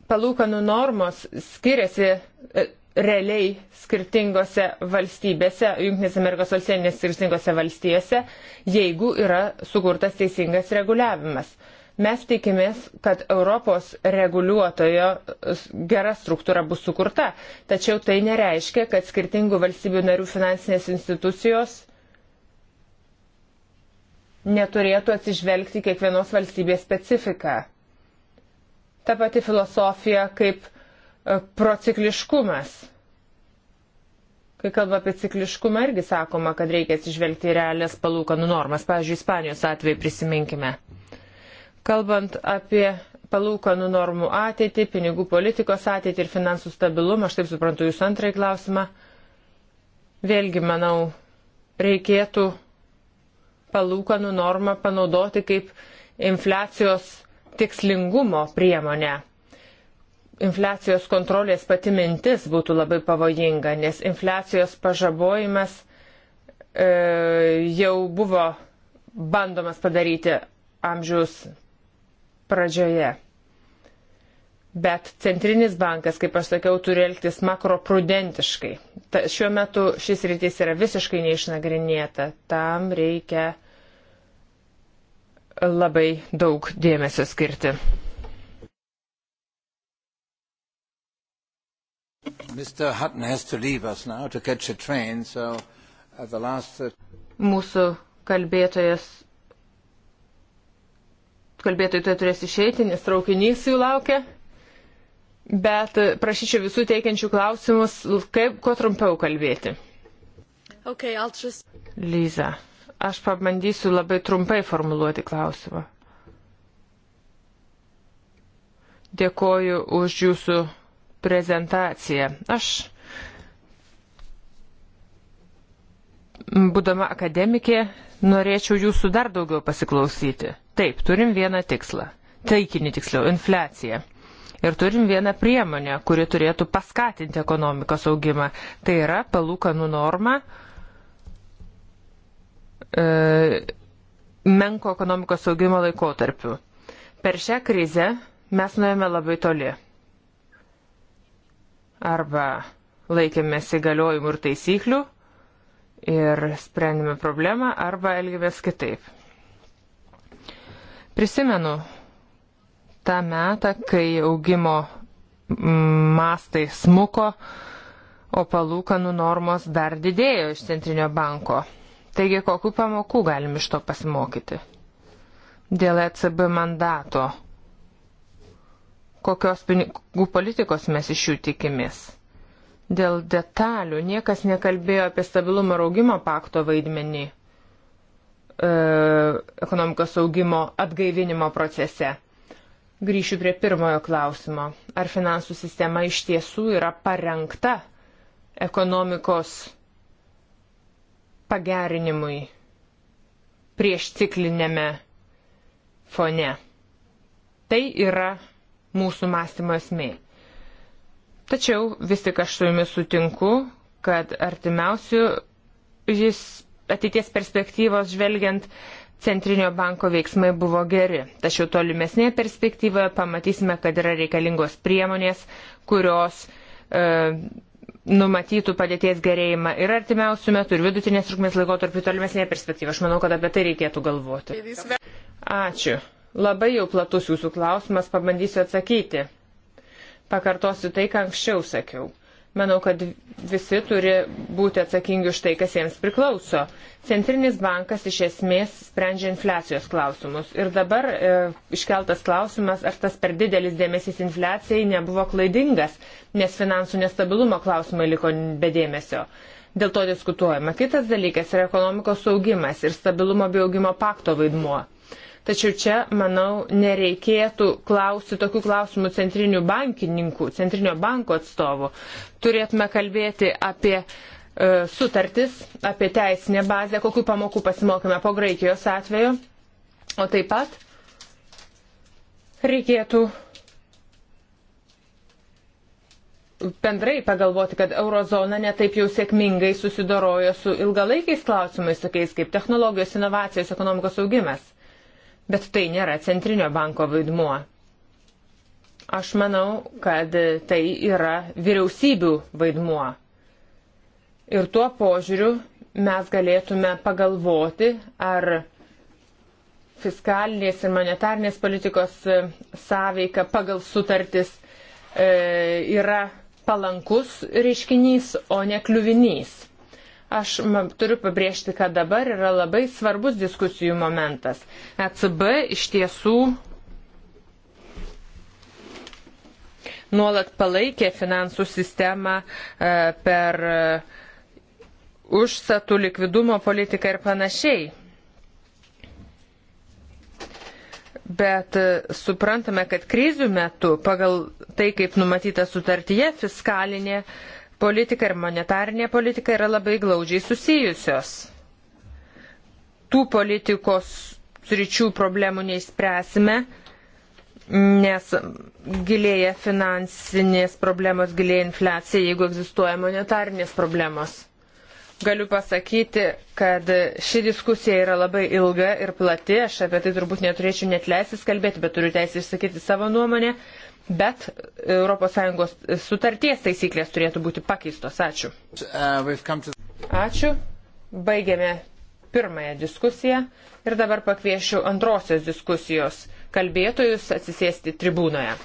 Palūkanų normos skiriasi e, realiai skirtingose valstybėse, Junktinės Amerikos valstybėse, skirtingose valstijose, jeigu yra sukurtas teisingas reguliavimas. Mes tikimės, kad Europos reguliuotojo gera struktūra bus sukurta, tačiau tai nereiškia, kad skirtingų valstybių narių finansinės institucijos neturėtų atsižvelgti kiekvienos valstybės specifiką. Ta pati filosofija kaip e, procikliškumas. Kai kalba apie cikliškumą, irgi sakoma, kad reikia atsižvelgti į realias palūkanų normas. Pavyzdžiui, Ispanijos atveju prisiminkime. Kalbant apie palūkanų normų ateitį, pinigų politikos ateitį ir finansų stabilumą, aš taip suprantu jūsų antrąjį klausimą, vėlgi, manau, reikėtų palūkanų normą panaudoti kaip infliacijos tikslingumo priemonę. Infliacijos kontrolės pati mintis būtų labai pavojinga, nes infliacijos pažabojimas e, jau buvo bandomas padaryti amžiaus pradžioje. Bet centrinis bankas, kaip aš sakiau, turi elgtis makroprudentiškai. Ta, šiuo metu šis rytis yra visiškai neišnagrinėta. Tam reikia labai daug dėmesio skirti. Now, train, so uh, last... Uh, Mūsų kalbėtojas kalbėtojai tai turės išeiti, nes traukinys jų laukia. Bet prašyčiau visų teikiančių klausimus, kaip kuo trumpiau kalbėti. Okay, just... Lyza, aš pabandysiu labai trumpai formuluoti klausimą. Dėkoju už jūsų prezentaciją. Aš būdama akademikė, norėčiau jūsų dar daugiau pasiklausyti. Taip, turim vieną tikslą. Taikinį tiksliau - infliaciją. Ir turim vieną priemonę, kuri turėtų paskatinti ekonomikos augimą. Tai yra palūkanų norma e, menko ekonomikos augimo laikotarpiu. Per šią krizę mes nuėjome labai toli. Arba laikėmės įgaliojimų ir taisyklių, ir sprendėme problemą arba elgėmės kitaip. Prisimenu tą metą, kai augimo mastai smuko, o palūkanų normos dar didėjo iš centrinio banko. Taigi, kokiu pamokų galim iš to pasimokyti? Dėl ECB mandato. Kokios pinigų politikos mes iš jų tikimės? Dėl detalių niekas nekalbėjo apie stabilumo ir augimo pakto vaidmenį e, ekonomikos augimo atgaivinimo procese. Grįšiu prie pirmojo klausimo. Ar finansų sistema iš tiesų yra parengta ekonomikos pagerinimui prieš ciklinėme fone? Tai yra mūsų mąstymo esmė. Tačiau vis tik aš su jumis sutinku, kad artimiausių jis ateities perspektyvos žvelgiant centrinio banko veiksmai buvo geri. Tačiau tolimesnėje perspektyvoje pamatysime, kad yra reikalingos priemonės, kurios e, numatytų padėties gerėjimą ir artimiausių metų, ir vidutinės trukmės laikotarpį tolimesnėje perspektyvoje. Aš manau, kad apie tai reikėtų galvoti. Ačiū. Labai jau platus jūsų klausimas, pabandysiu atsakyti. Pakartosiu tai, ką anksčiau sakiau. Manau, kad visi turi būti atsakingi už tai, kas jiems priklauso. Centrinis bankas iš esmės sprendžia infliacijos klausimus. Ir dabar e, iškeltas klausimas, ar tas per didelis dėmesys infliacijai nebuvo klaidingas, nes finansų nestabilumo klausimai liko be dėmesio. Dėl to diskutuojama. Kitas dalykas yra ekonomikos augimas ir stabilumo bei augimo pakto vaidmuo. Tačiau čia, manau, nereikėtų klausti tokių klausimų centrinių bankininkų, centrinio banko atstovų. Turėtume kalbėti apie e, sutartis, apie teisinę bazę, kokiu pamokų pasimokime po Graikijos atveju. O taip pat reikėtų bendrai pagalvoti, kad eurozona netaip jau sėkmingai susidorojo su ilgalaikiais klausimais, tokiais kaip technologijos, inovacijos, ekonomikos augimas. Bet tai nėra centrinio banko vaidmuo. Aš manau, kad tai yra vyriausybių vaidmuo. Ir tuo požiūriu mes galėtume pagalvoti, ar fiskalinės ir monetarnės politikos sąveika pagal sutartis e, yra palankus reiškinys, o ne kliuvinys. Aš turiu pabrėžti, kad dabar yra labai svarbus diskusijų momentas. ECB iš tiesų nuolat palaikė finansų sistemą e, per e, užsatų likvidumo politiką ir panašiai. Bet e, suprantame, kad krizių metu pagal tai, kaip numatyta sutartyje, fiskalinė uh, politika ir monetarinė politika yra labai glaudžiai susijusios. Tų politikos sričių problemų neįspręsime, nes gilėja finansinės problemos, gilėja infliacija, jeigu egzistuoja monetarinės problemos. Galiu pasakyti, kad ši diskusija yra labai ilga ir plati, aš apie tai turbūt neturėčiau net leistis kalbėti, bet turiu teisę išsakyti savo nuomonę bet ES sutarties taisyklės turėtų būti pakeistos. Ačiū. Uh, Ačiū. Baigėme pirmąją diskusiją ir dabar pakviešiu antrosios diskusijos kalbėtojus atsisėsti tribūnoje.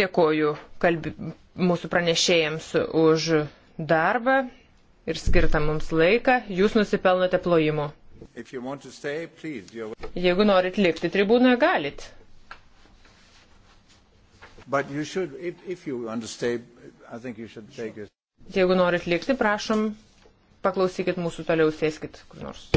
Dėkoju kalbi, mūsų pranešėjams už darbą ir skirtą mums laiką. Jūs nusipelnote plojimu. Stay, please, Jeigu norit likti tribūnoje, galit. But you should, if, if you understay, I think you should take it. Jeigu norit likti, prašom, paklausykit mūsų toliau, sėskit kur nors.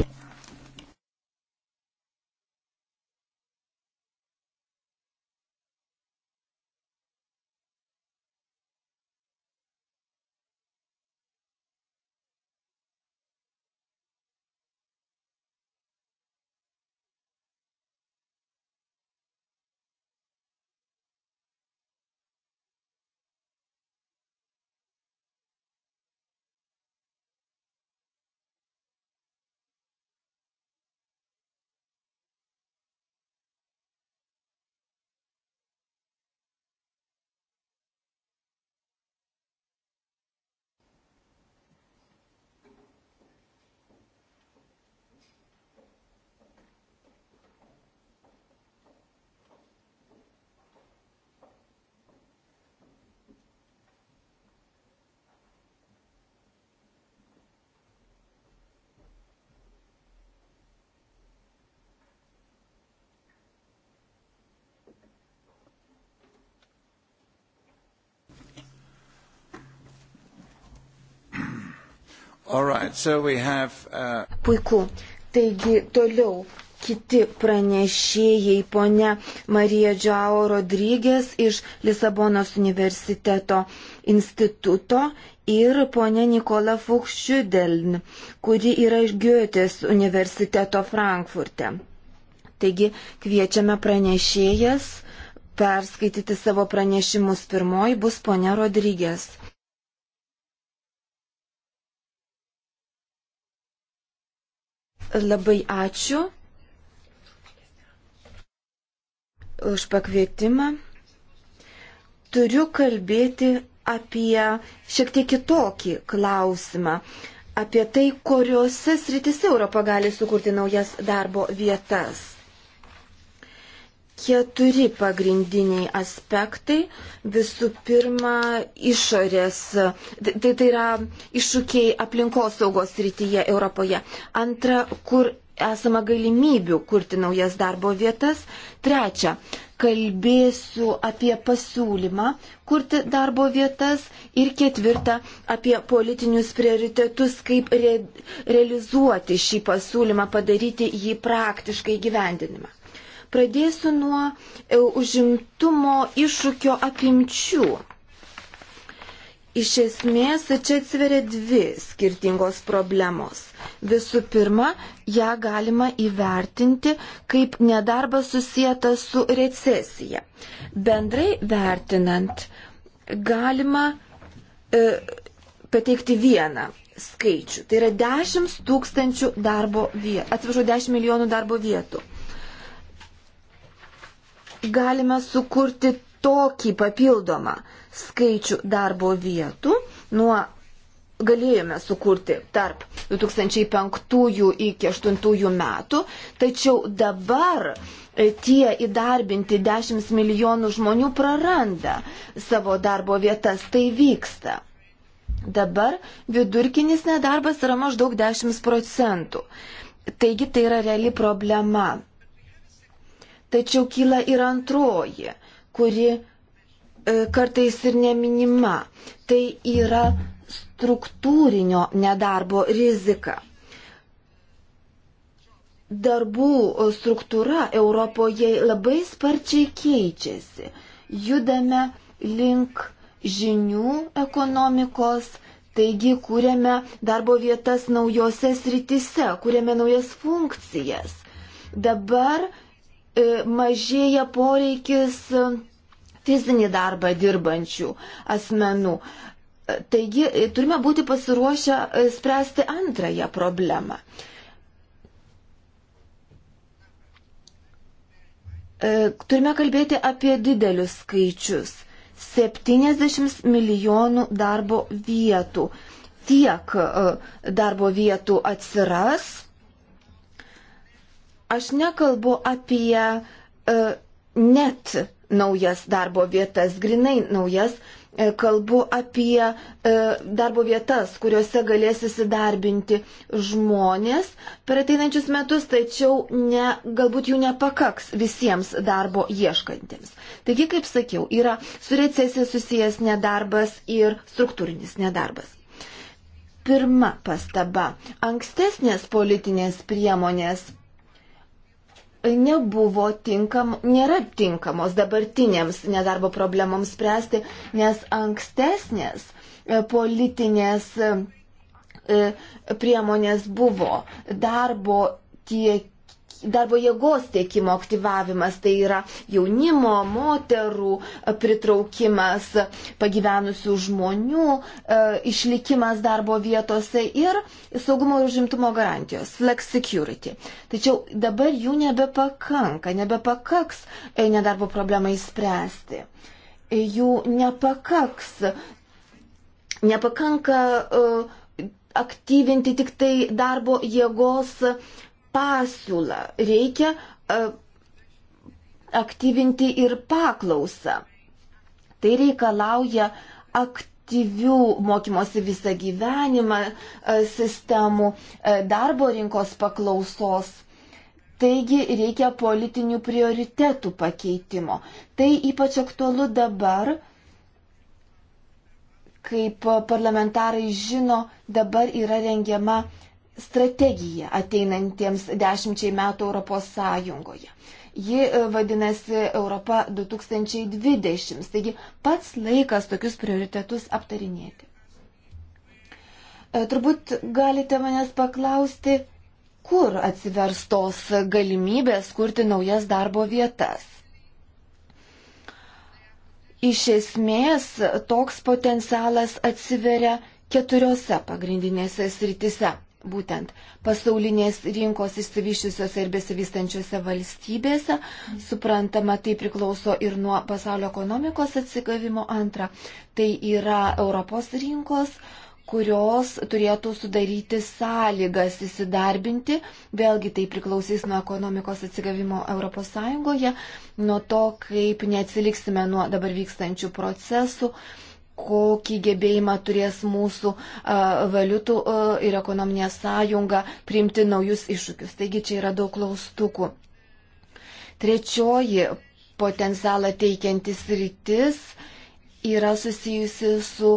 Right, so have, uh... Puiku. Taigi toliau kiti pranešėjai, ponia Marija Džiao Rodrygės iš Lisabonos universiteto instituto ir ponia Nikola Fukščiudeln, kuri yra iš Goetės universiteto Frankfurte. Taigi kviečiame pranešėjas perskaityti savo pranešimus. Pirmoji bus ponia Rodrygės. Labai ačiū už pakvietimą. Turiu kalbėti apie šiek tiek kitokį klausimą. Apie tai, kuriuose sritise Europa gali sukurti naujas darbo vietas keturi pagrindiniai aspektai. Visų pirma, išorės, tai, tai, tai yra iššūkiai aplinkosaugos rytyje Europoje. Antra, kur esama galimybių kurti naujas darbo vietas. Trečia, kalbėsiu apie pasiūlymą kurti darbo vietas. Ir ketvirta, apie politinius prioritetus, kaip re realizuoti šį pasiūlymą, padaryti jį praktiškai gyvendinimą. Pradėsiu nuo e, užimtumo iššūkio apimčių. Iš esmės, čia atsiveria dvi skirtingos problemos. Visų pirma, ją galima įvertinti, kaip nedarbas susijęta su recesija. Bendrai vertinant, galima e, pateikti vieną skaičių. Tai yra 10 tūkstančių darbo vietų, atsiprašau, 10 milijonų darbo vietų galime sukurti tokį papildomą skaičių darbo vietų nuo galėjome sukurti tarp 2005 iki 2008 metų, tačiau dabar e, tie įdarbinti 10 milijonų žmonių praranda savo darbo vietas, tai vyksta. Dabar vidurkinis nedarbas yra maždaug 10 procentų. Taigi tai yra reali problema. Tačiau kyla ir antroji, kuri e, kartais ir neminima. Tai yra struktūrinio nedarbo rizika. Darbų e, struktūra Europoje labai sparčiai keičiasi. Judame link žinių ekonomikos, taigi kūrėme darbo vietas naujose sritise, kūrėme naujas funkcijas. Dabar E, mažėja poreikis e, fizinį darbą dirbančių asmenų. E, taigi turime būti pasiruošę spręsti antrąją problemą. Turime kalbėti apie didelius skaičius. 70 milijonų darbo vietų. Tiek darbo vietų atsiras Aš nekalbu apie uh, net naujas darbo vietas, grinai naujas, e, kalbu apie e, darbo vietas, kuriuose galės įsidarbinti žmonės per ateinančius metus, tačiau ne, galbūt jų nepakaks visiems darbo ieškantiems. Taigi, kaip sakiau, yra su recesija susijęs nedarbas ir struktūrinis nedarbas. Pirma pastaba. Ankstesnės politinės priemonės nebuvo tinkam, nėra tinkamos dabartinėms nedarbo problemoms spręsti, nes ankstesnės e, politinės e, e, priemonės buvo darbo tiek darbo jėgos tiekimo aktyvavimas, tai yra jaunimo, moterų e, pritraukimas, pagyvenusių žmonių e, išlikimas darbo vietose ir saugumo ir užimtumo garantijos, flex security. Tačiau dabar jų nebepakanka, nebepakaks e, nedarbo problemai spręsti. Jų nepakaks, nepakanka uh, aktyvinti tik tai darbo jėgos pasiūlą, reikia e, aktyvinti ir paklausą. Tai reikalauja aktyvių mokymosi visą gyvenimą e, sistemų, e, darbo rinkos paklausos. Taigi reikia politinių prioritetų pakeitimo. Tai ypač aktualu dabar, kaip parlamentarai žino, dabar yra rengiama strategija ateinantiems dešimčiai metų Europos Sąjungoje. Ji e, vadinasi Europa 2020, taigi pats laikas tokius prioritetus aptarinėti. E, turbūt galite manęs paklausti, kur atsivers tos galimybės kurti naujas darbo vietas. Iš esmės, toks potencialas atsiveria keturiose pagrindinėse sritise būtent pasaulinės rinkos išsivyščiusiose ir besivystančiose valstybėse. Suprantama, tai priklauso ir nuo pasaulio ekonomikos atsigavimo. Antra, tai yra Europos rinkos kurios turėtų sudaryti sąlygas įsidarbinti. Vėlgi tai priklausys nuo ekonomikos atsigavimo ES, nuo to, kaip neatsiliksime nuo dabar vykstančių procesų. Uh, kokį gebėjimą turės mūsų valiutų ir ekonominė sąjunga priimti naujus iššūkius. Taigi čia yra daug klaustukų. Trečioji potencialą teikiantis rytis yra susijusi su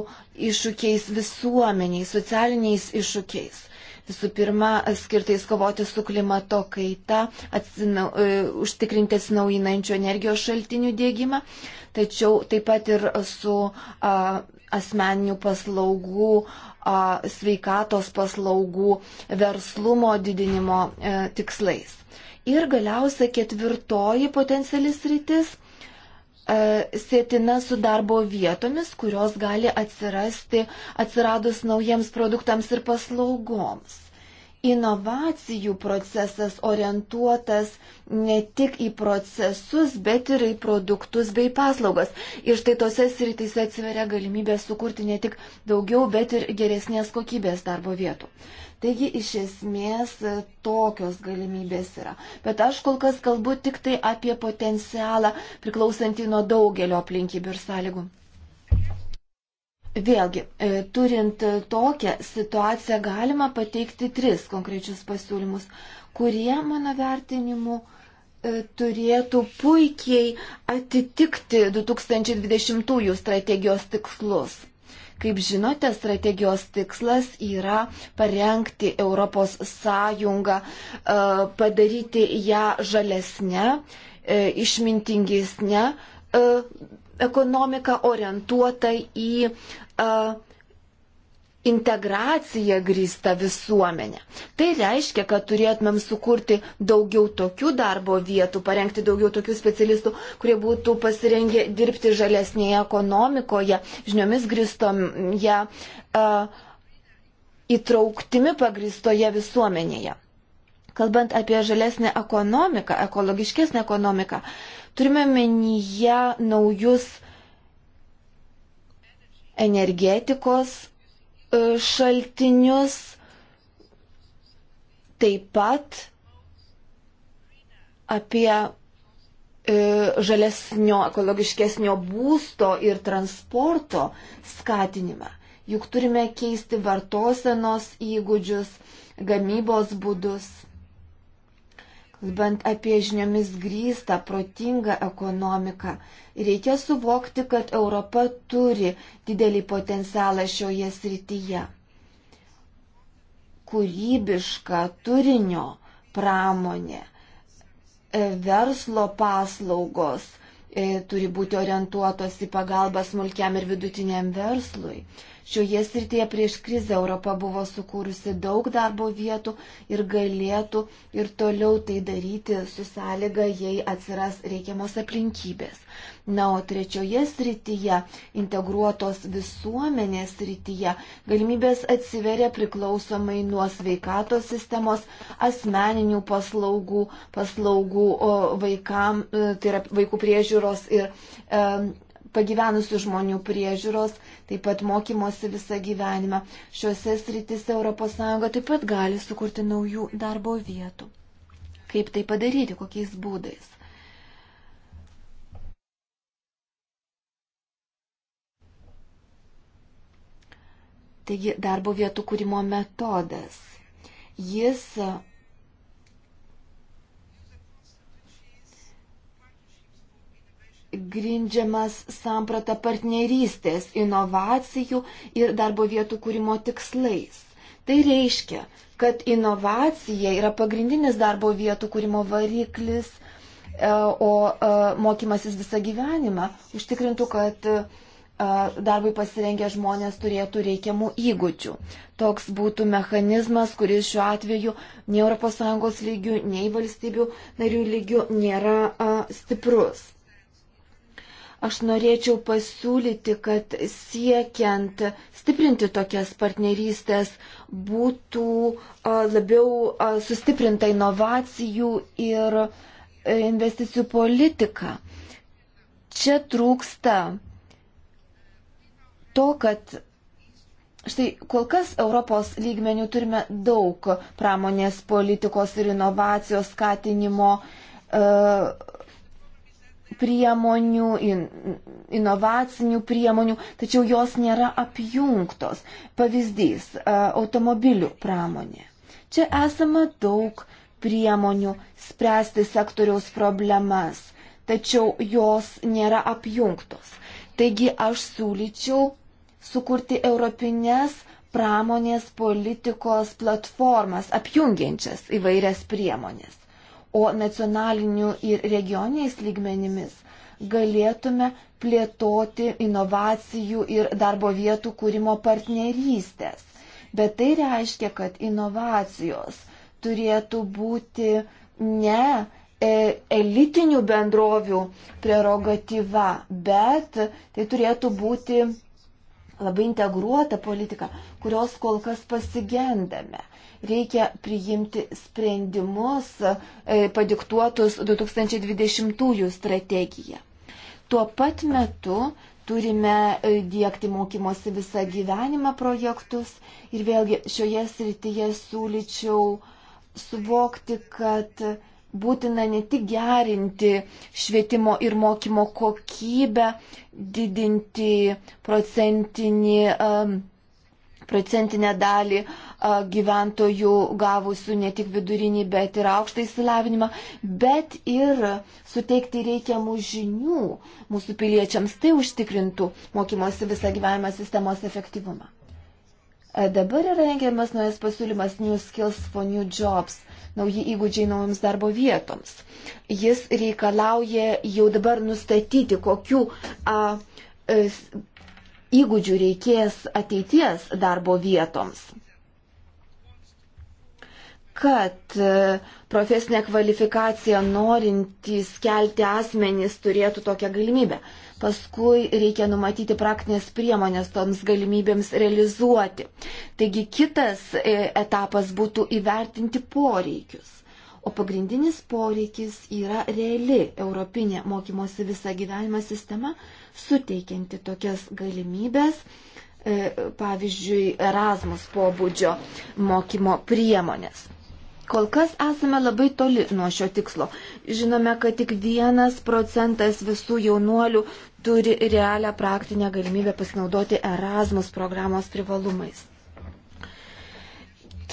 iššūkiais visuomeniai, socialiniais iššūkiais visų pirma skirtais kovoti su klimato kaita, atsinau, e, užtikrinti atsinaujinančių energijos šaltinių dėgymą, tačiau taip pat ir su a, asmeninių paslaugų, a, sveikatos paslaugų, verslumo didinimo a, e, tikslais. Ir galiausia ketvirtoji potencialis rytis E, sėtina su darbo vietomis, kurios gali atsirasti atsiradus naujiems produktams ir paslaugoms. Inovacijų procesas orientuotas ne tik į procesus, bet ir į produktus bei paslaugas. Ir štai tose srityse atsiveria galimybė sukurti ne tik daugiau, bet ir geresnės kokybės darbo vietų. Uh, Taigi iš esmės tokios galimybės yra. Bet aš kol kas kalbu tik tai apie potencialą priklausantį nuo daugelio aplinkybių ir sąlygų. Vėlgi, e, turint tokią situaciją, galima pateikti tris konkrečius pasiūlymus, kurie, mano vertinimu, e, turėtų puikiai atitikti 2020 strategijos tikslus. Kaip žinote, strategijos tikslas yra parengti Europos Sąjungą, e, padaryti ją žalesnę, e, išmintingesnę e, ekonomiką orientuotą į integracija grįsta visuomenė. Tai reiškia, kad turėtumėm sukurti daugiau tokių darbo vietų, parengti daugiau tokių specialistų, kurie būtų pasirengę dirbti žalesnėje ekonomikoje, žiniomis grįstoje, uh, e, įtrauktimi pagristoje visuomenėje. Kalbant apie žalesnę ekonomiką, ekologiškesnę ekonomiką, turime menyje naujus energetikos E, šaltinius, taip pat apie e, žalesnio, ekologiškesnio būsto ir transporto skatinimą. Juk turime keisti vartosenos įgūdžius, gamybos būdus kalbant apie žiniomis grįstą, protingą ekonomiką, reikia suvokti, kad Europa turi didelį potencialą šioje srityje. Kūrybiška turinio pramonė, e, verslo paslaugos e, turi būti orientuotos į pagalbą smulkiam ir vidutiniam verslui. Šioje srityje prieš krizę Europa buvo sukūrusi daug darbo vietų ir galėtų ir toliau tai daryti su sąlyga, jei atsiras reikiamos aplinkybės. Na, o trečioje srityje, integruotos visuomenės srityje, galimybės atsiveria priklausomai nuo sveikatos sistemos, asmeninių paslaugų, paslaugų vaikam, e, tai yra vaikų priežiūros ir e, pagyvenusių žmonių priežiūros, taip pat mokymosi visą gyvenimą. Šiuose sritise ES taip pat gali sukurti naujų darbo vietų. Kaip tai padaryti, kokiais būdais? Taigi darbo vietų kūrimo metodas. Jis grindžiamas samprata partnerystės, inovacijų ir darbo vietų kūrimo tikslais. Tai reiškia, kad inovacija yra pagrindinis darbo vietų kūrimo variklis, e, o e, mokymasis visą gyvenimą užtikrintų, kad e, darbui pasirengę žmonės turėtų reikiamų įgūdžių. Toks būtų mechanizmas, kuris šiuo atveju nei ES lygių, nei valstybių narių lygių nėra a, stiprus. Aš norėčiau pasiūlyti, kad siekiant stiprinti tokias partnerystės būtų labiau sustiprinta inovacijų ir e, investicijų politika. Čia trūksta to, kad štai kol kas Europos lygmenių turime daug pramonės politikos ir inovacijos skatinimo uh, priemonių, in, inovacinių priemonių, tačiau jos nėra apjungtos. Pavyzdys e, - automobilių pramonė. Čia esama daug priemonių spręsti sektoriaus problemas, tačiau jos nėra apjungtos. Taigi aš siūlyčiau sukurti europinės pramonės politikos platformas, apjungiančias įvairias priemonės o nacionaliniu ir regioniniais lygmenimis galėtume plėtoti inovacijų ir darbo vietų kūrimo partnerystės. Bet tai reiškia, kad inovacijos turėtų būti ne e, elitinių bendrovių prerogatyva, bet tai turėtų būti labai integruota politika, kurios kol kas pasigendame reikia priimti sprendimus e, padiktuotus 2020 strategiją. Tuo pat metu turime e, dėkti mokymosi visą gyvenimą projektus ir vėlgi šioje srityje siūlyčiau suvokti, kad būtina ne tik gerinti švietimo ir mokymo kokybę, didinti procentinį, um, procentinę dalį uh, gyventojų gavusių ne tik vidurinį, bet ir aukštą įsilavinimą, bet ir suteikti reikiamų žinių mūsų piliečiams, tai užtikrintų mokymosi visą gyvenimą sistemos efektyvumą. E, dabar yra rengiamas naujas pasiūlymas New Skills for New Jobs nauji įgūdžiai naujoms darbo vietoms. Jis reikalauja jau dabar nustatyti, kokiu a, a, e, įgūdžių reikės ateities darbo vietoms kad e, profesinę kvalifikaciją norintys kelti asmenys turėtų tokią galimybę. Paskui reikia numatyti praktinės priemonės toms galimybėms realizuoti. Taigi kitas e, etapas būtų įvertinti poreikius. O pagrindinis poreikis yra reali europinė mokymosi visą gyvenimą sistema, suteikianti tokias galimybės e, pavyzdžiui, Erasmus pobūdžio mokymo priemonės. Kol kas esame labai toli nuo šio tikslo. Žinome, kad tik vienas procentas visų jaunuolių turi realią praktinę galimybę pasinaudoti Erasmus programos privalumais.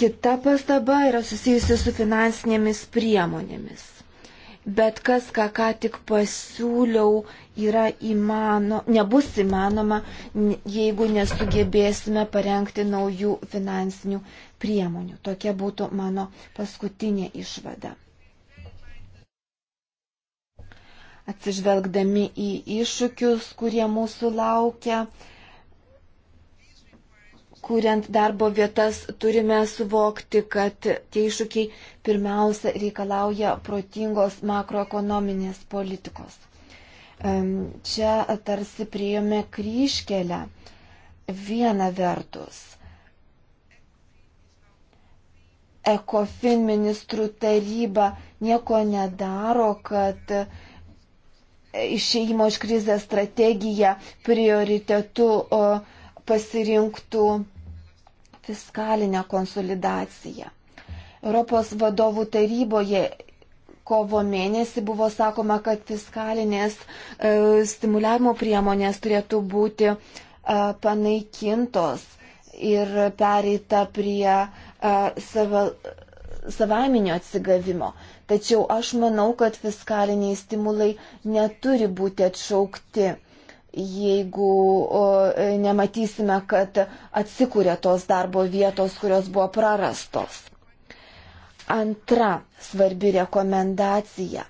Kita pastaba yra susijusi su finansinėmis priemonėmis bet kas, ką ką tik pasiūliau, yra įmano, nebus įmanoma, jeigu nesugebėsime parengti naujų finansinių priemonių. Tokia būtų mano paskutinė išvada. Atsižvelgdami į iššūkius, kurie mūsų laukia, kuriant darbo vietas, turime suvokti, kad tie iššūkiai pirmiausia reikalauja protingos makroekonominės politikos. Čia tarsi priėmė kryškelę. Viena vertus, ECOFIN ministrų taryba nieko nedaro, kad išėjimo iš krizės strategija prioritetu pasirinktų fiskalinę konsolidaciją. Europos vadovų taryboje kovo mėnesį buvo sakoma, kad fiskalinės e, stimuliavimo priemonės turėtų būti e, panaikintos ir pereita prie e, sava, savaiminio atsigavimo. Tačiau aš manau, kad fiskaliniai stimulai neturi būti atšaukti jeigu e, nematysime, kad atsikūrė tos darbo vietos, kurios buvo prarastos. Antra svarbi rekomendacija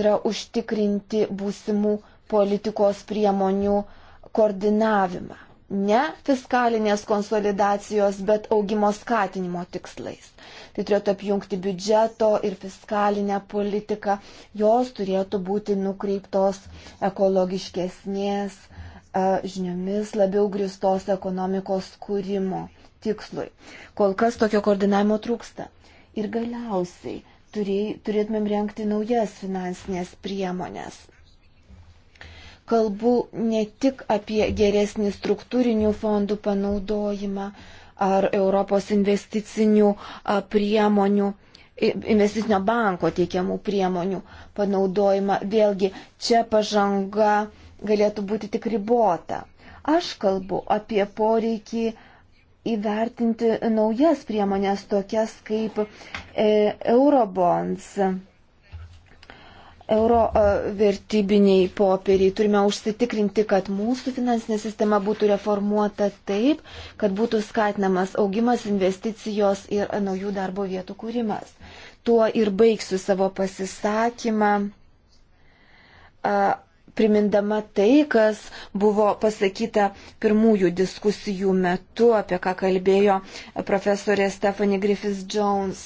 yra užtikrinti būsimų politikos priemonių koordinavimą. Ne fiskalinės konsolidacijos, bet augimo skatinimo tikslais. Tai turėtų apjungti biudžeto ir fiskalinę politiką. Jos turėtų būti nukreiptos ekologiškesnės žiniomis labiau gristos ekonomikos kūrimo tikslui. Kol kas tokio koordinavimo trūksta. Ir galiausiai turėtumėm renkti naujas finansinės priemonės. Kalbu ne tik apie geresnį struktūrinių fondų panaudojimą ar Europos investicinių priemonių investicinio banko teikiamų priemonių panaudojimą. Vėlgi, čia pažanga galėtų būti tik ribota. Aš kalbu apie poreikį įvertinti naujas priemonės, tokias kaip e, eurobonds, euro e, vertybiniai popieriai. Turime užsitikrinti, kad mūsų finansinė sistema būtų reformuota taip, kad būtų skatinamas augimas, investicijos ir naujų darbo vietų kūrimas. Tuo ir baigsiu savo pasisakymą. A, primindama tai, kas buvo pasakyta pirmųjų diskusijų metu, apie ką kalbėjo profesorė Stephanie Griffiths Jones.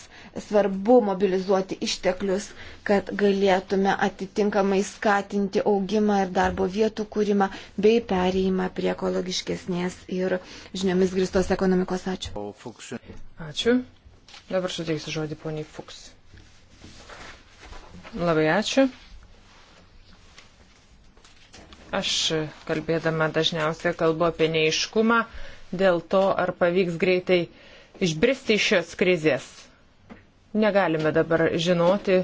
Svarbu mobilizuoti išteklius, kad galėtume atitinkamai skatinti augimą ir darbo vietų kūrimą bei pereimą prie ekologiškesnės ir žiniomis gristos ekonomikos. Ačiū. Ačiū. Dabar suteiksiu žodį poniai Fuks. Labai ačiū. Aš kalbėdama dažniausiai kalbu apie neiškumą dėl to, ar pavyks greitai išbristi iš šios krizės. Negalime dabar žinoti,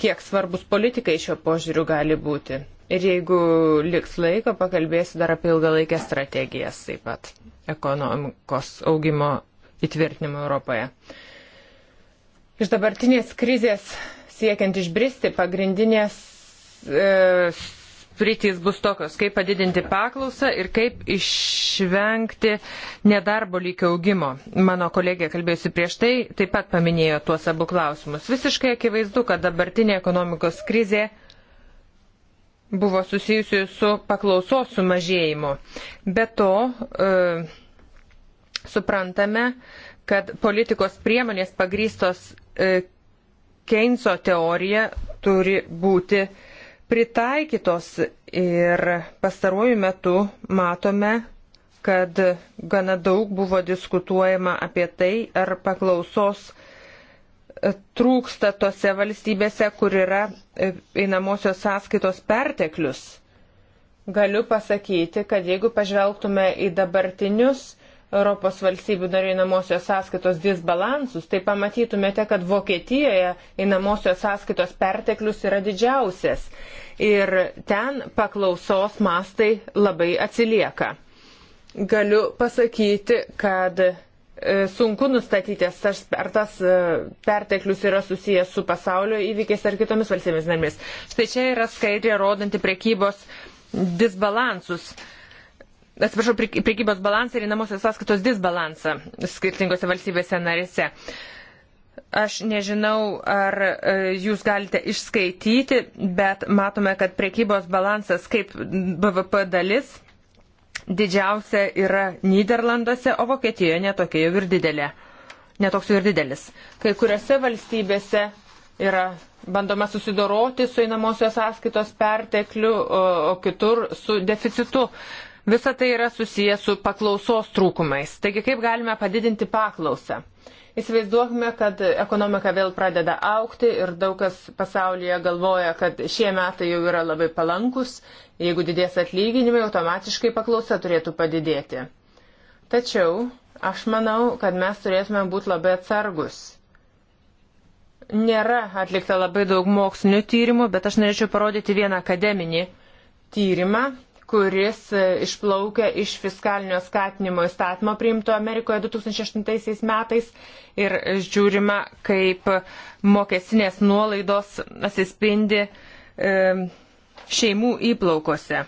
kiek svarbus politikai šio požiūriu gali būti. Ir jeigu liks laiko, pakalbėsiu dar apie ilgalaikės strategijas taip pat ekonomikos augimo įtvirtinimo Europoje. Iš dabartinės krizės siekiant išbristi pagrindinės e, pritys bus tokios, kaip padidinti paklausą ir kaip išvengti nedarbo lygio augimo. Mano kolegė kalbėjusi prieš tai taip pat paminėjo tuos abu klausimus. Visiškai akivaizdu, kad dabartinė ekonomikos krizė buvo susijusi su paklausos sumažėjimu. Be to, e, suprantame, kad politikos priemonės pagrystos e, Keinso teorija turi būti e, pritaikytos ir pastaruoju metu matome, kad gana daug buvo diskutuojama apie tai, ar paklausos e, trūksta tose valstybėse, kur yra e, einamosios sąskaitos perteklius. Galiu pasakyti, kad jeigu pažvelgtume į dabartinius Europos valstybių narių einamosios sąskaitos disbalansus, tai pamatytumėte, kad Vokietijoje einamosios sąskaitos perteklius yra didžiausias ir ten paklausos mastai labai atsilieka. Galiu pasakyti, kad e, sunku nustatyti, ar tas e, perteklius yra susijęs su pasaulio įvykiais ar kitomis valstybėmis narėmis. Štai čia yra skaidrė rodanti prekybos disbalansus atsiprašau, priekybos balansą ir įnamosios sąskaitos disbalansą skirtingose valstybėse narėse. Aš nežinau, ar e, jūs galite išskaityti, bet matome, kad priekybos balansas kaip BVP dalis didžiausia yra Niderlanduose, o Vokietijoje netokia jau ir didelė. Netoks jau ir didelis. Kai kuriuose valstybėse yra bandoma susidoroti su einamosios sąskaitos pertekliu, o kitur su deficitu. Visa tai yra susijęs su paklausos trūkumais. Taigi kaip galime padidinti paklausą? Įsivaizduokime, kad ekonomika vėl pradeda aukti ir daug kas pasaulyje galvoja, kad šie metai jau yra labai palankus, jeigu didės atlyginimai, automatiškai paklausa turėtų padidėti. Tačiau aš manau, kad mes turėtume būti labai atsargus. Nėra atlikta labai daug mokslinių tyrimų, bet aš norėčiau parodyti vieną akademinį tyrimą, kuris e, išplaukia iš fiskalinio skatinimo įstatymo priimto Amerikoje 2008 metais ir žiūrima, kaip mokestinės nuolaidos atsispindi e, šeimų įplaukose.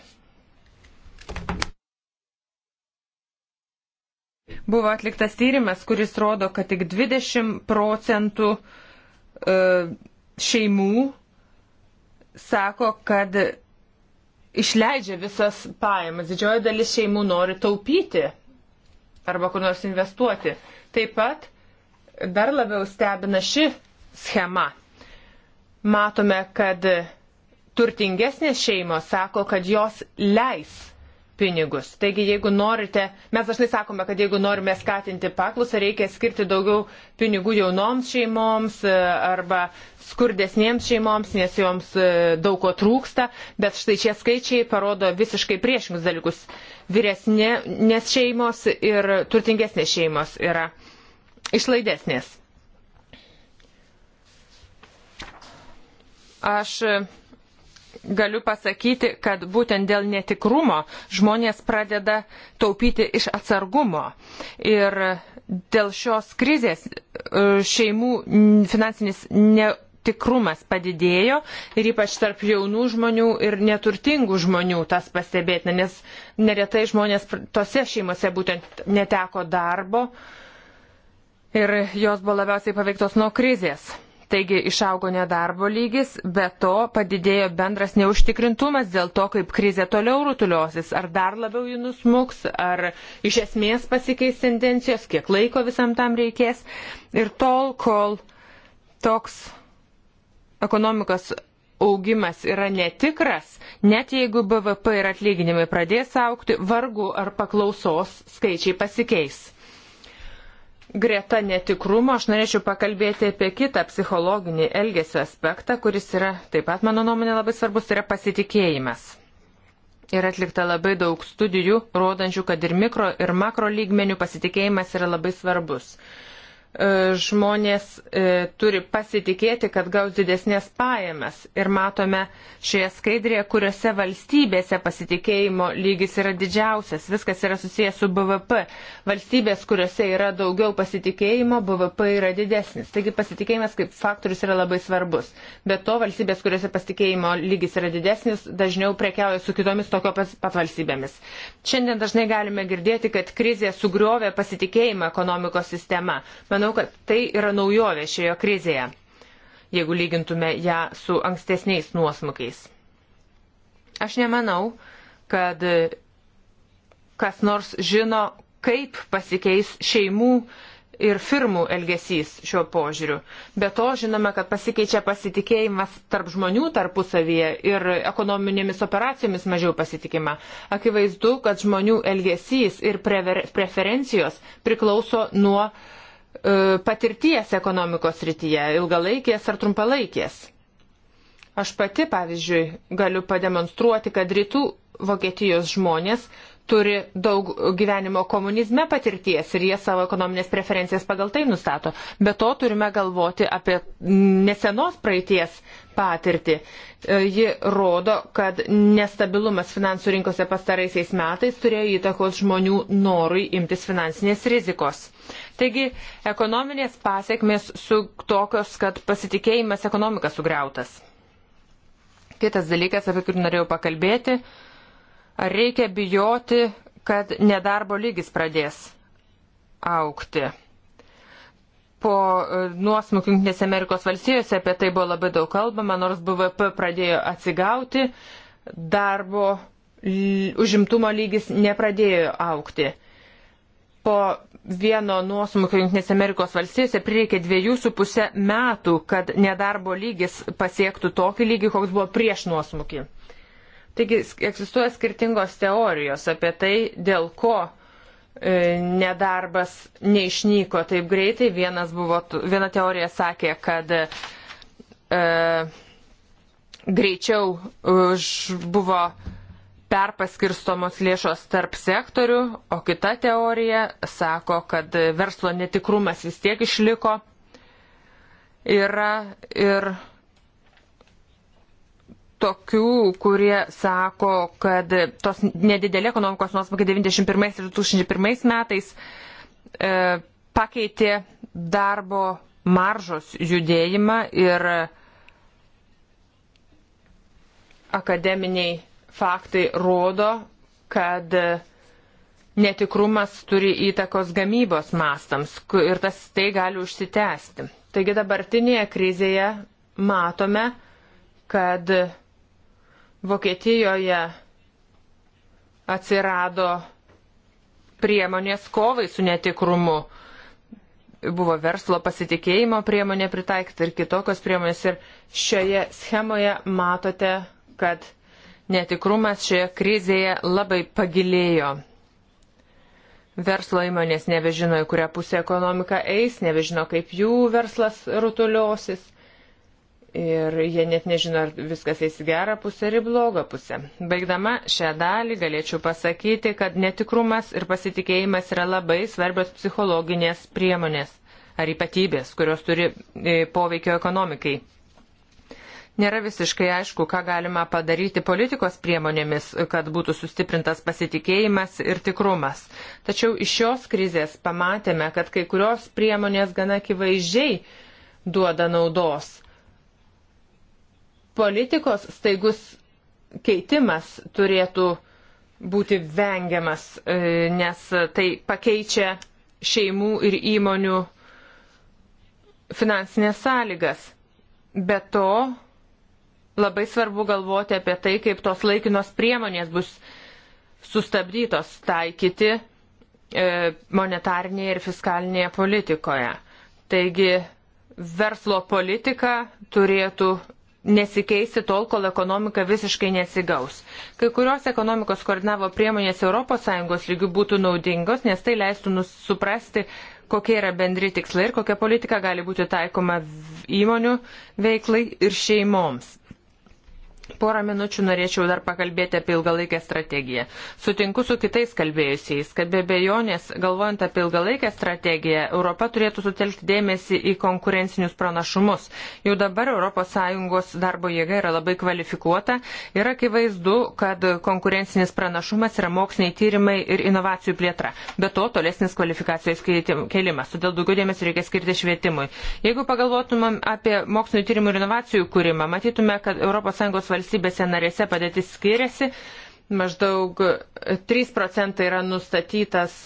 Buvo atliktas tyrimas, kuris rodo, kad tik 20 procentų e, šeimų sako, kad išleidžia visas pajamas. Didžioji dalis šeimų nori taupyti arba kur nors investuoti. Taip pat dar labiau stebina ši schema. Matome, kad turtingesnės šeimos sako, kad jos leis pinigus. Taigi, jeigu norite, mes dažnai sakome, kad jeigu norime skatinti paklusą, reikia skirti daugiau pinigų jaunoms šeimoms e, arba skurdesniems šeimoms, nes joms e, daug ko trūksta, bet štai šie skaičiai parodo visiškai priešingus dalykus. Vyresnės šeimos ir turtingesnės šeimos yra išlaidesnės. Aš galiu pasakyti, kad būtent dėl netikrumo žmonės pradeda taupyti iš atsargumo. Ir dėl šios krizės e, šeimų finansinis ne tikrumas padidėjo ir ypač tarp jaunų žmonių ir neturtingų žmonių tas pastebėtina, nes neretai žmonės tose šeimose būtent neteko darbo ir jos buvo labiausiai paveiktos nuo krizės. Taigi išaugo nedarbo lygis, bet to padidėjo bendras neužtikrintumas dėl to, kaip krizė toliau rutuliosis. Ar dar labiau jį nusmuks, ar iš esmės pasikeis tendencijos, kiek laiko visam tam reikės. Ir tol, kol toks ekonomikos augimas yra netikras, net jeigu BVP ir atlyginimai pradės aukti, vargu ar paklausos skaičiai pasikeis. Greta netikrumo aš norėčiau pakalbėti apie kitą psichologinį elgesio aspektą, kuris yra taip pat, mano nuomonė, labai svarbus, tai yra pasitikėjimas. Ir atlikta labai daug studijų, rodančių, kad ir mikro, ir makro lygmenių pasitikėjimas yra labai svarbus. Uh, E, žmonės e, turi pasitikėti, kad gaus didesnės pajamas. Ir matome šioje skaidrėje, kuriuose valstybėse pasitikėjimo lygis yra didžiausias. Viskas yra susijęs su BVP. Valstybės, kuriuose yra daugiau pasitikėjimo, BVP yra didesnis. Taigi pasitikėjimas kaip faktorius yra labai svarbus. Be to, valstybės, kuriuose pasitikėjimo lygis yra didesnis, dažniau prekiauja su kitomis tokio pat valstybėmis. Šiandien dažnai galime girdėti, kad krizė sugriovė pasitikėjimą ekonomikos sistema. Man Manau, kad tai yra naujovė šioje krizėje, jeigu lygintume ją su ankstesniais nuosmukiais. Aš nemanau, kad kas nors žino, kaip pasikeis šeimų ir firmų elgesys šiuo požiūriu. Be to žinome, kad pasikeičia pasitikėjimas tarp žmonių tarpusavyje ir ekonominėmis operacijomis mažiau pasitikima. Akivaizdu, kad žmonių elgesys ir prefer preferencijos priklauso nuo uh, E, patirties ekonomikos rytyje, ilgalaikės ar trumpalaikės. Aš pati, pavyzdžiui, galiu pademonstruoti, kad rytų Vokietijos žmonės turi daug gyvenimo komunizme patirties ir jie savo ekonominės preferencijas pagal tai nustato. Be to turime galvoti apie nesenos praeities patirtį. E, ji rodo, kad nestabilumas finansų rinkose pastaraisiais metais turėjo įtakos žmonių norui imtis finansinės rizikos. Taigi ekonominės pasiekmes su tokios, kad pasitikėjimas ekonomika sugriautas. Kitas dalykas, apie kurį norėjau pakalbėti, ar reikia bijoti, kad nedarbo lygis pradės aukti. Po e, nuosmukių Junktinėse Amerikos valstijose apie tai buvo labai daug kalbama, nors BVP pradėjo atsigauti, darbo užimtumo lygis nepradėjo aukti po vieno nuosmukio Junktinėse Amerikos valstijose prireikė dviejų su pusę metų, kad nedarbo lygis pasiektų tokį lygį, koks buvo prieš nuosmukį. Taigi egzistuoja skirtingos teorijos apie tai, dėl ko e, nedarbas neišnyko taip greitai. Vienas buvo, viena teorija sakė, kad e, greičiau už, e, buvo perpaskirstomos lėšos tarp sektorių, o kita teorija sako, kad verslo netikrumas vis tiek išliko. Yra ir tokių, kurie sako, kad tos nedidelė ekonomikos nuosmukiai 91 ir 2001 metais e, pakeitė darbo maržos judėjimą ir akademiniai faktai rodo, kad netikrumas turi įtakos gamybos mastams ir tas tai gali užsitęsti. Taigi dabartinėje krizėje matome, kad Vokietijoje atsirado priemonės kovai su netikrumu. Buvo verslo pasitikėjimo priemonė pritaikyta ir kitokios priemonės. Ir šioje schemoje matote, kad netikrumas šioje krizėje labai pagilėjo. Verslo įmonės nebežino, į kurią pusę ekonomika eis, nebežino, kaip jų verslas rutuliosis. Ir jie net nežino, ar viskas eis į gerą pusę ar į blogą pusę. Baigdama šią dalį galėčiau pasakyti, kad netikrumas ir pasitikėjimas yra labai svarbios psichologinės priemonės ar ypatybės, kurios turi e, poveikio ekonomikai. Nėra visiškai aišku, ką galima padaryti politikos priemonėmis, kad būtų sustiprintas pasitikėjimas ir tikrumas. Tačiau iš šios krizės pamatėme, kad kai kurios priemonės gana akivaizdžiai duoda naudos. Politikos staigus keitimas turėtų būti vengiamas, e, nes tai pakeičia šeimų ir įmonių finansinės sąlygas. Be to, Labai svarbu galvoti apie tai, kaip tos laikinos priemonės bus sustabdytos taikyti e, monetarnėje ir fiskalinėje politikoje. Taigi verslo politika turėtų nesikeisti tol, kol ekonomika visiškai nesigaus. Kai kurios ekonomikos koordinavo priemonės ES lygių būtų naudingos, nes tai leistų suprasti, kokie yra bendri tikslai ir kokia politika gali būti taikoma įmonių veiklai ir šeimoms. Porą minučių norėčiau dar pakalbėti apie ilgalaikę strategiją. Sutinku su kitais kalbėjusiais, kad be bejonės, galvojant apie ilgalaikę strategiją, Europa turėtų sutelkti dėmesį į konkurencinius pranašumus. Jau dabar ES darbo jėga yra labai kvalifikuota ir akivaizdu, kad konkurencinis pranašumas yra moksliniai tyrimai ir inovacijų plėtra. Be to, tolesnis kvalifikacijos kelimas. Todėl daugiau dėmesio reikia skirti švietimui. Jeigu pagalvotumėm apie mokslinio tyrimų ir inovacijų kūrimą, matytume, kad ES valstybės valstybėse narėse padėtis skiriasi. Maždaug 3 procentai yra nustatytas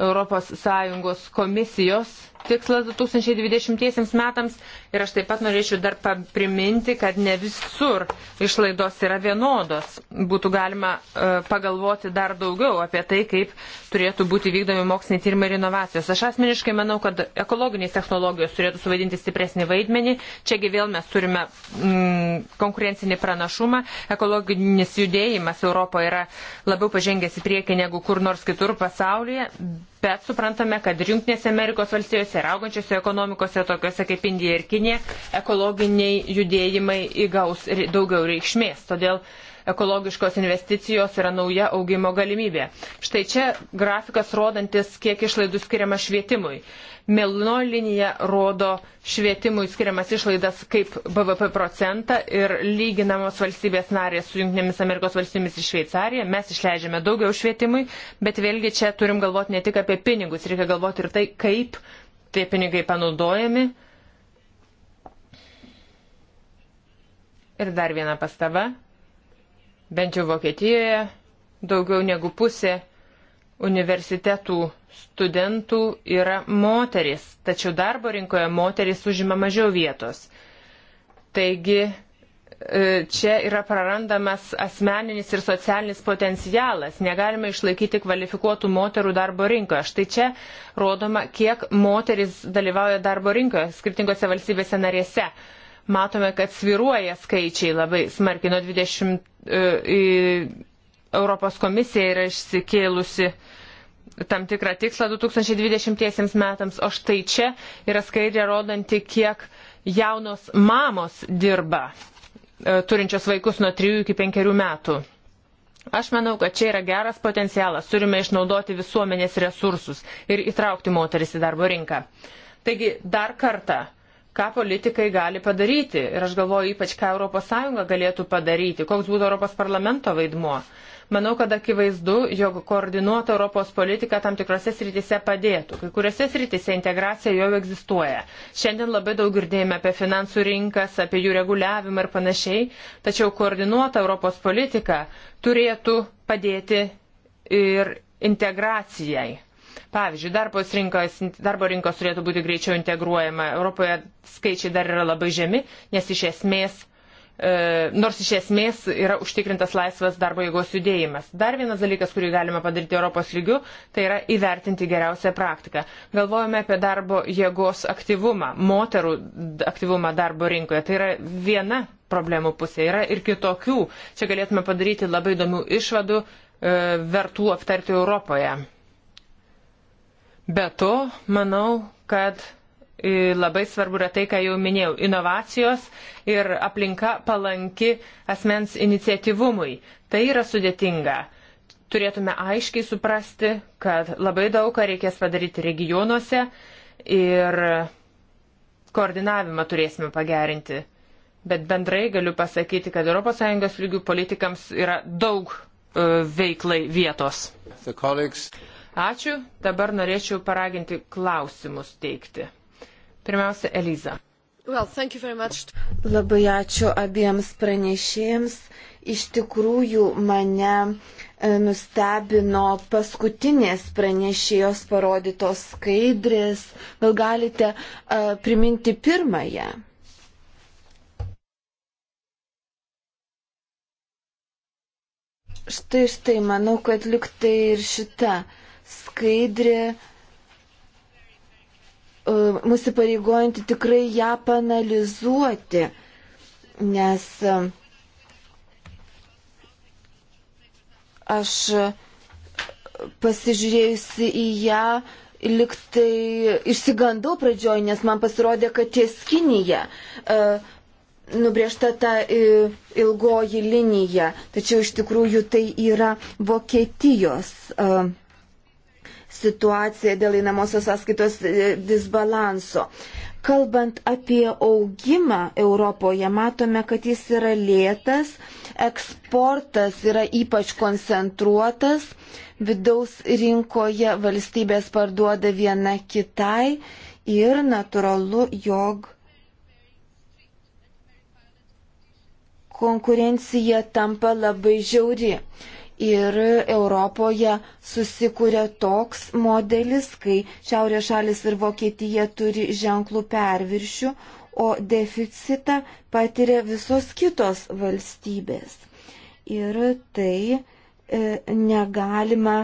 ES komisijos tikslas 2020 metams ir aš taip pat norėčiau dar priminti, kad ne visur išlaidos yra vienodos. Būtų galima e, pagalvoti dar daugiau apie tai, kaip turėtų būti vykdomi moksliniai tyrimai ir inovacijos. Aš asmeniškai manau, kad ekologinės technologijos turėtų suvaidinti stipresnį vaidmenį. Čiagi vėl mes turime mm, konkurencinį pranašumą. Ekologinis judėjimas Europoje yra labiau pažengęs į priekį negu kur nors kitur pasaulyje bet suprantame, kad ir Junktinėse Amerikos valstijose, ir augančiose ekonomikose, tokiuose kaip Indija ir Kinė, ekologiniai judėjimai įgaus daugiau reikšmės. Todėl ekologiškos investicijos yra nauja augimo galimybė. Štai čia grafikas rodantis, kiek išlaidų skiriama švietimui. Mėlyno linija rodo švietimui skiriamas išlaidas kaip BVP procentą ir lyginamos valstybės narės su Junktinėmis Amerikos valstybėmis ir Šveicarija. Mes išleidžiame daugiau švietimui, bet vėlgi čia turim galvoti ne tik apie pinigus, reikia galvoti ir tai, kaip tie pinigai panaudojami. Ir dar viena pastaba. Bent jau Vokietijoje daugiau negu pusė universitetų studentų yra moteris, tačiau darbo rinkoje moteris užima mažiau vietos. Taigi e, čia yra prarandamas asmeninis ir socialinis potencialas. Negalime išlaikyti kvalifikuotų moterų darbo rinkoje. Štai čia rodoma, kiek moteris dalyvauja darbo rinkoje skirtingose valstybėse narėse. Matome, kad sviruoja skaičiai labai smarkiai nuo 20. E, e, Europos komisija yra išsikėlusi tam tikrą tikslą 2020 metams, o štai čia yra skaidrė rodanti, kiek jaunos mamos dirba e, turinčios vaikus nuo 3 iki 5 metų. Aš manau, kad čia yra geras potencialas, turime išnaudoti visuomenės resursus ir įtraukti moteris į darbo rinką. Taigi, dar kartą, ką politikai gali padaryti ir aš galvoju ypač, ką ES galėtų padaryti, koks būtų ES parlamento vaidmuo. Manau, kad akivaizdu, jog koordinuota Europos politika tam tikrose srityse padėtų. Kai kuriuose srityse integracija jau egzistuoja. Šiandien labai daug girdėjome apie finansų rinkas, apie jų reguliavimą ir panašiai, tačiau koordinuota Europos politika turėtų padėti ir integracijai. Pavyzdžiui, rinkos, darbo rinkos turėtų būti greičiau integruojama. Europoje skaičiai dar yra labai žemi, nes iš esmės E, nors iš esmės yra užtikrintas laisvas darbo jėgos judėjimas. Dar vienas dalykas, kurį galime padaryti Europos lygiu, tai yra įvertinti geriausią praktiką. Galvojame apie darbo jėgos aktyvumą, moterų aktyvumą darbo rinkoje. Tai yra viena problemų pusė, yra ir kitokių. Čia galėtume padaryti labai įdomių išvadų e, vertų aptarti Europoje. Be to, manau, kad labai svarbu yra tai, ką jau minėjau - inovacijos ir aplinka palanki asmens iniciatyvumui. Tai yra sudėtinga. Turėtume aiškiai suprasti, kad labai daug ką reikės padaryti regionuose ir koordinavimą turėsime pagerinti. Bet bendrai galiu pasakyti, kad ES lygių politikams yra daug uh, veiklai vietos. Ačiū. Dabar norėčiau paraginti klausimus teikti. Pirmiausia, Eliza. Well, Labai ačiū abiems pranešėjams. Iš tikrųjų, mane e, nustebino paskutinės pranešėjos parodytos skaidrės. Gal galite uh, priminti pirmąją? Štai, štai, manau, kad liktai ir šita skaidrė uh, E, mūsų pareigojanti tikrai ją panalizuoti, nes e, aš pasižiūrėjusi į ją, liktai išsigandau pradžioj, nes man pasirodė, kad ties Kinija e, nubriežta ta ilgoji linija, tačiau iš tikrųjų tai yra Vokietijos uh, situaciją dėl einamosios sąskaitos e, disbalanso. Kalbant apie augimą Europoje, matome, kad jis yra lėtas, eksportas yra ypač koncentruotas, vidaus rinkoje valstybės parduoda viena kitai ir natūralu, jog konkurencija tampa labai žiauri. Ir Europoje susikūrė toks modelis, kai Šiaurės šalis ir Vokietija turi ženklų perviršių, o deficitą patiria visos kitos valstybės. Ir tai e, negalima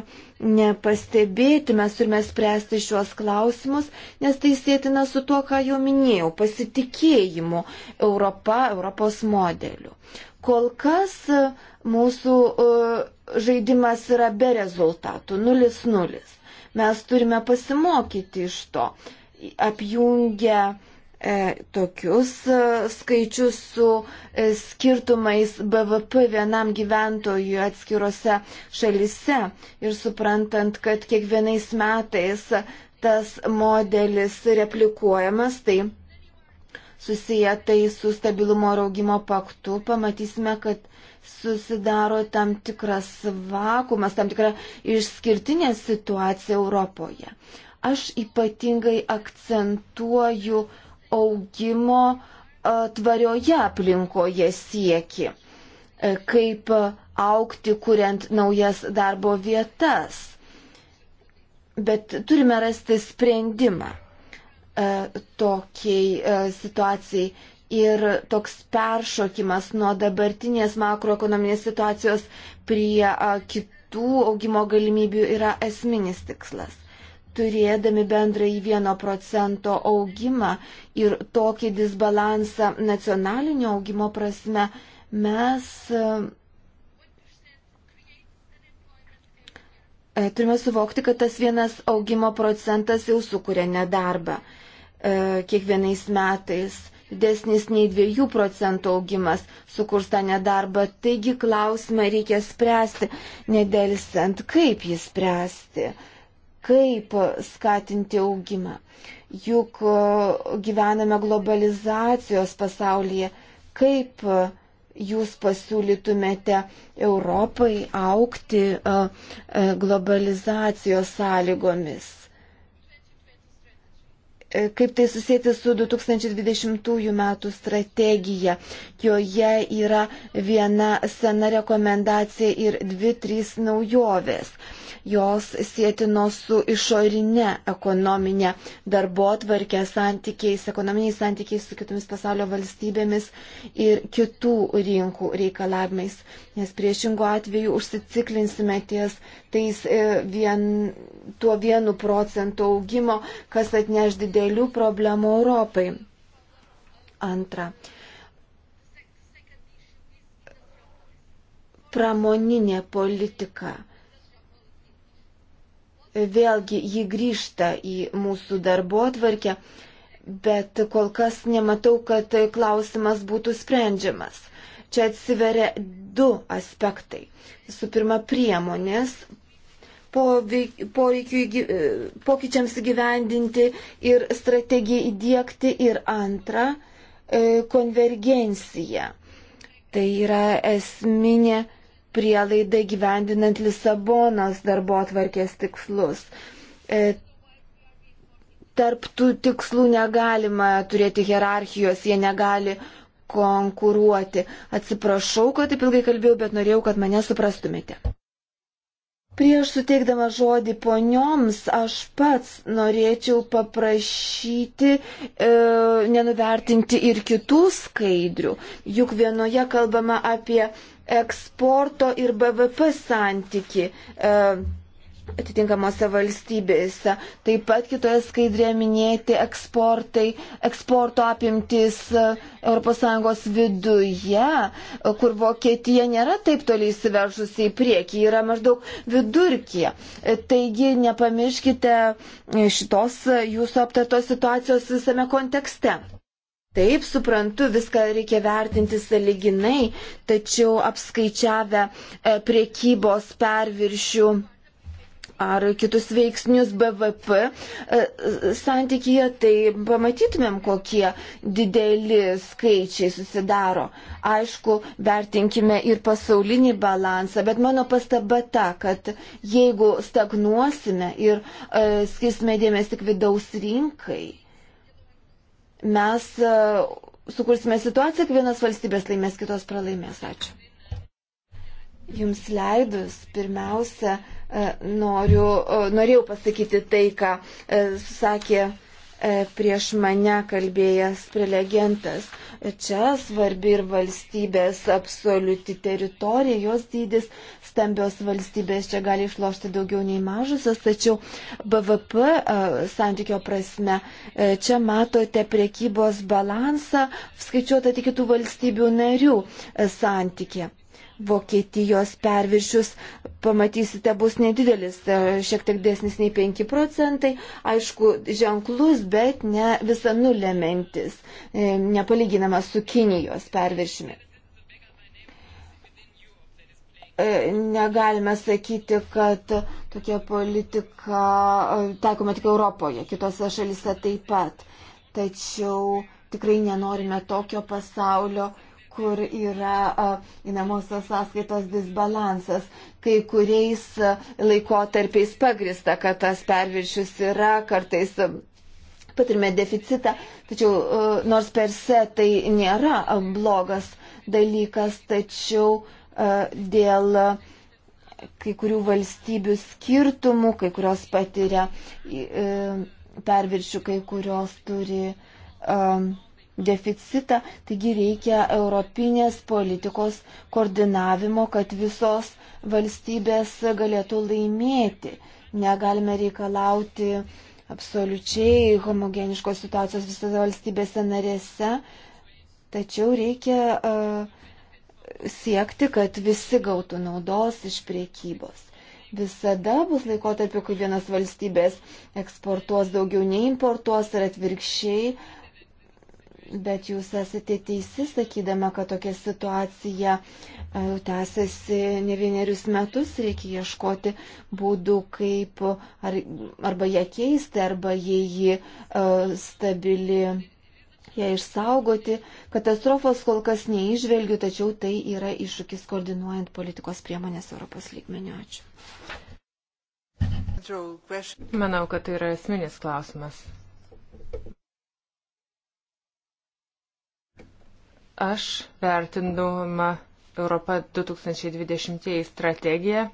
nepastebėti, mes turime spręsti šiuos klausimus, nes tai sėtina su tuo, ką jau minėjau, pasitikėjimu Europa, Europos modeliu. Kol kas e, mūsų e, žaidimas yra be rezultatų, 0-0. Mes turime pasimokyti iš to, apjungę e, tokius e, skaičius su e, skirtumais BVP vienam gyventojui atskirose šalise ir suprantant, kad kiekvienais metais tas modelis replikuojamas, tai susiję tai su stabilumo raugimo paktu, pamatysime, kad susidaro tam tikras vakumas, tam tikra išskirtinė situacija Europoje. Aš ypatingai akcentuoju augimo tvarioje aplinkoje sieki, kaip aukti, kuriant naujas darbo vietas. Bet turime rasti sprendimą tokiai situacijai ir toks peršokimas nuo dabartinės makroekonominės situacijos prie kitų augimo galimybių yra esminis tikslas. Turėdami bendrąjį 1 procento augimą ir tokį disbalansą nacionalinio augimo prasme, mes e, turime suvokti, kad tas vienas augimo procentas jau sukuria nedarbą e, kiekvienais metais didesnis nei 2 procentų augimas sukursta nedarba. Taigi klausimą reikia spręsti, nedelsiant, kaip jį spręsti, kaip skatinti augimą. Juk e, gyvename globalizacijos pasaulyje. Kaip e, jūs pasiūlytumėte Europai aukti e, globalizacijos sąlygomis? E, kaip tai susijęti su 2020 metų strategija. Joje yra viena sena rekomendacija ir dvi, trys naujovės jos sėtinos su išorinė ekonominė darbo atvarkė santykiais, ekonominiais santykiais su kitomis pasaulio valstybėmis ir kitų rinkų reikalavimais. Nes priešingų atveju užsiciklinsime ties tais e, vien, tuo vienu procentu augimo, kas atneš didelių problemų Europai. Antra. pramoninė politika vėlgi jį grįžta į mūsų darbo atvarkę, bet kol kas nematau, kad klausimas būtų sprendžiamas. Čia atsiveria du aspektai. Visų pirma, priemonės poreikiui e, pokyčiams įgyvendinti ir strategiją įdėkti ir antra, e, konvergencija. Tai yra esminė prielaida gyvendinant Lisabonos darbo atvarkės tikslus. E, Tarptų tikslų negalima turėti hierarchijos, jie negali konkuruoti. Atsiprašau, kad taip ilgai kalbėjau, bet norėjau, kad mane suprastumėte. Prieš suteikdama žodį ponioms, aš pats norėčiau paprašyti e, nenuvertinti ir kitų skaidrių. Juk vienoje kalbama apie eksporto ir BVP santyki e, atitinkamose valstybėse. Taip pat kitoje skaidrėje minėti eksportai, eksporto apimtis ES viduje, e, kur Vokietija nėra taip toliai įsiveržusi į priekį, yra maždaug vidurkė. E, taigi nepamirškite šitos jūsų aptartos situacijos visame kontekste. Taip, suprantu, viską reikia vertinti saliginai, tačiau apskaičiavę e, priekybos perviršių ar kitus veiksnius BVP e, e, santykyje, tai pamatytumėm, kokie dideli skaičiai susidaro. Aišku, vertinkime ir pasaulinį balansą, bet mano pastaba ta, kad jeigu stagnuosime ir e, skirsime dėmesį tik vidaus rinkai, mes e, sukursime situaciją, kai vienas valstybės laimės, kitos pralaimės. Ačiū. Jums leidus, pirmiausia, e, noriu, e, norėjau pasakyti tai, ką sakė prieš mane kalbėjęs prelegentas. Čia svarbi ir valstybės absoliuti teritorija, jos dydis, stambios valstybės čia gali išlošti daugiau nei mažusios, tačiau BVP santykio prasme e, čia matote priekybos balansą skaičiuotą tik kitų valstybių narių e, santykį. Vokietijos perviršius, pamatysite, bus nedidelis, e, šiek tiek desnis nei 5 procentai, aišku, ženklus, bet ne visą nulementis, nepalyginamas su Kinijos perviršimi. E, negalime sakyti, kad tokia politika e, taikoma tik Europoje, kitose šalise taip pat. Tačiau tikrai nenorime tokio pasaulio, kur yra įnamosios e, sąskaitos disbalansas, kai kuriais laikotarpiais pagrista, kad tas perviršius yra, kartais patirime deficitą, tačiau nors per se tai nėra blogas dalykas, tačiau uh, E, dėl kai kurių valstybių skirtumų, kai kurios patiria e, perviršių, kai kurios turi e, deficitą. Taigi reikia europinės politikos koordinavimo, kad visos valstybės galėtų laimėti. Negalime reikalauti absoliučiai homogeniškos situacijos visose valstybėse narėse, tačiau reikia uh, siekti, kad visi gautų naudos iš priekybos. Visada bus laikotarpiu, kai vienas valstybės eksportuos daugiau nei importuos ir atvirkščiai, bet jūs esate teisi, sakydama, kad tokia situacija jau e, tęsiasi ne vienerius metus, reikia ieškoti būdų, kaip ar, arba ją keisti, arba jei ji uh, stabili ją išsaugoti. Katastrofos kol kas neižvelgiu, tačiau tai yra iššūkis koordinuojant politikos priemonės Europos lygmenio. Ačiū. Manau, kad tai yra esminis klausimas. Aš vertindama Europą 2020 strategiją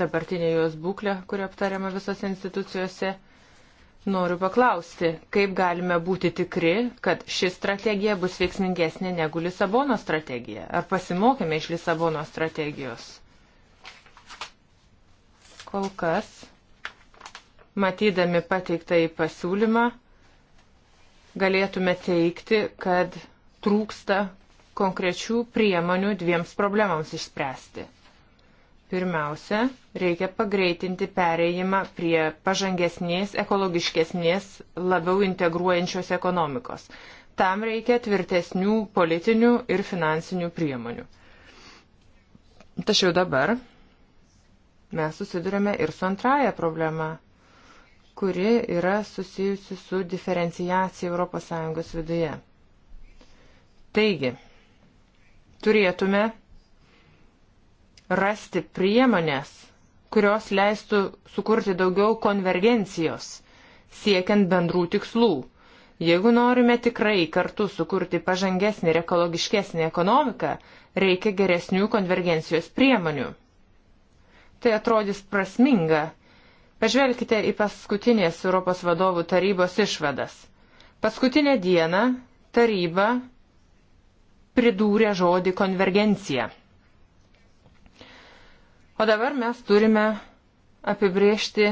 dabartinė jos būklė, kuri aptariama visose institucijose, Noriu paklausti, kaip galime būti tikri, kad ši strategija bus veiksmingesnė negu Lisabono strategija? Ar pasimokėme iš Lisabono strategijos? Kol kas, matydami pateiktą į pasiūlymą, galėtume teikti, kad trūksta konkrečių priemonių dviems problemams išspręsti. Pirmiausia, reikia pagreitinti pereimą prie pažangesnės, ekologiškesnės, labiau integruojančios ekonomikos. Tam reikia tvirtesnių politinių ir finansinių priemonių. Tačiau dabar mes susidurime ir su antraja problema, kuri yra susijusi su diferencijacija ES viduje. Taigi, turėtume rasti priemonės, kurios leistų sukurti daugiau konvergencijos, siekiant bendrų tikslų. Jeigu norime tikrai kartu sukurti pažangesnį ir ekologiškesnį ekonomiką, reikia geresnių konvergencijos priemonių. Tai atrodys prasminga. Pažvelkite į paskutinės Europos vadovų tarybos išvadas. Paskutinę dieną taryba pridūrė žodį konvergencija. O dabar mes turime apibriežti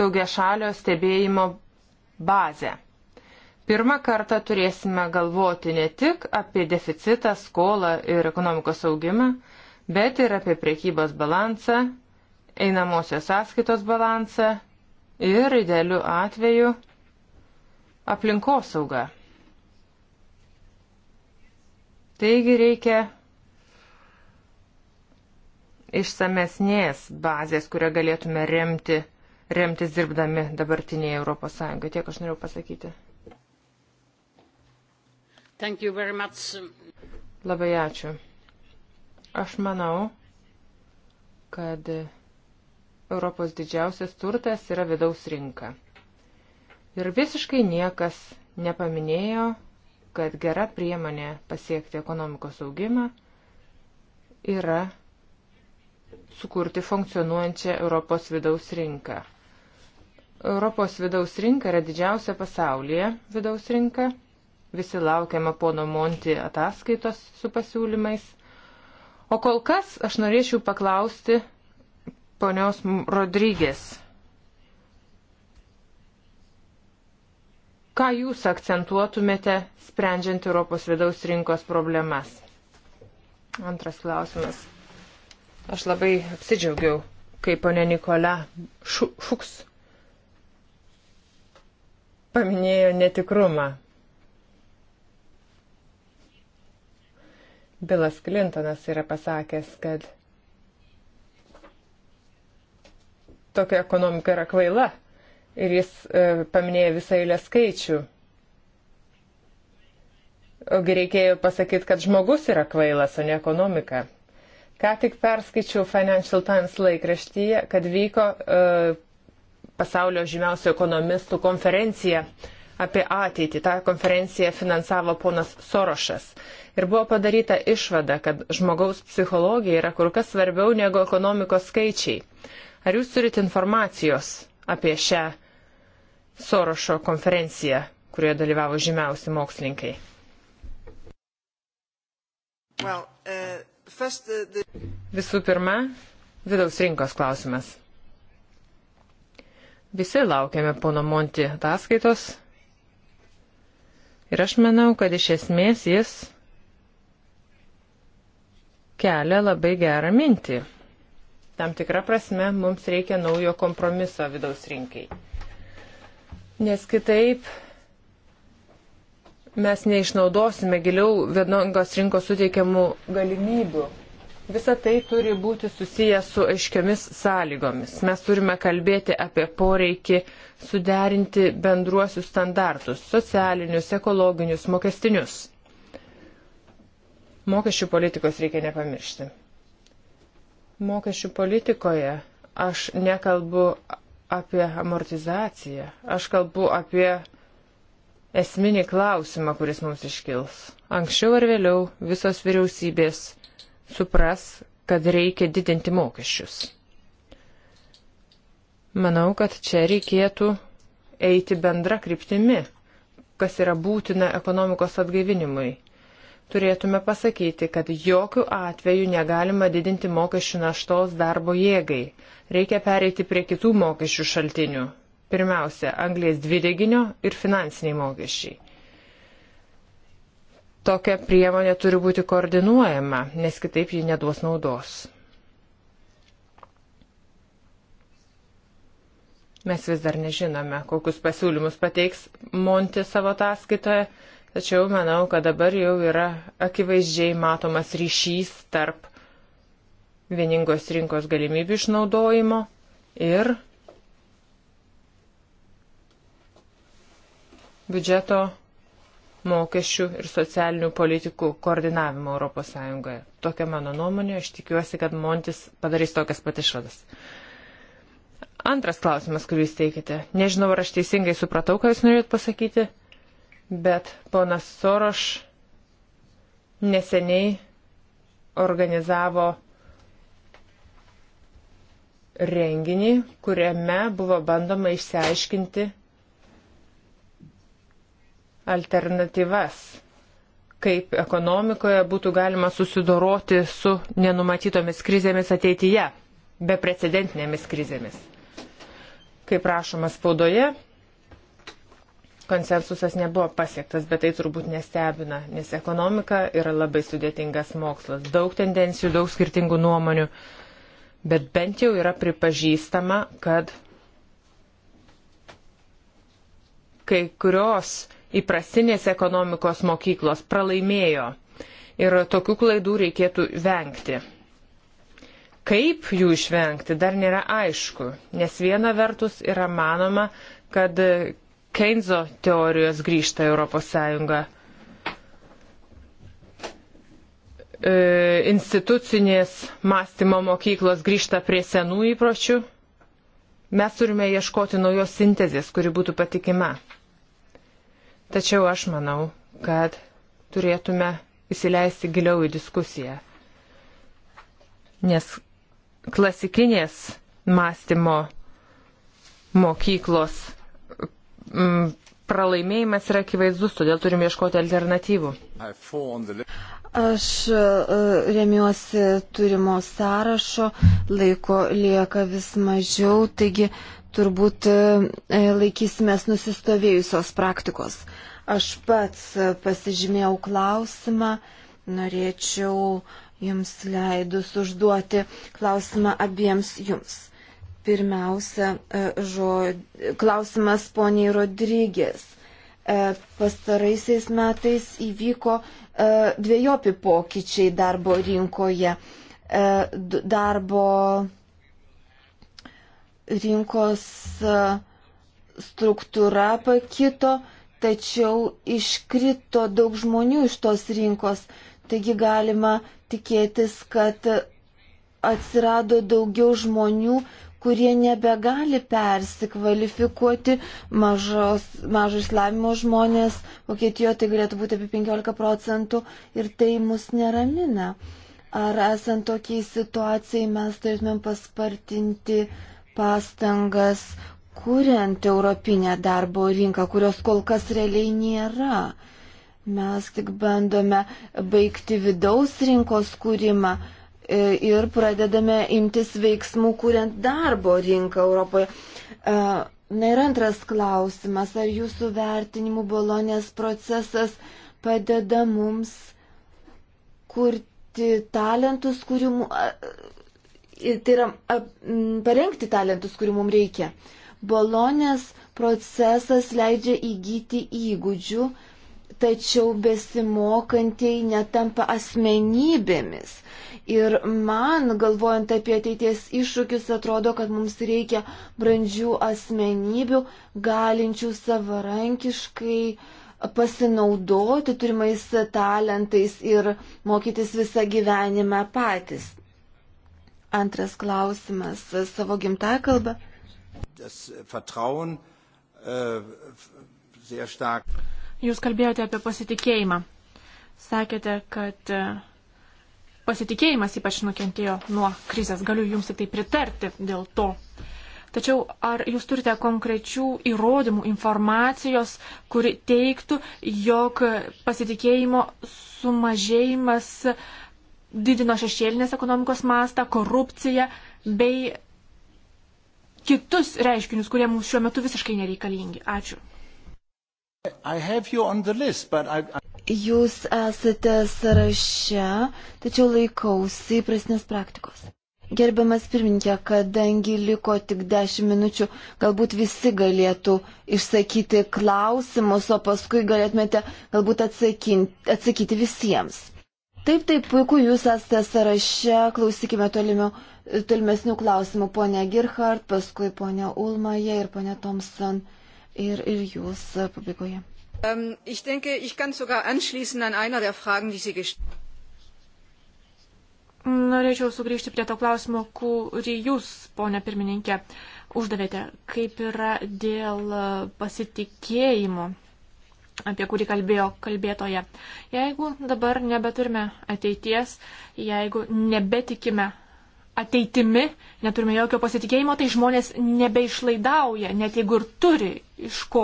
daugia šalio stebėjimo bazę. Pirmą kartą turėsime galvoti ne tik apie deficitą, skolą ir ekonomikos augimą, bet ir apie priekybos balansą, einamosios sąskaitos balansą ir idealių atveju aplinkosaugą. Taigi reikia išsamesnės bazės, kurią galėtume remti, remtis dirbdami dabartinėje Europos Sąjungoje. Tiek aš norėjau pasakyti. Labai ačiū. Aš manau, kad Europos didžiausias turtas yra vidaus rinka. Ir visiškai niekas nepaminėjo, kad gera priemonė pasiekti ekonomikos augimą yra sukurti funkcionuojančią Europos vidaus rinką. Europos vidaus rinka yra didžiausia pasaulyje vidaus rinka. Visi laukiame pono Monti ataskaitos su pasiūlymais. O kol kas aš norėčiau paklausti ponios Rodrygės. Ką jūs akcentuotumėte sprendžiant Europos vidaus rinkos problemas? Antras klausimas. Aš labai apsidžiaugiau, kai ponė Nikola Šuks paminėjo netikrumą. Bilas Klintonas yra pasakęs, kad tokia ekonomika yra kvaila ir jis e, paminėjo visą eilę skaičių. Ogi reikėjo pasakyti, kad žmogus yra kvailas, o ne ekonomika. Ką tik perskaičiau Financial Times laikraštyje, kad vyko e, pasaulio žymiausių ekonomistų konferencija apie ateitį. Ta konferencija finansavo ponas Sorošas. Ir buvo padaryta išvada, kad žmogaus psichologija yra kur kas svarbiau negu ekonomikos skaičiai. Ar jūs turite informacijos apie šią Sorošo konferenciją, kurioje dalyvavo žymiausi mokslininkai? Well, uh... Visų pirma, vidaus rinkos klausimas. Visi laukiame pono Monti ataskaitos ir aš manau, kad iš esmės jis kelia labai gerą mintį. Tam tikrą prasme mums reikia naujo kompromiso vidaus rinkai. Nes kitaip mes neišnaudosime giliau vieningos rinkos suteikiamų galimybių. Visa tai turi būti susiję su aiškiomis sąlygomis. Mes turime kalbėti apie poreikį suderinti bendruosius standartus - socialinius, ekologinius, mokestinius. Mokesčių politikos reikia nepamiršti. Mokesčių politikoje aš nekalbu apie amortizaciją, aš kalbu apie esminį klausimą, kuris mums iškils. Anksčiau ar vėliau visos vyriausybės supras, kad reikia didinti mokesčius. Manau, kad čia reikėtų eiti bendra kryptimi, kas yra būtina ekonomikos atgaivinimui. Turėtume pasakyti, kad jokių atvejų negalima didinti mokesčių naštos darbo jėgai. Reikia pereiti prie kitų mokesčių šaltinių, Pirmiausia, anglės dvideginio ir finansiniai mokesčiai. Tokia priemonė turi būti koordinuojama, nes kitaip ji neduos naudos. Mes vis dar nežinome, kokius pasiūlymus pateiks Monti savo ataskaitoje, tačiau manau, kad dabar jau yra akivaizdžiai matomas ryšys tarp vieningos rinkos galimybių išnaudojimo ir biudžeto mokesčių ir socialinių politikų koordinavimo ES. Tokia mano nuomonė, aš tikiuosi, kad Montis padarys tokias pat išvadas. Antras klausimas, kurį jūs teikite. Nežinau, ar aš teisingai supratau, ką jūs norėjot pasakyti, bet ponas Soroš neseniai organizavo renginį, kuriame buvo bandoma išsiaiškinti, alternatyvas, kaip ekonomikoje būtų galima susidoroti su nenumatytomis krizėmis ateityje, beprecedentinėmis krizėmis. Kaip rašoma spaudoje, konsensusas nebuvo pasiektas, bet tai turbūt nestebina, nes ekonomika yra labai sudėtingas mokslas. Daug tendencijų, daug skirtingų nuomonių, bet bent jau yra pripažįstama, kad kai kurios įprasinės ekonomikos mokyklos pralaimėjo. Ir tokių klaidų reikėtų vengti. Kaip jų išvengti dar nėra aišku, nes viena vertus yra manoma, kad Keynesio teorijos grįžta Europos Sąjunga. E, institucinės mąstymo mokyklos grįžta prie senų įpročių. Mes turime ieškoti naujos sintezės, kuri būtų patikima. Tačiau aš manau, kad turėtume įsileisti giliau į diskusiją. Nes klasikinės mąstymo mokyklos m, mm, pralaimėjimas yra akivaizdus, todėl turime ieškoti alternatyvų. Aš e, remiuosi turimo sąrašo, laiko lieka vis mažiau, taigi turbūt e, laikysimės nusistovėjusios praktikos. Aš pats pasižymėjau klausimą, norėčiau jums leidus užduoti klausimą abiems jums. Pirmiausia, e, žod... klausimas poniai Rodrygės. E, pastaraisiais metais įvyko e, dviejopi pokyčiai darbo rinkoje. Darbo rinkos struktūra pakito, tačiau iškrito daug žmonių iš tos rinkos, taigi galima tikėtis, kad atsirado daugiau žmonių, kurie nebegali persikvalifikuoti mažos, mažo islamimo žmonės, Vokietijoje tai galėtų būti apie 15 procentų ir tai mus neramina. Ar esant tokiai situacijai mes turėtumėm paspartinti pastangas, kuriant europinę darbo rinką, kurios kol kas realiai nėra. Mes tik bandome baigti vidaus rinkos kūrimą e, ir pradedame imtis veiksmų, kuriant darbo rinką Europoje. E, na ir antras klausimas, ar jūsų vertinimų bolonės procesas padeda mums kurti talentus, kurių, tai yra parengti talentus, kurių mums reikia. Uh, Bolonės procesas leidžia įgyti įgūdžių, tačiau besimokantieji netampa asmenybėmis. Ir man, galvojant apie ateities iššūkius, atrodo, kad mums reikia brandžių asmenybių, galinčių savarankiškai pasinaudoti turimais talentais ir mokytis visą gyvenimą patys. Antras klausimas savo gimtąją kalbą. Das äh, Vertrauen äh, sehr stark. Jūs kalbėjote apie pasitikėjimą. Sakėte, kad äh, pasitikėjimas ypač nukentėjo nuo krizės. Galiu jums tik tai pritarti dėl to. Tačiau ar jūs turite konkrečių įrodymų, informacijos, kuri teiktų, jog pasitikėjimo sumažėjimas didino šešėlinės ekonomikos mastą, korupciją bei kitus reiškinius, kurie mums šiuo metu visiškai nereikalingi. Ačiū. List, I... Jūs esate sąraše, tačiau laikausi įprasnės praktikos. Gerbiamas pirmininkė, kadangi liko tik 10 minučių, galbūt visi galėtų išsakyti klausimus, o paskui galėtumėte galbūt atsakinti, atsakyti visiems. Taip, taip, puiku, jūs esate sąraše, klausykime tolimiau tolmesnių klausimų. Pone Girhart, paskui pone Ulmaje ir pone Thompson ir, ir jūs e, pabaigoje. Um, ähm, ich denke, ich kann sogar anschließen an einer der Fragen, die Sie gestellt haben. Norėčiau sugrįžti prie to klausimo, kurį jūs, ponė pirmininkė, uždavėte. Kaip yra dėl e, pasitikėjimo, apie kurį kalbėjo kalbėtoje. Jeigu dabar nebeturime ateities, jeigu nebetikime ateitimi, neturime jokio pasitikėjimo, tai žmonės nebeišlaidauja, net jeigu ir turi iš ko.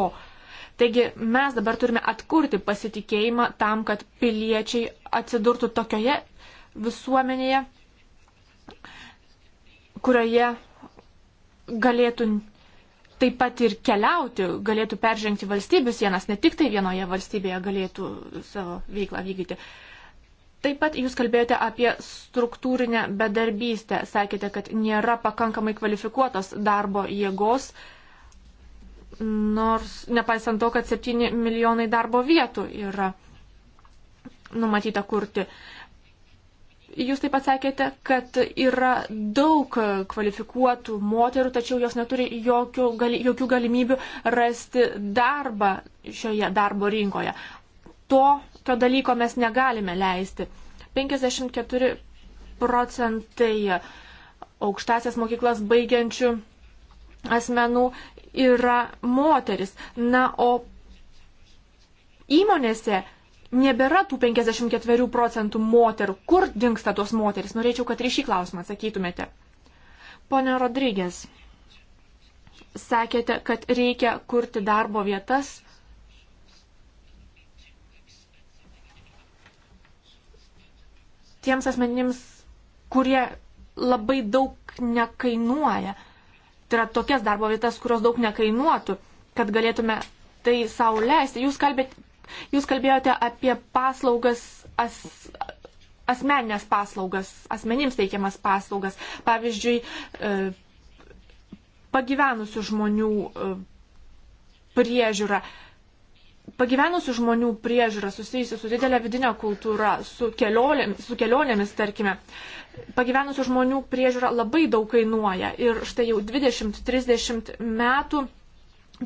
Taigi mes dabar turime atkurti pasitikėjimą tam, kad piliečiai atsidurtų tokioje visuomenėje, kurioje galėtų taip pat ir keliauti, galėtų peržengti valstybių sienas, ne tik tai vienoje valstybėje galėtų savo veiklą vykdyti. Uh, Taip pat jūs kalbėjote apie struktūrinę bedarbystę. Sakėte, kad nėra pakankamai kvalifikuotos darbo jėgos, nors nepaisant to, kad 7 milijonai darbo vietų yra numatyta kurti. Jūs taip pat sakėte, kad yra daug kvalifikuotų moterų, tačiau jos neturi jokių, gali, jokių galimybių rasti darbą šioje darbo rinkoje. To to dalyko mes negalime leisti. 54 procentai aukštasias mokyklas baigiančių asmenų yra moteris. Na, o įmonėse nebėra tų 54 procentų moterų. Kur dinksta tos moteris? Norėčiau, kad ir šį klausimą atsakytumėte. Pone Rodrygės, sakėte, kad reikia kurti darbo vietas tiems asmenims, kurie labai daug nekainuoja. Tai yra tokias darbo vietas, kurios daug nekainuotų, kad galėtume tai savo leisti. Jūs, kalbėt, jūs kalbėjote apie paslaugas, as, asmeninės paslaugas, asmenims teikiamas paslaugas. Pavyzdžiui, e, pagyvenusių žmonių e, priežiūra pagyvenusių žmonių priežiūra susijusi su didelė vidinė kultūra, su, kelionėm, su kelionėmis, tarkime. Pagyvenusių žmonių priežiūra labai daug kainuoja ir štai jau 20-30 metų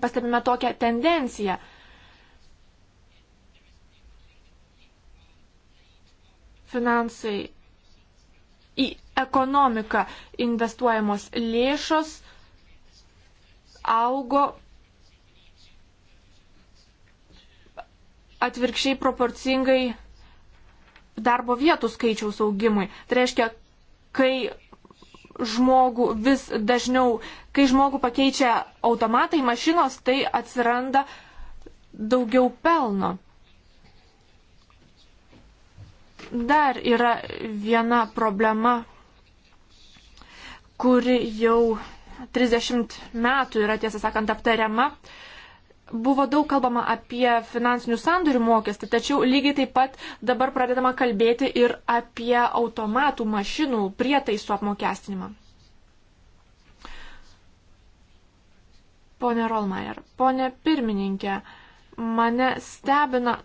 pastebime tokią tendenciją. Finansai į ekonomiką investuojamos lėšos augo atvirkščiai proporcingai darbo vietų skaičiaus augimui. Tai reiškia, kai žmogų vis dažniau, kai žmogų pakeičia automatai, mašinos, tai atsiranda daugiau pelno. Dar yra viena problema, kuri jau 30 metų yra, tiesą sakant, aptariama. Uh, Buvo daug kalbama apie finansinių sandorių mokestį, tačiau lygiai taip pat dabar pradedama kalbėti ir apie automatų, mašinų, prietaisų apmokestinimą. Pone Rolmaier, pone pirmininkė, mane stebina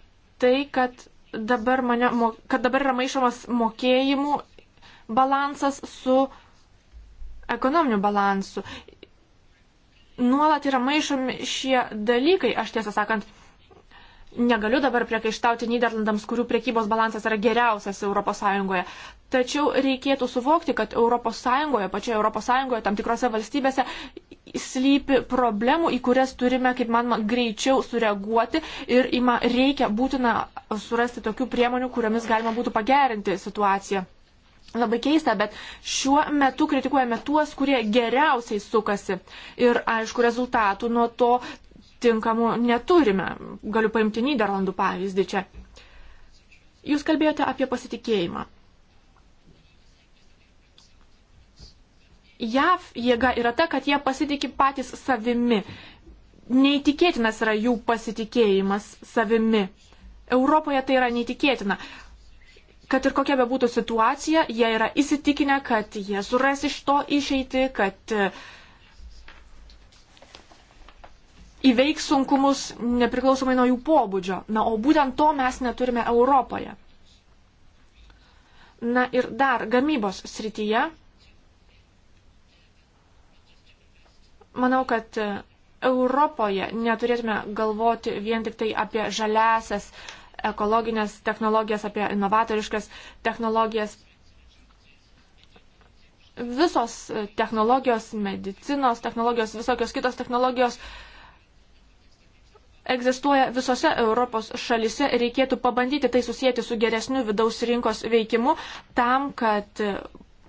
tai, kad dabar, mane, kad dabar yra maišomas mokėjimų balansas su ekonominiu balansu nuolat yra maišomi šie dalykai. Aš tiesą sakant, negaliu dabar priekaištauti Niderlandams, kurių priekybos balansas yra geriausias ES. Tačiau reikėtų suvokti, kad ES, pačioje ES, tam tikrose valstybėse slypi problemų, į kurias turime, kaip manoma, greičiau sureaguoti ir ima, reikia būtina surasti tokių priemonių, kuriomis galima būtų pagerinti situaciją. Labai keista, bet šiuo metu kritikuojame tuos, kurie geriausiai sukasi. Ir aišku, rezultatų nuo to tinkamų neturime. Galiu paimti Niderlandų pavyzdį čia. Jūs kalbėjote apie pasitikėjimą. JAV jėga yra ta, kad jie pasitikė patys savimi. Neįtikėtinas yra jų pasitikėjimas savimi. Europoje tai yra neįtikėtina kad ir kokia bebūtų situacija, jie yra įsitikinę, kad jie suras iš to išeitį, kad e, įveiks sunkumus nepriklausomai nuo jų pobūdžio. Na, o būtent to mes neturime Europoje. Na ir dar gamybos srityje. Manau, kad e, Europoje neturėtume galvoti vien tik tai apie žaliasias uh, ekologinės technologijas, apie inovatoriškas technologijas. Visos technologijos, medicinos technologijos, visokios kitos technologijos egzistuoja visose Europos šalise. Reikėtų pabandyti tai susijęti su geresniu vidaus rinkos veikimu tam, kad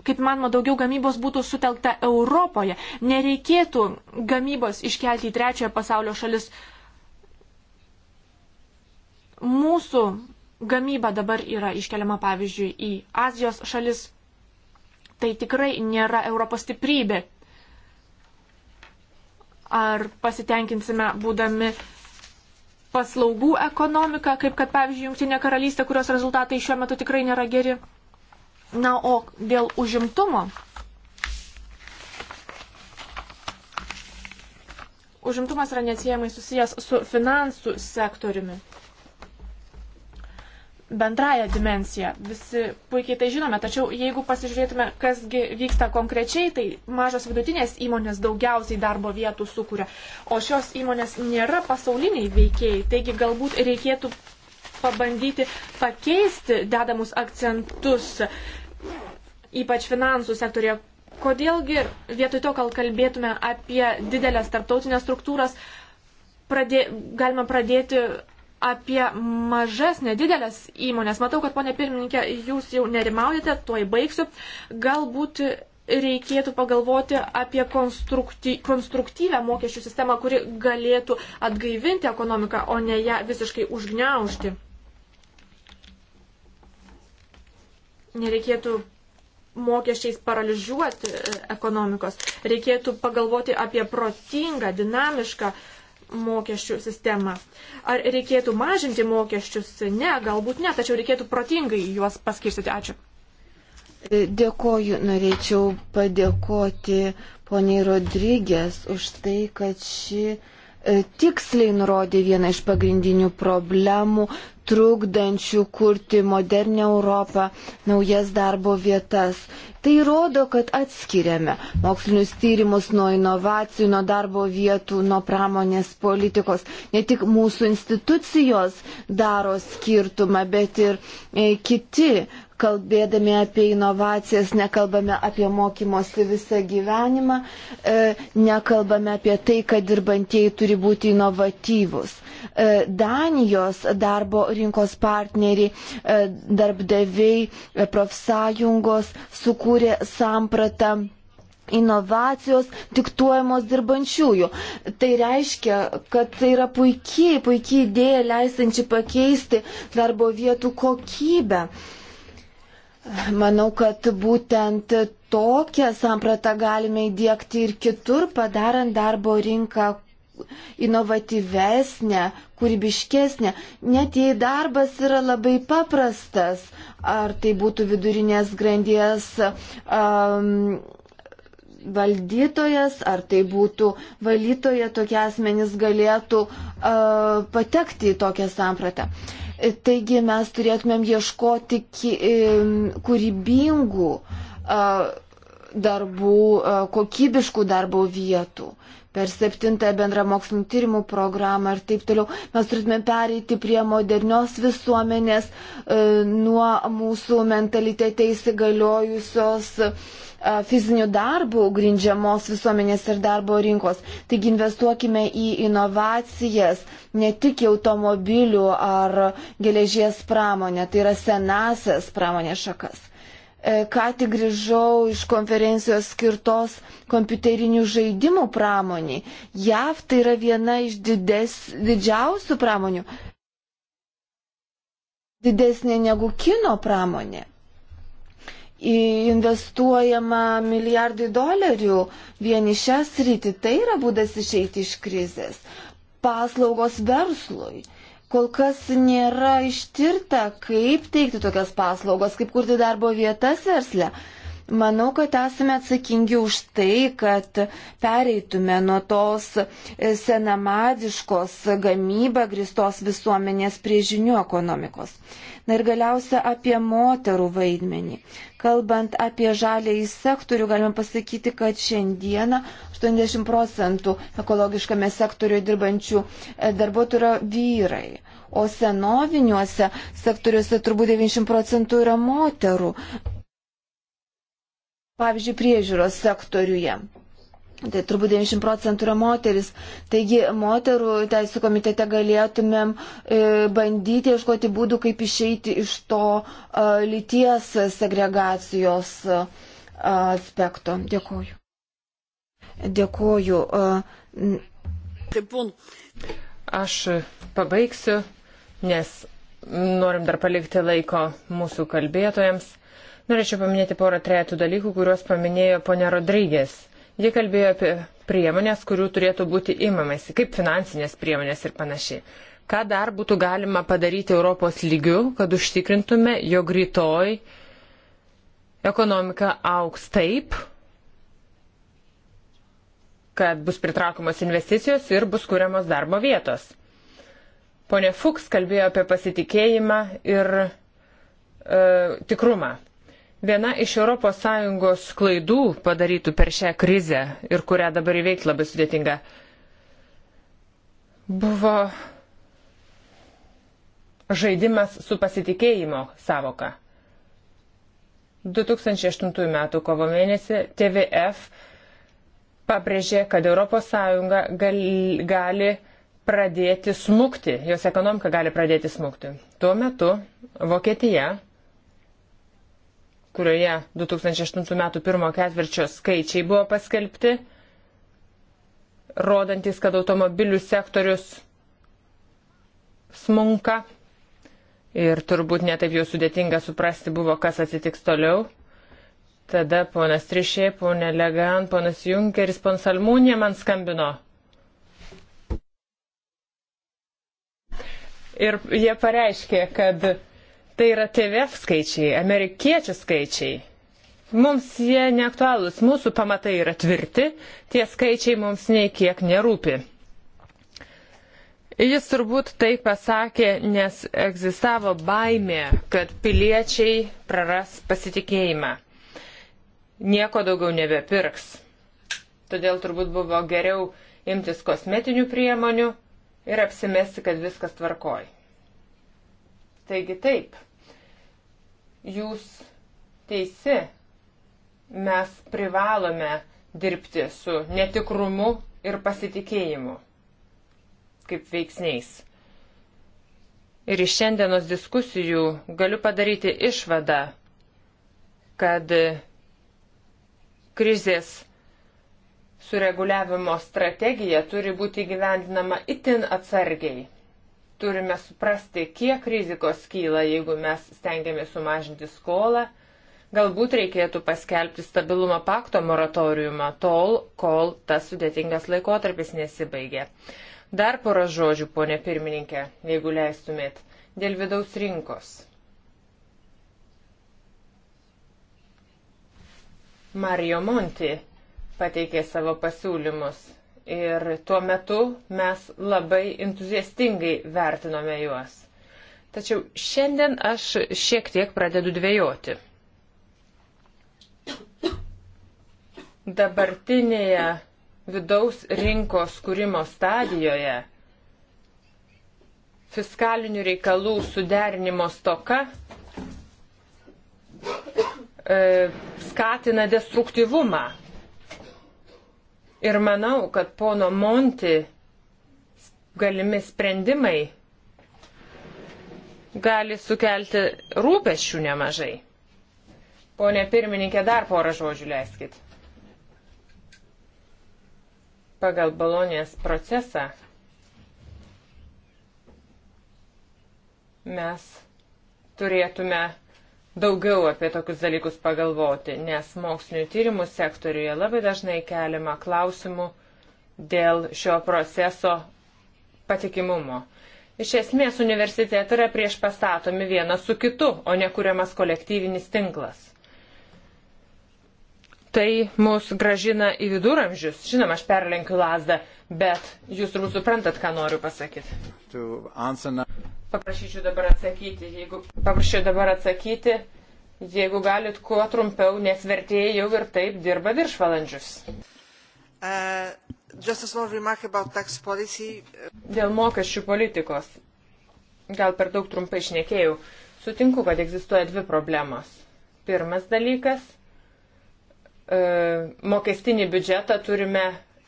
kaip manoma, daugiau gamybos būtų sutelkta Europoje. Nereikėtų gamybos iškelti į trečiojo pasaulio šalis mūsų gamyba dabar yra iškeliama, pavyzdžiui, į Azijos šalis, tai tikrai nėra Europos stiprybė. Ar pasitenkinsime būdami paslaugų ekonomika, kaip kad, pavyzdžiui, Junktinė karalystė, kurios rezultatai šiuo metu tikrai nėra geri. Na, o dėl užimtumo. Užimtumas yra neatsiejamai susijęs su finansų sektoriumi bendrają dimensiją. Visi puikiai tai žinome, tačiau jeigu pasižiūrėtume, kasgi vyksta konkrečiai, tai mažos vidutinės įmonės daugiausiai darbo vietų sukuria, o šios įmonės nėra pasauliniai veikėjai, taigi galbūt reikėtų pabandyti pakeisti dedamus akcentus, ypač finansų sektorėje. Kodėlgi vietoj to, kol kalbėtume apie didelės tarptautinės struktūras, pradė, galima pradėti apie mažas, nedidelės įmonės. Matau, kad, ponė pirmininkė, jūs jau nerimaujate, tuoj baigsiu. Galbūt reikėtų pagalvoti apie konstruktyvę mokesčių sistemą, kuri galėtų atgaivinti ekonomiką, o ne ją visiškai užgneušti. Nereikėtų mokesčiais paralyžiuoti e, ekonomikos. Reikėtų pagalvoti apie protingą, dinamišką uh, mokesčių sistemą. Ar reikėtų mažinti mokesčius? Ne, galbūt ne, tačiau reikėtų protingai juos paskirstyti. Ačiū. Dėkoju, norėčiau padėkoti poniai Rodrygės už tai, kad ši E, tiksliai nurodė vieną iš pagrindinių problemų, trukdančių kurti modernę Europą, naujas darbo vietas. Tai rodo, kad atskiriame mokslinius tyrimus nuo inovacijų, nuo darbo vietų, nuo pramonės politikos. Ne tik mūsų institucijos daro skirtumą, bet ir e, kiti kalbėdami apie inovacijas, nekalbame apie mokymosi visą gyvenimą, e, nekalbame apie tai, kad dirbantieji turi būti inovatyvūs. E, Danijos darbo rinkos partneriai, e, darbdaviai, profsąjungos sukūrė sampratą inovacijos diktuojamos dirbančiųjų. Tai reiškia, kad tai yra puikiai, puikiai idėja leisančiai pakeisti darbo vietų kokybę. Uh, Manau, kad būtent tokią sampratą galime įdėkti ir kitur, padarant darbo rinką inovatyvesnė, kūrybiškesnė, net jei darbas yra labai paprastas, ar tai būtų vidurinės grandies um, valdytojas, ar tai būtų valytoja, tokie asmenys galėtų uh, patekti į tokią sampratą. Uh, Taigi mes turėtumėm ieškoti e, kūrybingų darbų, kokybiškų darbo vietų per septintąją bendrą mokslinų tyrimų programą ir taip toliau. Mes turėtume pereiti prie modernios visuomenės e, nuo mūsų mentalitete įsigaliojusios fiziniu darbu grindžiamos visuomenės ir darbo rinkos. Taigi investuokime į inovacijas, ne tik į automobilių ar geležies pramonę, tai yra senasias pramonės šakas. E, ką tik grįžau iš konferencijos skirtos kompiuterinių žaidimų pramoniai. JAV tai yra viena iš dides, didžiausių pramonių. Didesnė negu kino pramonė investuojama milijardai dolerių vien į šią sritį. Tai yra būdas išeiti iš krizės. Paslaugos verslui. Kol kas nėra ištirta, kaip teikti tokias paslaugas, kaip kurti darbo vietas versle. Manau, kad esame atsakingi už tai, kad pereitume nuo tos e, senamadiškos gamybą gristos visuomenės prie žinių ekonomikos. Na ir galiausia apie moterų vaidmenį. Kalbant apie žalėjį sektorių, galime pasakyti, kad šiandieną 80 procentų ekologiškame sektoriuje dirbančių e, darbuotojų yra vyrai. O senoviniuose sektoriuose turbūt 90 procentų yra moterų. Pavyzdžiui, priežiūros sektoriuje. Tai turbūt 90 procentų yra moteris. Taigi moterų teisų komitete galėtumėm e, bandyti ieškoti būdų, kaip išeiti iš to e, lyties segregacijos e, aspekto. Dėkoju. Dėkoju. E, Aš pabaigsiu, nes norim dar palikti laiko mūsų kalbėtojams. Norėčiau paminėti porą trejatų dalykų, kuriuos paminėjo ponia Rodrygės Ji kalbėjo apie priemonės, kurių turėtų būti imamasi, kaip finansinės priemonės ir panašiai. Ką dar būtų galima padaryti Europos lygių, kad užtikrintume, jog rytoj ekonomika auks taip, kad bus pritraukiamos investicijos ir bus kuriamos darbo vietos. Pone Fuchs kalbėjo apie pasitikėjimą ir e, tikrumą. Viena iš ES klaidų padarytų per šią krizę ir kurią dabar įveikti labai sudėtinga buvo žaidimas su pasitikėjimo savoka. 2008 m. kovo mėnesį TVF pabrėžė, kad ES gali, gali pradėti smukti, jos ekonomika gali pradėti smukti. Tuo metu Vokietija kurioje 2008 metų pirmo ketvirčio skaičiai buvo paskelbti, rodantis, kad automobilių sektorius smunka ir turbūt netaip jau sudėtinga suprasti buvo, kas atsitiks toliau. Tada ponas Trišė, ponė Legan, ponas Junkeris, ponas Almūnė man skambino. Ir jie pareiškė, kad Tai yra TVF skaičiai, amerikiečių skaičiai. Mums jie neaktualūs, mūsų pamatai yra tvirti, tie skaičiai mums nei kiek nerūpi. Jis turbūt tai pasakė, nes egzistavo baimė, kad piliečiai praras pasitikėjimą. Nieko daugiau nebepirks. Todėl turbūt buvo geriau imtis kosmetinių priemonių ir apsimesti, kad viskas tvarkoji. Taigi taip, jūs teisi, mes privalome dirbti su netikrumu ir pasitikėjimu kaip veiksniais. Ir iš šiandienos diskusijų galiu padaryti išvadą, kad krizės sureguliavimo strategija turi būti gyvendinama itin atsargiai turime suprasti, kiek rizikos kyla, jeigu mes stengiamės sumažinti skolą. Galbūt reikėtų paskelbti stabilumo pakto moratoriumą tol, kol tas sudėtingas laikotarpis nesibaigė. Dar porą žodžių, ponė pirmininkė, jeigu leistumėt, dėl vidaus rinkos. Mario Monti pateikė savo pasiūlymus ir tuo metu mes labai entuziastingai vertinome juos. Tačiau šiandien aš šiek tiek pradedu dvėjoti. Dabartinėje vidaus rinkos kūrimo stadijoje fiskalinių reikalų suderinimo stoka e, skatina destruktyvumą Ir manau, kad pono Monti galimi sprendimai gali sukelti rūpešių nemažai. Pone pirmininkė, dar porą žodžių leiskit. Pagal balonės procesą mes turėtume daugiau apie tokius dalykus pagalvoti, nes mokslinių tyrimų sektoriuje labai dažnai keliama klausimų dėl šio proceso patikimumo. Iš esmės universitetai yra prieš pastatomi vienas su kitu, o ne kuriamas kolektyvinis tinklas. Tai mus gražina į viduramžius. Žinoma, aš perlenkiu lasdą bet jūs turbūt suprantat, ką noriu pasakyti. Paprašyčiau dabar atsakyti, jeigu, paprašyčiau dabar atsakyti, jeigu galit kuo trumpiau, nes vertėjai jau ir taip dirba viršvalandžius. Uh, Dėl mokesčių politikos. Gal per daug trumpai išnekėjau. Sutinku, kad egzistuoja dvi problemos. Pirmas dalykas uh, - mokestinį biudžetą turime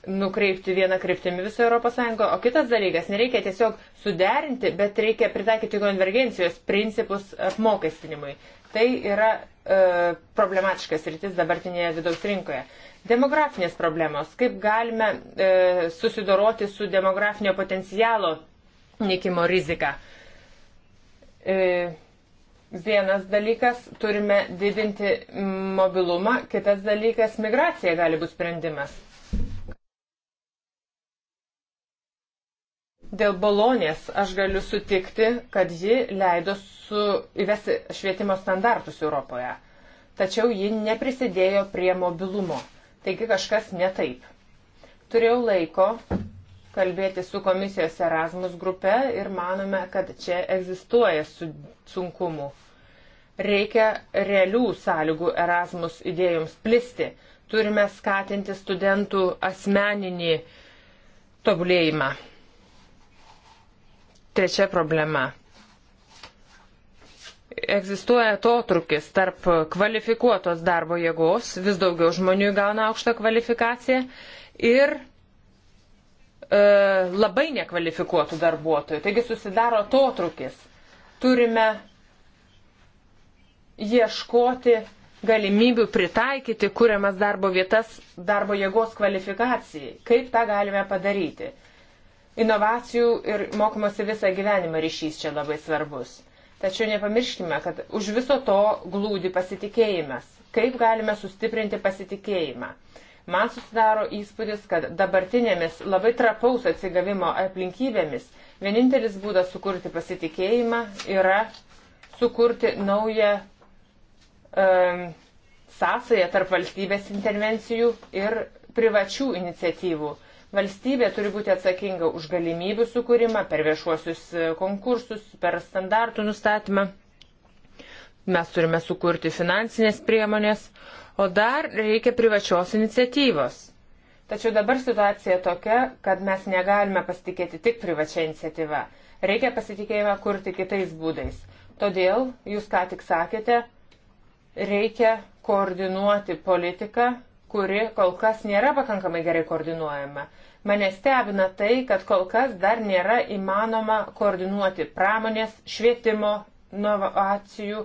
nukreipti vieną kryptimį viso Europos Sąjungo, o kitas dalykas, nereikia tiesiog suderinti, bet reikia pritaikyti konvergencijos principus apmokestinimui. Tai yra e, problematiškas rytis dabartinėje vidaus rinkoje. Demografinės problemos, kaip galime e, susidoroti su demografinio potencialo nikimo rizika. E, Vienas dalykas turime didinti mobilumą, kitas dalykas migracija gali būti sprendimas. Dėl Bolonės aš galiu sutikti, kad ji leido su įvesti švietimo standartus Europoje. Tačiau ji neprisidėjo prie mobilumo. Taigi kažkas ne taip. Turėjau laiko kalbėti su komisijos Erasmus grupe ir manome, kad čia egzistuoja sunkumų. Reikia realių sąlygų Erasmus idėjoms plisti. Turime skatinti studentų asmeninį tobulėjimą. Trečia problema. Egzistuoja atotrukis tarp kvalifikuotos darbo jėgos, vis daugiau žmonių gauna aukštą kvalifikaciją ir e, labai nekvalifikuotų darbuotojų. Taigi susidaro atotrukis. Turime ieškoti galimybių pritaikyti kuriamas darbo vietas darbo jėgos kvalifikacijai. Kaip tą galime padaryti? Inovacijų ir mokymosi visą gyvenimą ryšys čia labai svarbus. Tačiau nepamirškime, kad už viso to glūdi pasitikėjimas. Kaip galime sustiprinti pasitikėjimą? Man susidaro įspūdis, kad dabartinėmis labai trapaus atsigavimo aplinkybėmis vienintelis būdas sukurti pasitikėjimą yra sukurti naują um, sąsąją tarp valstybės intervencijų ir privačių iniciatyvų Valstybė turi būti atsakinga už galimybių sukūrimą per viešuosius e, konkursus, per standartų nustatymą. Mes turime sukurti finansinės priemonės, o dar reikia privačios iniciatyvos. Tačiau dabar situacija tokia, kad mes negalime pasitikėti tik privačia iniciatyva. Reikia pasitikėjimą kurti kitais būdais. Todėl, jūs ką tik sakėte, reikia koordinuoti politiką, kuri kol kas nėra pakankamai gerai koordinuojama. Mane stebina tai, kad kol kas dar nėra įmanoma koordinuoti pramonės, švietimo, inovacijų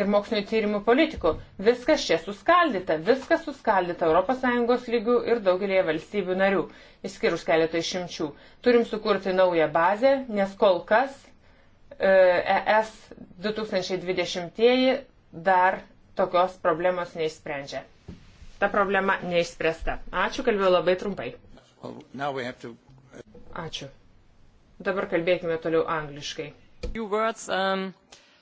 ir mokslinio tyrimų politikų. Viskas čia suskaldyta, viskas suskaldyta ES lygių ir daugelėje valstybių narių, išskyrus keletą išimčių. Turim sukurti naują bazę, nes kol kas ES e 2020 dar tokios problemos neišsprendžia. Ta problema neišspręsta. Ačiū, kalbėjau labai trumpai. To... Uh, Ačiū. Dabar kalbėkime toliau angliškai. Words, um,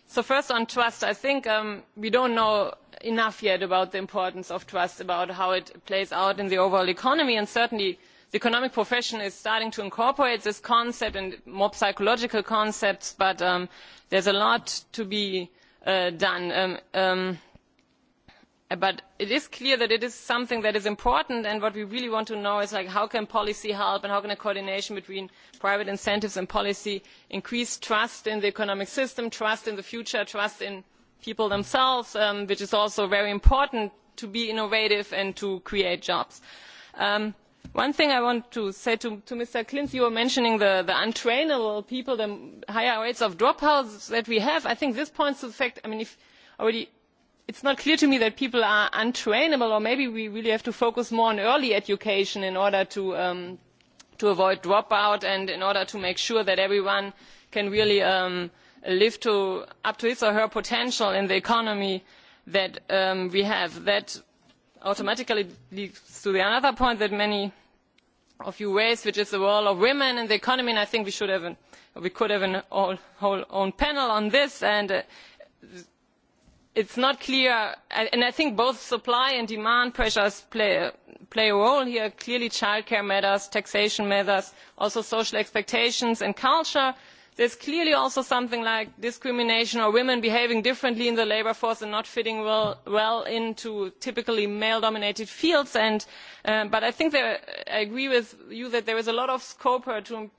so first on trust, I think um, we don't know enough yet about the importance of trust, about how it plays out in the overall economy, and certainly the economic profession is starting to incorporate this concept and more psychological concepts, but um, there's a lot to be uh, done. Um, um, Uh, but it is clear that it is something that is important and what we really want to know is like how can policy help and how can a coordination between private incentives and policy increase trust in the economic system trust in the future trust in people themselves um, which is also very important to be innovative and to create jobs. Um, one thing i want to say to, to mr klinz you were mentioning the, the untrainable people the higher rates of dropouts that we have i think this points to the fact i mean if already it is not clear to me that people are untrainable or maybe we really have to focus more on early education in order to, um, to avoid dropout and in order to make sure that everyone can really um, live to, up to his or her potential in the economy that um, we have. That automatically leads to the another point that many of you raised, which is the role of women in the economy, and I think we should have an, we could have a whole, whole own panel on this, and uh, it is not clear and i think both supply and demand pressures play, play a role here clearly childcare matters taxation matters also social expectations and culture. there is clearly also something like discrimination or women behaving differently in the labour force and not fitting well, well into typically male dominated fields and, um, but i think there, i agree with you that there is a lot of scope here to